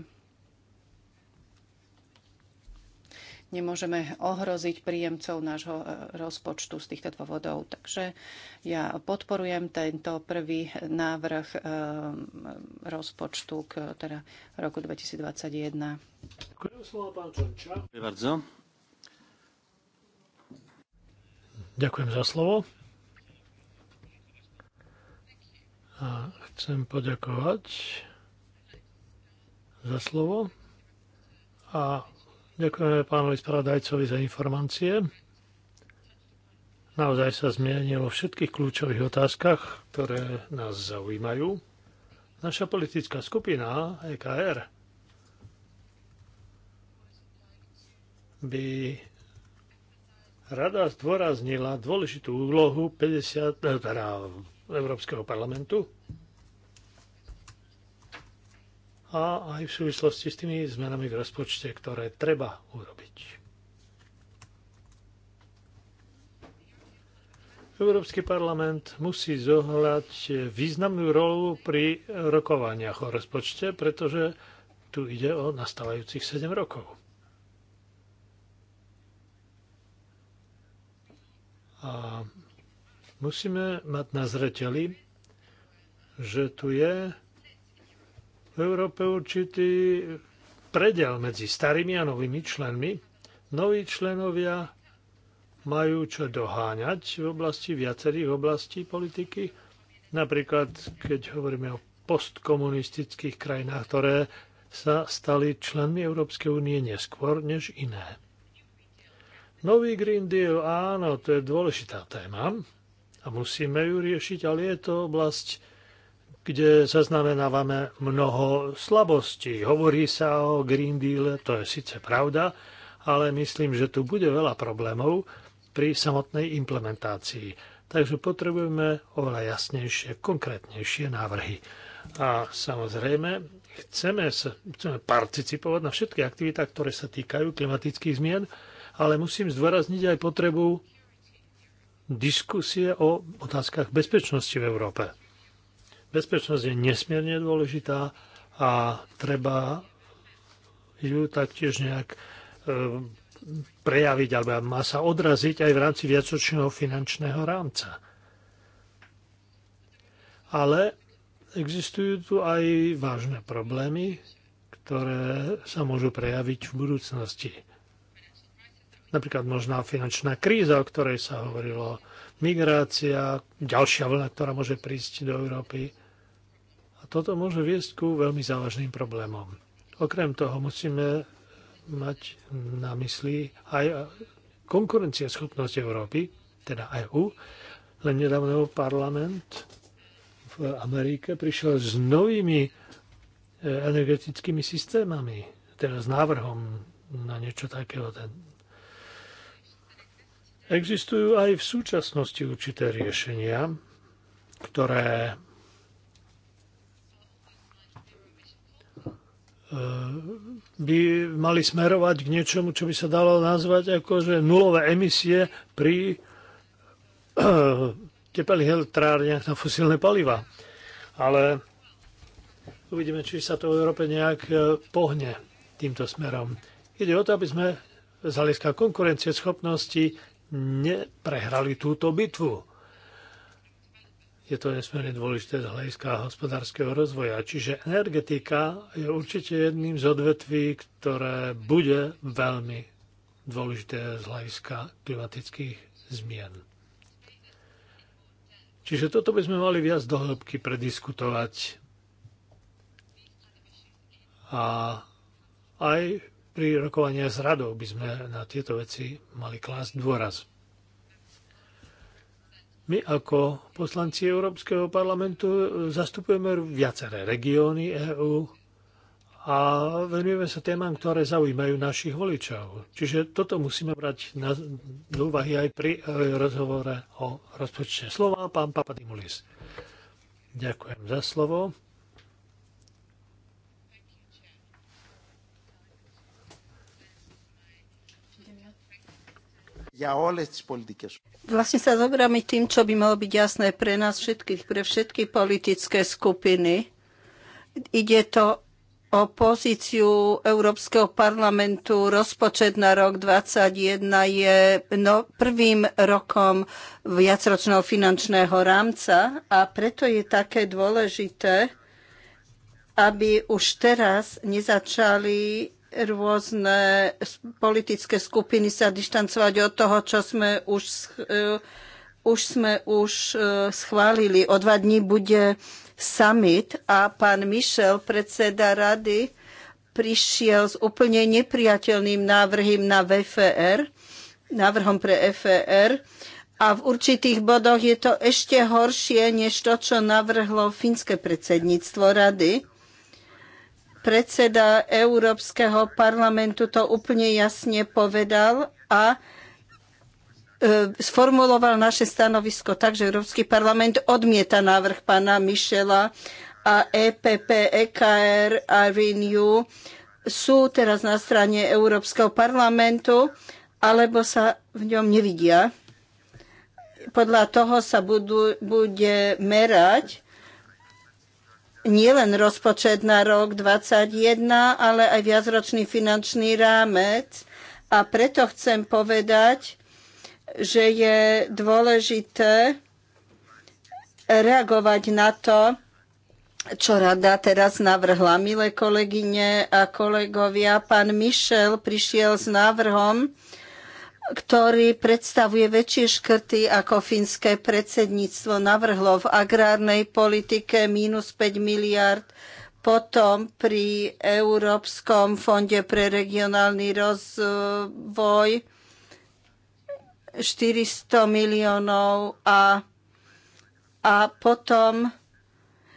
nemôžeme ohroziť príjemcov nášho e, rozpočtu z týchto dôvodov. Takže ja podporujem tento prvý návrh e, rozpočtu k teda roku 2021.
Ďakujem za slovo. A chcem poďakovať za slovo a Ďakujeme pánovi spravodajcovi za informácie. Naozaj sa zmienil o všetkých kľúčových otázkach, ktoré nás zaujímajú. Naša politická skupina EKR by rada zdôraznila dôležitú úlohu 50, eh, teda Európskeho parlamentu a aj v súvislosti s tými zmenami v rozpočte, ktoré treba urobiť. Európsky parlament musí zohľať významnú rolu pri rokovaniach o rozpočte, pretože tu ide o nastávajúcich 7 rokov. A musíme mať na zreteli, že tu je v Európe určitý predel medzi starými a novými členmi. Noví členovia majú čo doháňať v oblasti viacerých oblastí politiky. Napríklad, keď hovoríme o postkomunistických krajinách, ktoré sa stali členmi Európskej únie neskôr než iné. Nový Green Deal, áno, to je dôležitá téma a musíme ju riešiť, ale je to oblasť, kde zaznamenávame mnoho slabostí. Hovorí sa o Green Deal, to je síce pravda, ale myslím, že tu bude veľa problémov pri samotnej implementácii. Takže potrebujeme oveľa jasnejšie, konkrétnejšie návrhy. A samozrejme, chceme, sa, chceme participovať na všetky aktivitách, ktoré sa týkajú klimatických zmien, ale musím zdôrazniť aj potrebu diskusie o otázkach bezpečnosti v Európe. Bezpečnosť je nesmierne dôležitá a treba ju taktiež nejak e, prejaviť alebo má sa odraziť aj v rámci viacočného finančného rámca. Ale existujú tu aj vážne problémy, ktoré sa môžu prejaviť v budúcnosti. Napríklad možná finančná kríza, o ktorej sa hovorilo, migrácia, ďalšia vlna, ktorá môže prísť do Európy toto môže viesť ku veľmi závažným problémom. Okrem toho musíme mať na mysli aj konkurencieschopnosť Európy, teda EU. Len nedávno parlament v Amerike prišiel s novými e, energetickými systémami, teda s návrhom na niečo takého. Ten. Existujú aj v súčasnosti určité riešenia, ktoré Eh, by mali smerovať k niečomu, čo by sa dalo nazvať ako že nulové emisie pri eh, tepelých elektrárniach na fosílne paliva. Ale uvidíme, či sa to v Európe nejak eh, pohne týmto smerom. Ide o to, aby sme z hľadiska schopnosti neprehrali túto bitvu je to nesmierne dôležité z hľadiska hospodárskeho rozvoja. Čiže energetika je určite jedným z odvetví, ktoré bude veľmi dôležité z hľadiska klimatických zmien. Čiže toto by sme mali viac dohĺbky prediskutovať a aj pri rokovania s radou by sme na tieto veci mali klásť dôraz. My ako poslanci Európskeho parlamentu zastupujeme viaceré regióny EÚ a venujeme sa témam, ktoré zaujímajú našich voličov. Čiže toto musíme brať na, do úvahy aj pri e, rozhovore o rozpočte slova. Pán Papadimulis. Ďakujem za slovo.
Vlastne sa zoberáme tým, čo by malo byť jasné pre nás všetkých, pre všetky politické skupiny. Ide to o pozíciu Európskeho parlamentu. Rozpočet na rok 2021 je no, prvým rokom viacročného finančného rámca a preto je také dôležité, aby už teraz nezačali rôzne politické skupiny sa dištancovať od toho, čo sme už, e, už, sme už e, schválili. O dva dní bude summit a pán Michel, predseda rady, prišiel s úplne nepriateľným návrhom na VFR, návrhom pre FR, a v určitých bodoch je to ešte horšie než to, čo navrhlo fínske predsedníctvo rady Predseda Európskeho parlamentu to úplne jasne povedal a e, sformuloval naše stanovisko tak, že Európsky parlament odmieta návrh pána Michela a EPP, EKR a Renew sú teraz na strane Európskeho parlamentu, alebo sa v ňom nevidia. Podľa toho sa budú, bude merať nielen rozpočet na rok 2021, ale aj viacročný finančný rámec. A preto chcem povedať, že je dôležité reagovať na to, čo rada teraz navrhla. Milé kolegyne a kolegovia, pán Mišel prišiel s návrhom, ktorý predstavuje väčšie škrty, ako fínske predsedníctvo navrhlo v agrárnej politike mínus 5 miliard, potom pri Európskom fonde pre regionálny rozvoj 400 miliónov a, a potom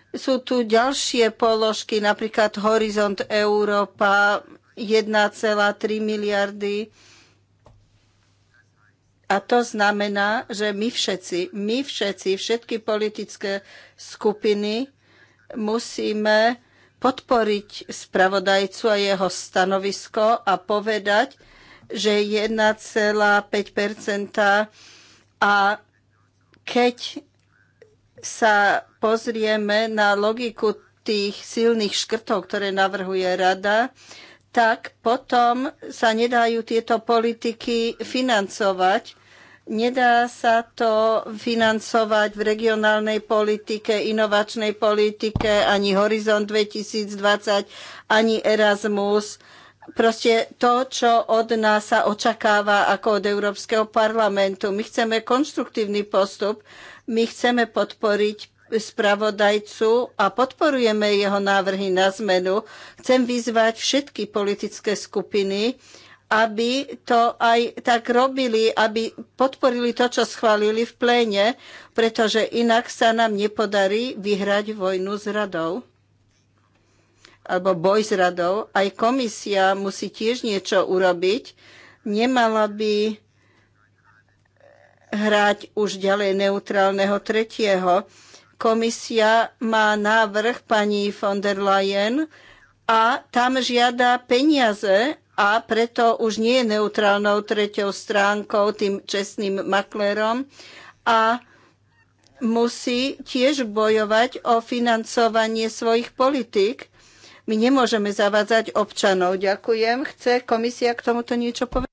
sú tu ďalšie položky, napríklad Horizont Európa 1,3 miliardy a to znamená, že my všetci, my všetci, všetky politické skupiny musíme podporiť spravodajcu a jeho stanovisko a povedať, že 1,5 a keď sa pozrieme na logiku tých silných škrtov, ktoré navrhuje rada, tak potom sa nedajú tieto politiky financovať Nedá sa to financovať v regionálnej politike, inovačnej politike, ani Horizont 2020, ani Erasmus. Proste to, čo od nás sa očakáva ako od Európskeho parlamentu. My chceme konštruktívny postup, my chceme podporiť spravodajcu a podporujeme jeho návrhy na zmenu. Chcem vyzvať všetky politické skupiny, aby to aj tak robili, aby podporili to, čo schválili v pléne, pretože inak sa nám nepodarí vyhrať vojnu s radou alebo boj s radou. Aj komisia musí tiež niečo urobiť. Nemala by hrať už ďalej neutrálneho tretieho. Komisia má návrh pani von der Leyen a tam žiada peniaze a preto už nie je neutrálnou treťou stránkou, tým čestným maklérom a musí tiež bojovať o financovanie svojich politík. My nemôžeme zavádzať občanov. Ďakujem. Chce komisia k tomuto niečo povedať?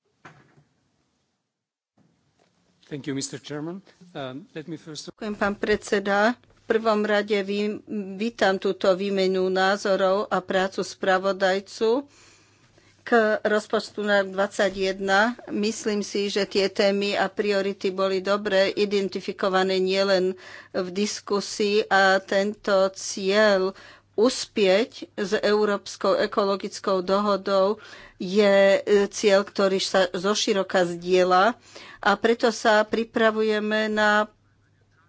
Thank you, Mr. Chairman. Um, let me first...
Ďakujem, pán predseda. V prvom rade vítam túto výmenu názorov a prácu spravodajcu k rozpočtu na 21 myslím si, že tie témy a priority boli dobre identifikované nielen v diskusii a tento cieľ uspieť s Európskou ekologickou dohodou je e, cieľ, ktorý sa zoširoka zdieľa a preto sa pripravujeme na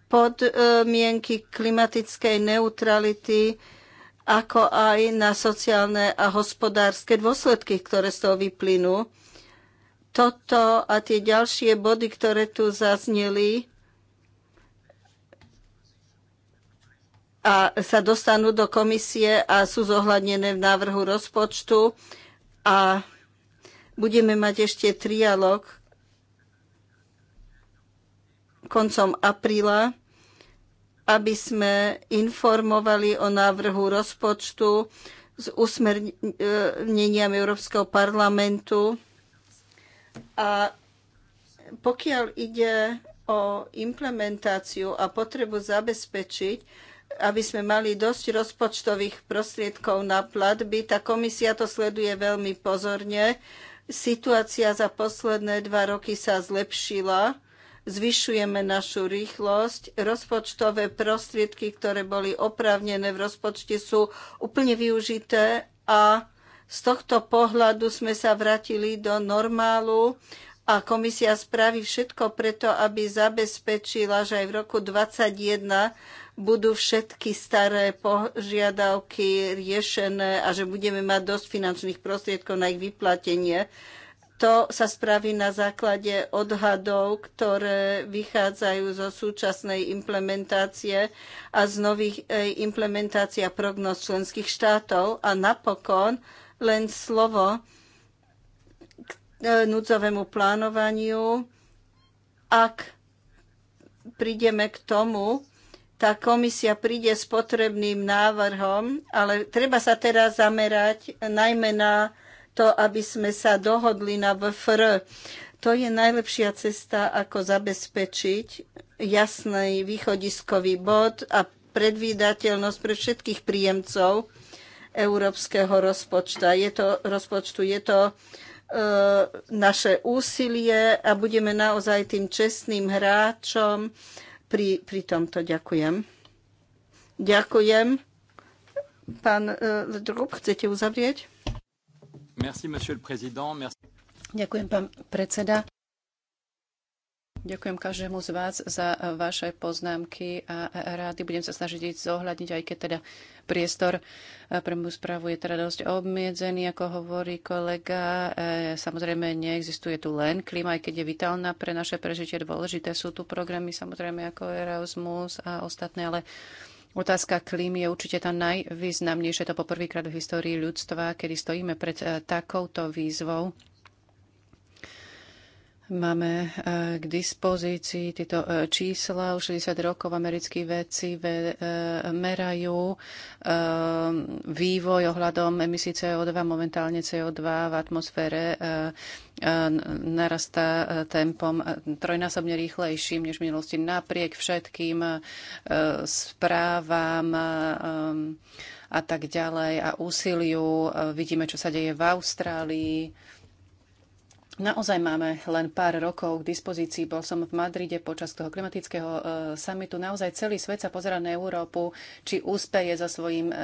podmienky klimatickej neutrality ako aj na sociálne a hospodárske dôsledky, ktoré z toho vyplynú. Toto a tie ďalšie body, ktoré tu zazneli, a sa dostanú do komisie a sú zohľadnené v návrhu rozpočtu a budeme mať ešte trialog koncom apríla aby sme informovali o návrhu rozpočtu s usmerneniam Európskeho parlamentu. A pokiaľ ide o implementáciu a potrebu zabezpečiť, aby sme mali dosť rozpočtových prostriedkov na platby, tá komisia to sleduje veľmi pozorne. Situácia za posledné dva roky sa zlepšila zvyšujeme našu rýchlosť. Rozpočtové prostriedky, ktoré boli oprávnené v rozpočte, sú úplne využité a z tohto pohľadu sme sa vrátili do normálu a komisia spraví všetko preto, aby zabezpečila, že aj v roku 2021 budú všetky staré požiadavky riešené a že budeme mať dosť finančných prostriedkov na ich vyplatenie to sa spraví na základe odhadov, ktoré vychádzajú zo súčasnej implementácie a z nových e, implementácií a prognoz členských štátov. A napokon len slovo k e, núdzovému plánovaniu. Ak prídeme k tomu, tá komisia príde s potrebným návrhom, ale treba sa teraz zamerať najmä na to, aby sme sa dohodli na VFR. To je najlepšia cesta, ako zabezpečiť jasný východiskový bod a predvídateľnosť pre všetkých príjemcov európskeho rozpočta. Je to, rozpočtu je to e, naše úsilie a budeme naozaj tým čestným hráčom. Pri, pri tomto ďakujem. Ďakujem. Pán e, chcete uzavrieť?
Ďakujem, pán predseda. Ďakujem každému z vás za vaše poznámky a rády budem sa snažiť ich zohľadniť, aj keď teda priestor pre moju správu je teda dosť obmedzený, ako hovorí kolega. E, samozrejme, neexistuje tu len klíma, aj keď je vitálna pre naše prežitie dôležité. Sú tu programy, samozrejme, ako Erasmus a ostatné, ale Otázka klímy je určite tá najvýznamnejšia. To poprvýkrát v histórii ľudstva, kedy stojíme pred eh, takouto výzvou Máme e, k dispozícii tieto e, čísla. Už 60 rokov americkí vedci e, merajú vývoj ohľadom emisí CO2. Momentálne CO2 v atmosfére narastá tempom trojnásobne rýchlejším než v minulosti. Napriek všetkým správam a tak ďalej a úsiliu. Vidíme, čo sa deje v Austrálii Naozaj máme len pár rokov k dispozícii. Bol som v Madride počas toho klimatického e, samitu. Naozaj celý svet sa pozera na Európu, či úspeje so svojím e,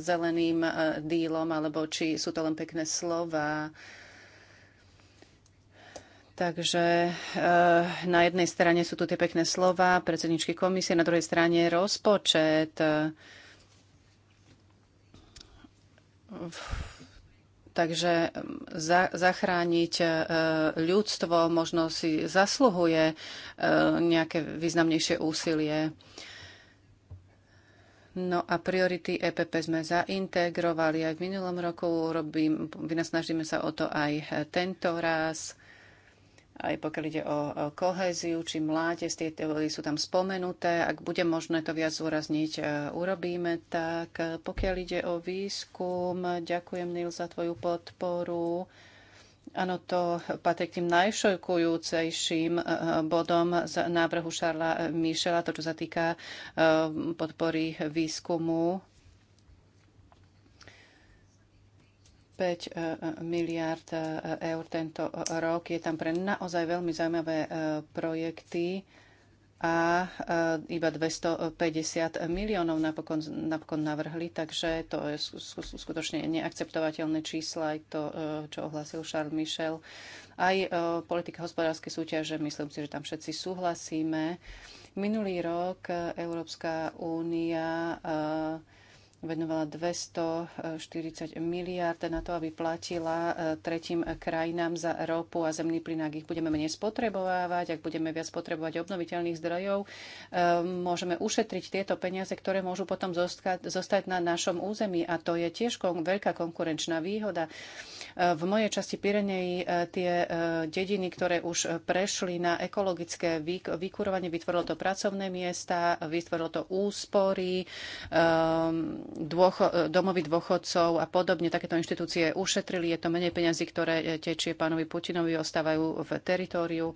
zeleným e, dílom, alebo či sú to len pekné slova. Takže e, na jednej strane sú tu tie pekné slova predsedničky komisie, na druhej strane rozpočet. E, Takže mm, za, zachrániť e, ľudstvo možno si zasluhuje e, nejaké významnejšie úsilie. No a priority EPP sme zaintegrovali aj v minulom roku, robím, vynasnažíme sa o to aj tento raz aj pokiaľ ide o kohéziu či mládež, tie teórie sú tam spomenuté. Ak bude možné to viac zúrazniť, e, urobíme tak. Pokiaľ ide o výskum, ďakujem Nil za tvoju podporu. Áno, to patrí k tým najšokujúcejším e, e, bodom z návrhu Šarla Mišela, to, čo sa týka podpory výskumu 5 e, e, miliard e, eur tento rok. Je tam pre naozaj veľmi zaujímavé projekty a iba 250 miliónov napokon, napokon navrhli, takže to je skutočne neakceptovateľné číslo, aj to, čo ohlásil Charles Michel. Aj politika hospodárskej súťaže, myslím si, že tam všetci súhlasíme. Minulý rok Európska únia venovala 240 miliard na to, aby platila e, tretím krajinám za ropu a zemný plyn. Ak ich budeme menej spotrebovávať, ak budeme viac potrebovať obnoviteľných zdrojov, e, môžeme ušetriť tieto peniaze, ktoré môžu potom zostať na našom území. A to je tiež veľká konkurenčná výhoda. E, v mojej časti Pirenei tie dediny, ktoré už prešli na ekologické vykurovanie, vytvorilo to pracovné miesta, vytvorilo to úspory, dôcho- e, domovy dôchodcov a podobne. Takéto inštitúcie ušetrili. Je to menej peňazí, ktoré e, tečie pánovi Putinovi, ostávajú v teritóriu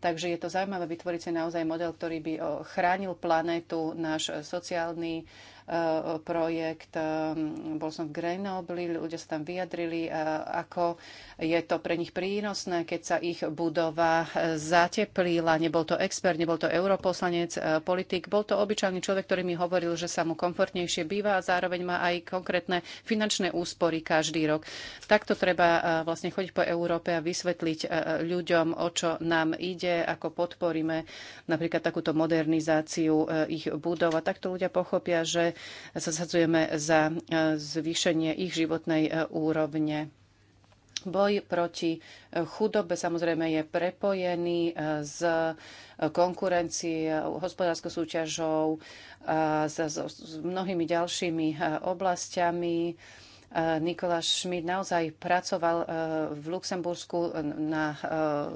Takže je to zaujímavé vytvoriť si naozaj model, ktorý by eh, chránil planetu, náš eh, sociálny eh, projekt. Bol som v Grenobli, ľudia sa tam vyjadrili, ako je to pre nich prínosné, keď sa ich budova zateplila. Nebol to expert, nebol to europoslanec, politik, bol to obyčajný človek, ktorý mi hovoril, že sa mu komfortnejšie býva a zároveň má aj konkrétne finančné úspory každý rok. Takto treba vlastne chodiť po Európe a vysvetliť ľuďom, o čo nám ide, siete, ako podporíme napríklad takúto modernizáciu e, ich budov. A takto ľudia pochopia, že sa sadzujeme za e, zvýšenie ich životnej e, úrovne. Boj proti chudobe samozrejme je prepojený s konkurenciou, hospodárskou súťažou, s mnohými ďalšími oblastiami Eh, Nikolaš Schmidt naozaj pracoval eh, v Luxembursku eh, na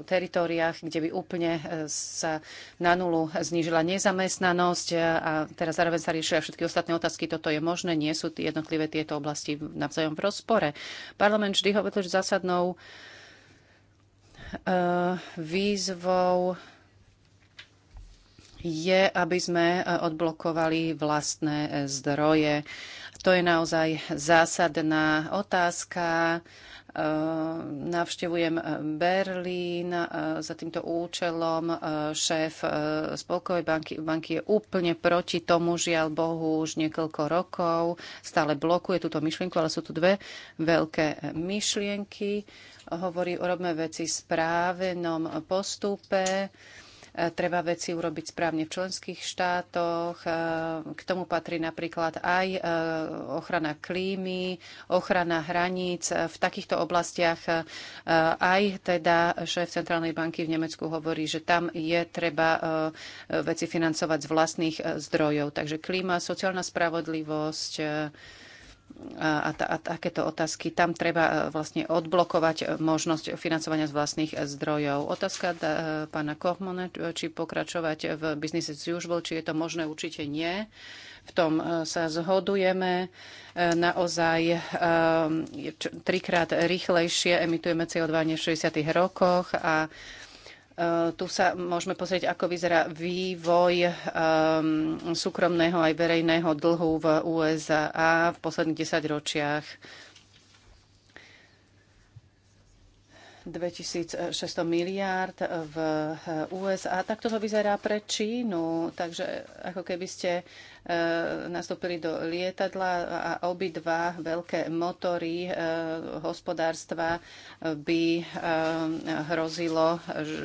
teritoriách, kde by úplne sa na nulu znížila nezamestnanosť a teraz zároveň sa riešia všetky ostatné otázky. Toto je možné, nie sú jednotlivé tieto oblasti navzájom v rozpore. Parlament vždy hovoril, že zásadnou výzvou je, aby sme odblokovali vlastné zdroje to je naozaj zásadná otázka. Ehm, navštevujem Berlín e, za týmto účelom. E, šéf e, Spolkovej banky, banky je úplne proti tomu, žiaľ Bohu, už niekoľko rokov. Stále blokuje túto myšlienku, ale sú tu dve veľké myšlienky. Hovorí, urobme veci v správenom postupe E, treba veci urobiť správne v členských štátoch. E, k tomu patrí napríklad aj e, ochrana klímy, ochrana hraníc. V takýchto oblastiach aj teda šéf Centrálnej banky v Nemecku hovorí, že tam je treba veci financovať z vlastných zdrojov. Takže klíma, sociálna spravodlivosť, a, ta, a takéto otázky. Tam treba e, vlastne odblokovať e, možnosť financovania z vlastných e, zdrojov. Otázka da, pána Kohmona, či pokračovať v business as usual, či je to možné, určite nie. V tom sa zhodujeme. Naozaj trikrát rýchlejšie emitujeme CO2 než v 60. rokoch a Eh, tu sa môžeme pozrieť, ako vyzerá vývoj um, súkromného aj verejného dlhu v USA v posledných ročiach. 2600 miliárd v USA. Takto to vyzerá pre Čínu. Takže ako keby ste E, nastúpili do lietadla a obidva veľké motory e, hospodárstva by e, hrozilo,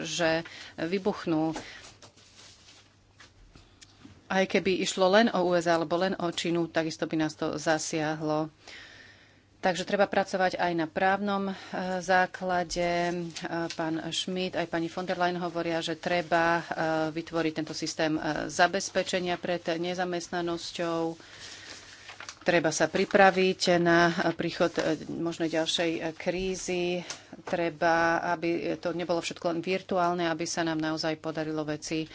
že vybuchnú aj keby išlo len o USA alebo len o Čínu, takisto by nás to zasiahlo. Takže treba pracovať aj na právnom e, základe. E, pán Schmidt, aj pani von der Leyen hovoria, že treba e, vytvoriť tento systém zabezpečenia pred nezamestnanosťou. Treba sa pripraviť na príchod možnej ďalšej krízy. Treba, aby to nebolo všetko len virtuálne, aby sa nám naozaj podarilo veci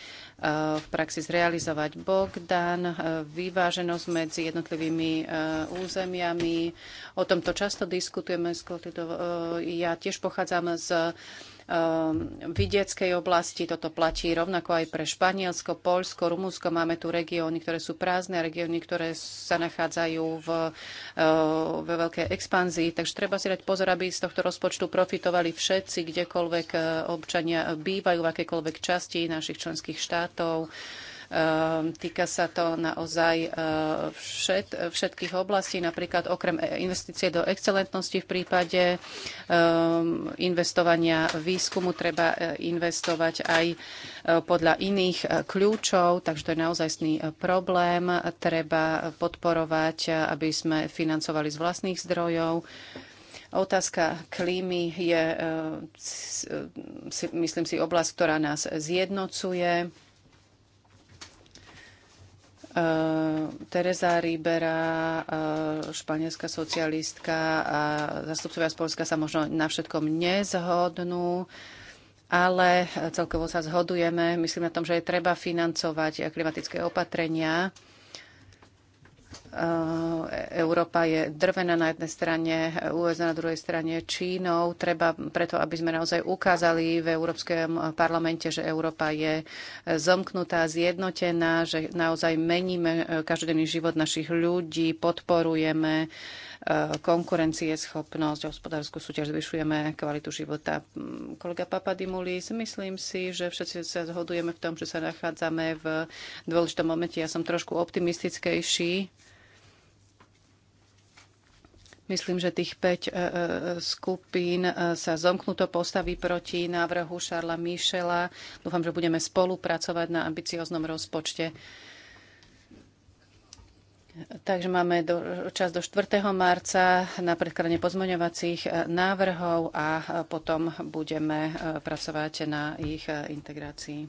Eh, v praxi zrealizovať. Bogdan, eh, vyváženosť medzi jednotlivými eh, územiami. O tomto často diskutujeme. Ja tiež pochádzam z Ehm, vidieckej oblasti. Toto platí rovnako aj pre Španielsko, Polsko, Rumunsko. Máme tu regióny, ktoré sú prázdne, regióny, ktoré sa nachádzajú v, ehm, ve veľkej expanzii. Takže treba si dať pozor, aby z tohto rozpočtu profitovali všetci, kdekoľvek ehm, občania bývajú, v akékoľvek časti našich členských štátov Ehm, týka sa to naozaj eh, všet, všetkých oblastí, napríklad okrem e, investície do excelentnosti v prípade ehm, investovania výskumu treba eh, investovať aj eh, podľa iných kľúčov, takže to je naozajstný problém. Treba podporovať, aby sme financovali z vlastných zdrojov. Otázka klímy je, myslím si, oblasť, ktorá nás zjednocuje. Eh, Teresa Ribera, eh, španielská socialistka a zastupcovia z Polska sa možno na všetkom nezhodnú, ale celkovo sa zhodujeme. Myslím na tom, že je treba financovať klimatické opatrenia E, Európa je drvená na jednej strane, USA na druhej strane Čínou. Treba preto, aby sme naozaj ukázali v Európskom parlamente, že Európa je zomknutá, zjednotená, že naozaj meníme e, každodenný život našich ľudí, podporujeme e, schopnosť, hospodárskú súťaž, zvyšujeme kvalitu života. Mm, kolega Papadimulis, myslím si, že všetci sa zhodujeme v tom, že sa nachádzame v dôležitom momente. Ja som trošku optimistickejší Myslím, že tých 5 e, e, skupín e, sa zomknuto postaví proti návrhu Šarla Míšela. Dúfam, že budeme spolupracovať na ambicioznom rozpočte. Takže máme do, čas do 4. marca na predkladanie pozmeňovacích návrhov a potom budeme pracovať na ich integrácii.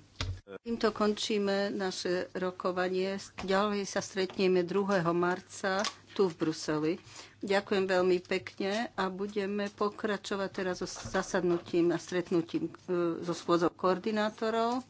Týmto končíme naše rokovanie. Ďalej sa stretneme 2. marca
tu v Bruseli. Ďakujem veľmi pekne a budeme pokračovať teraz so zasadnutím a stretnutím e, so schôdzou koordinátorov.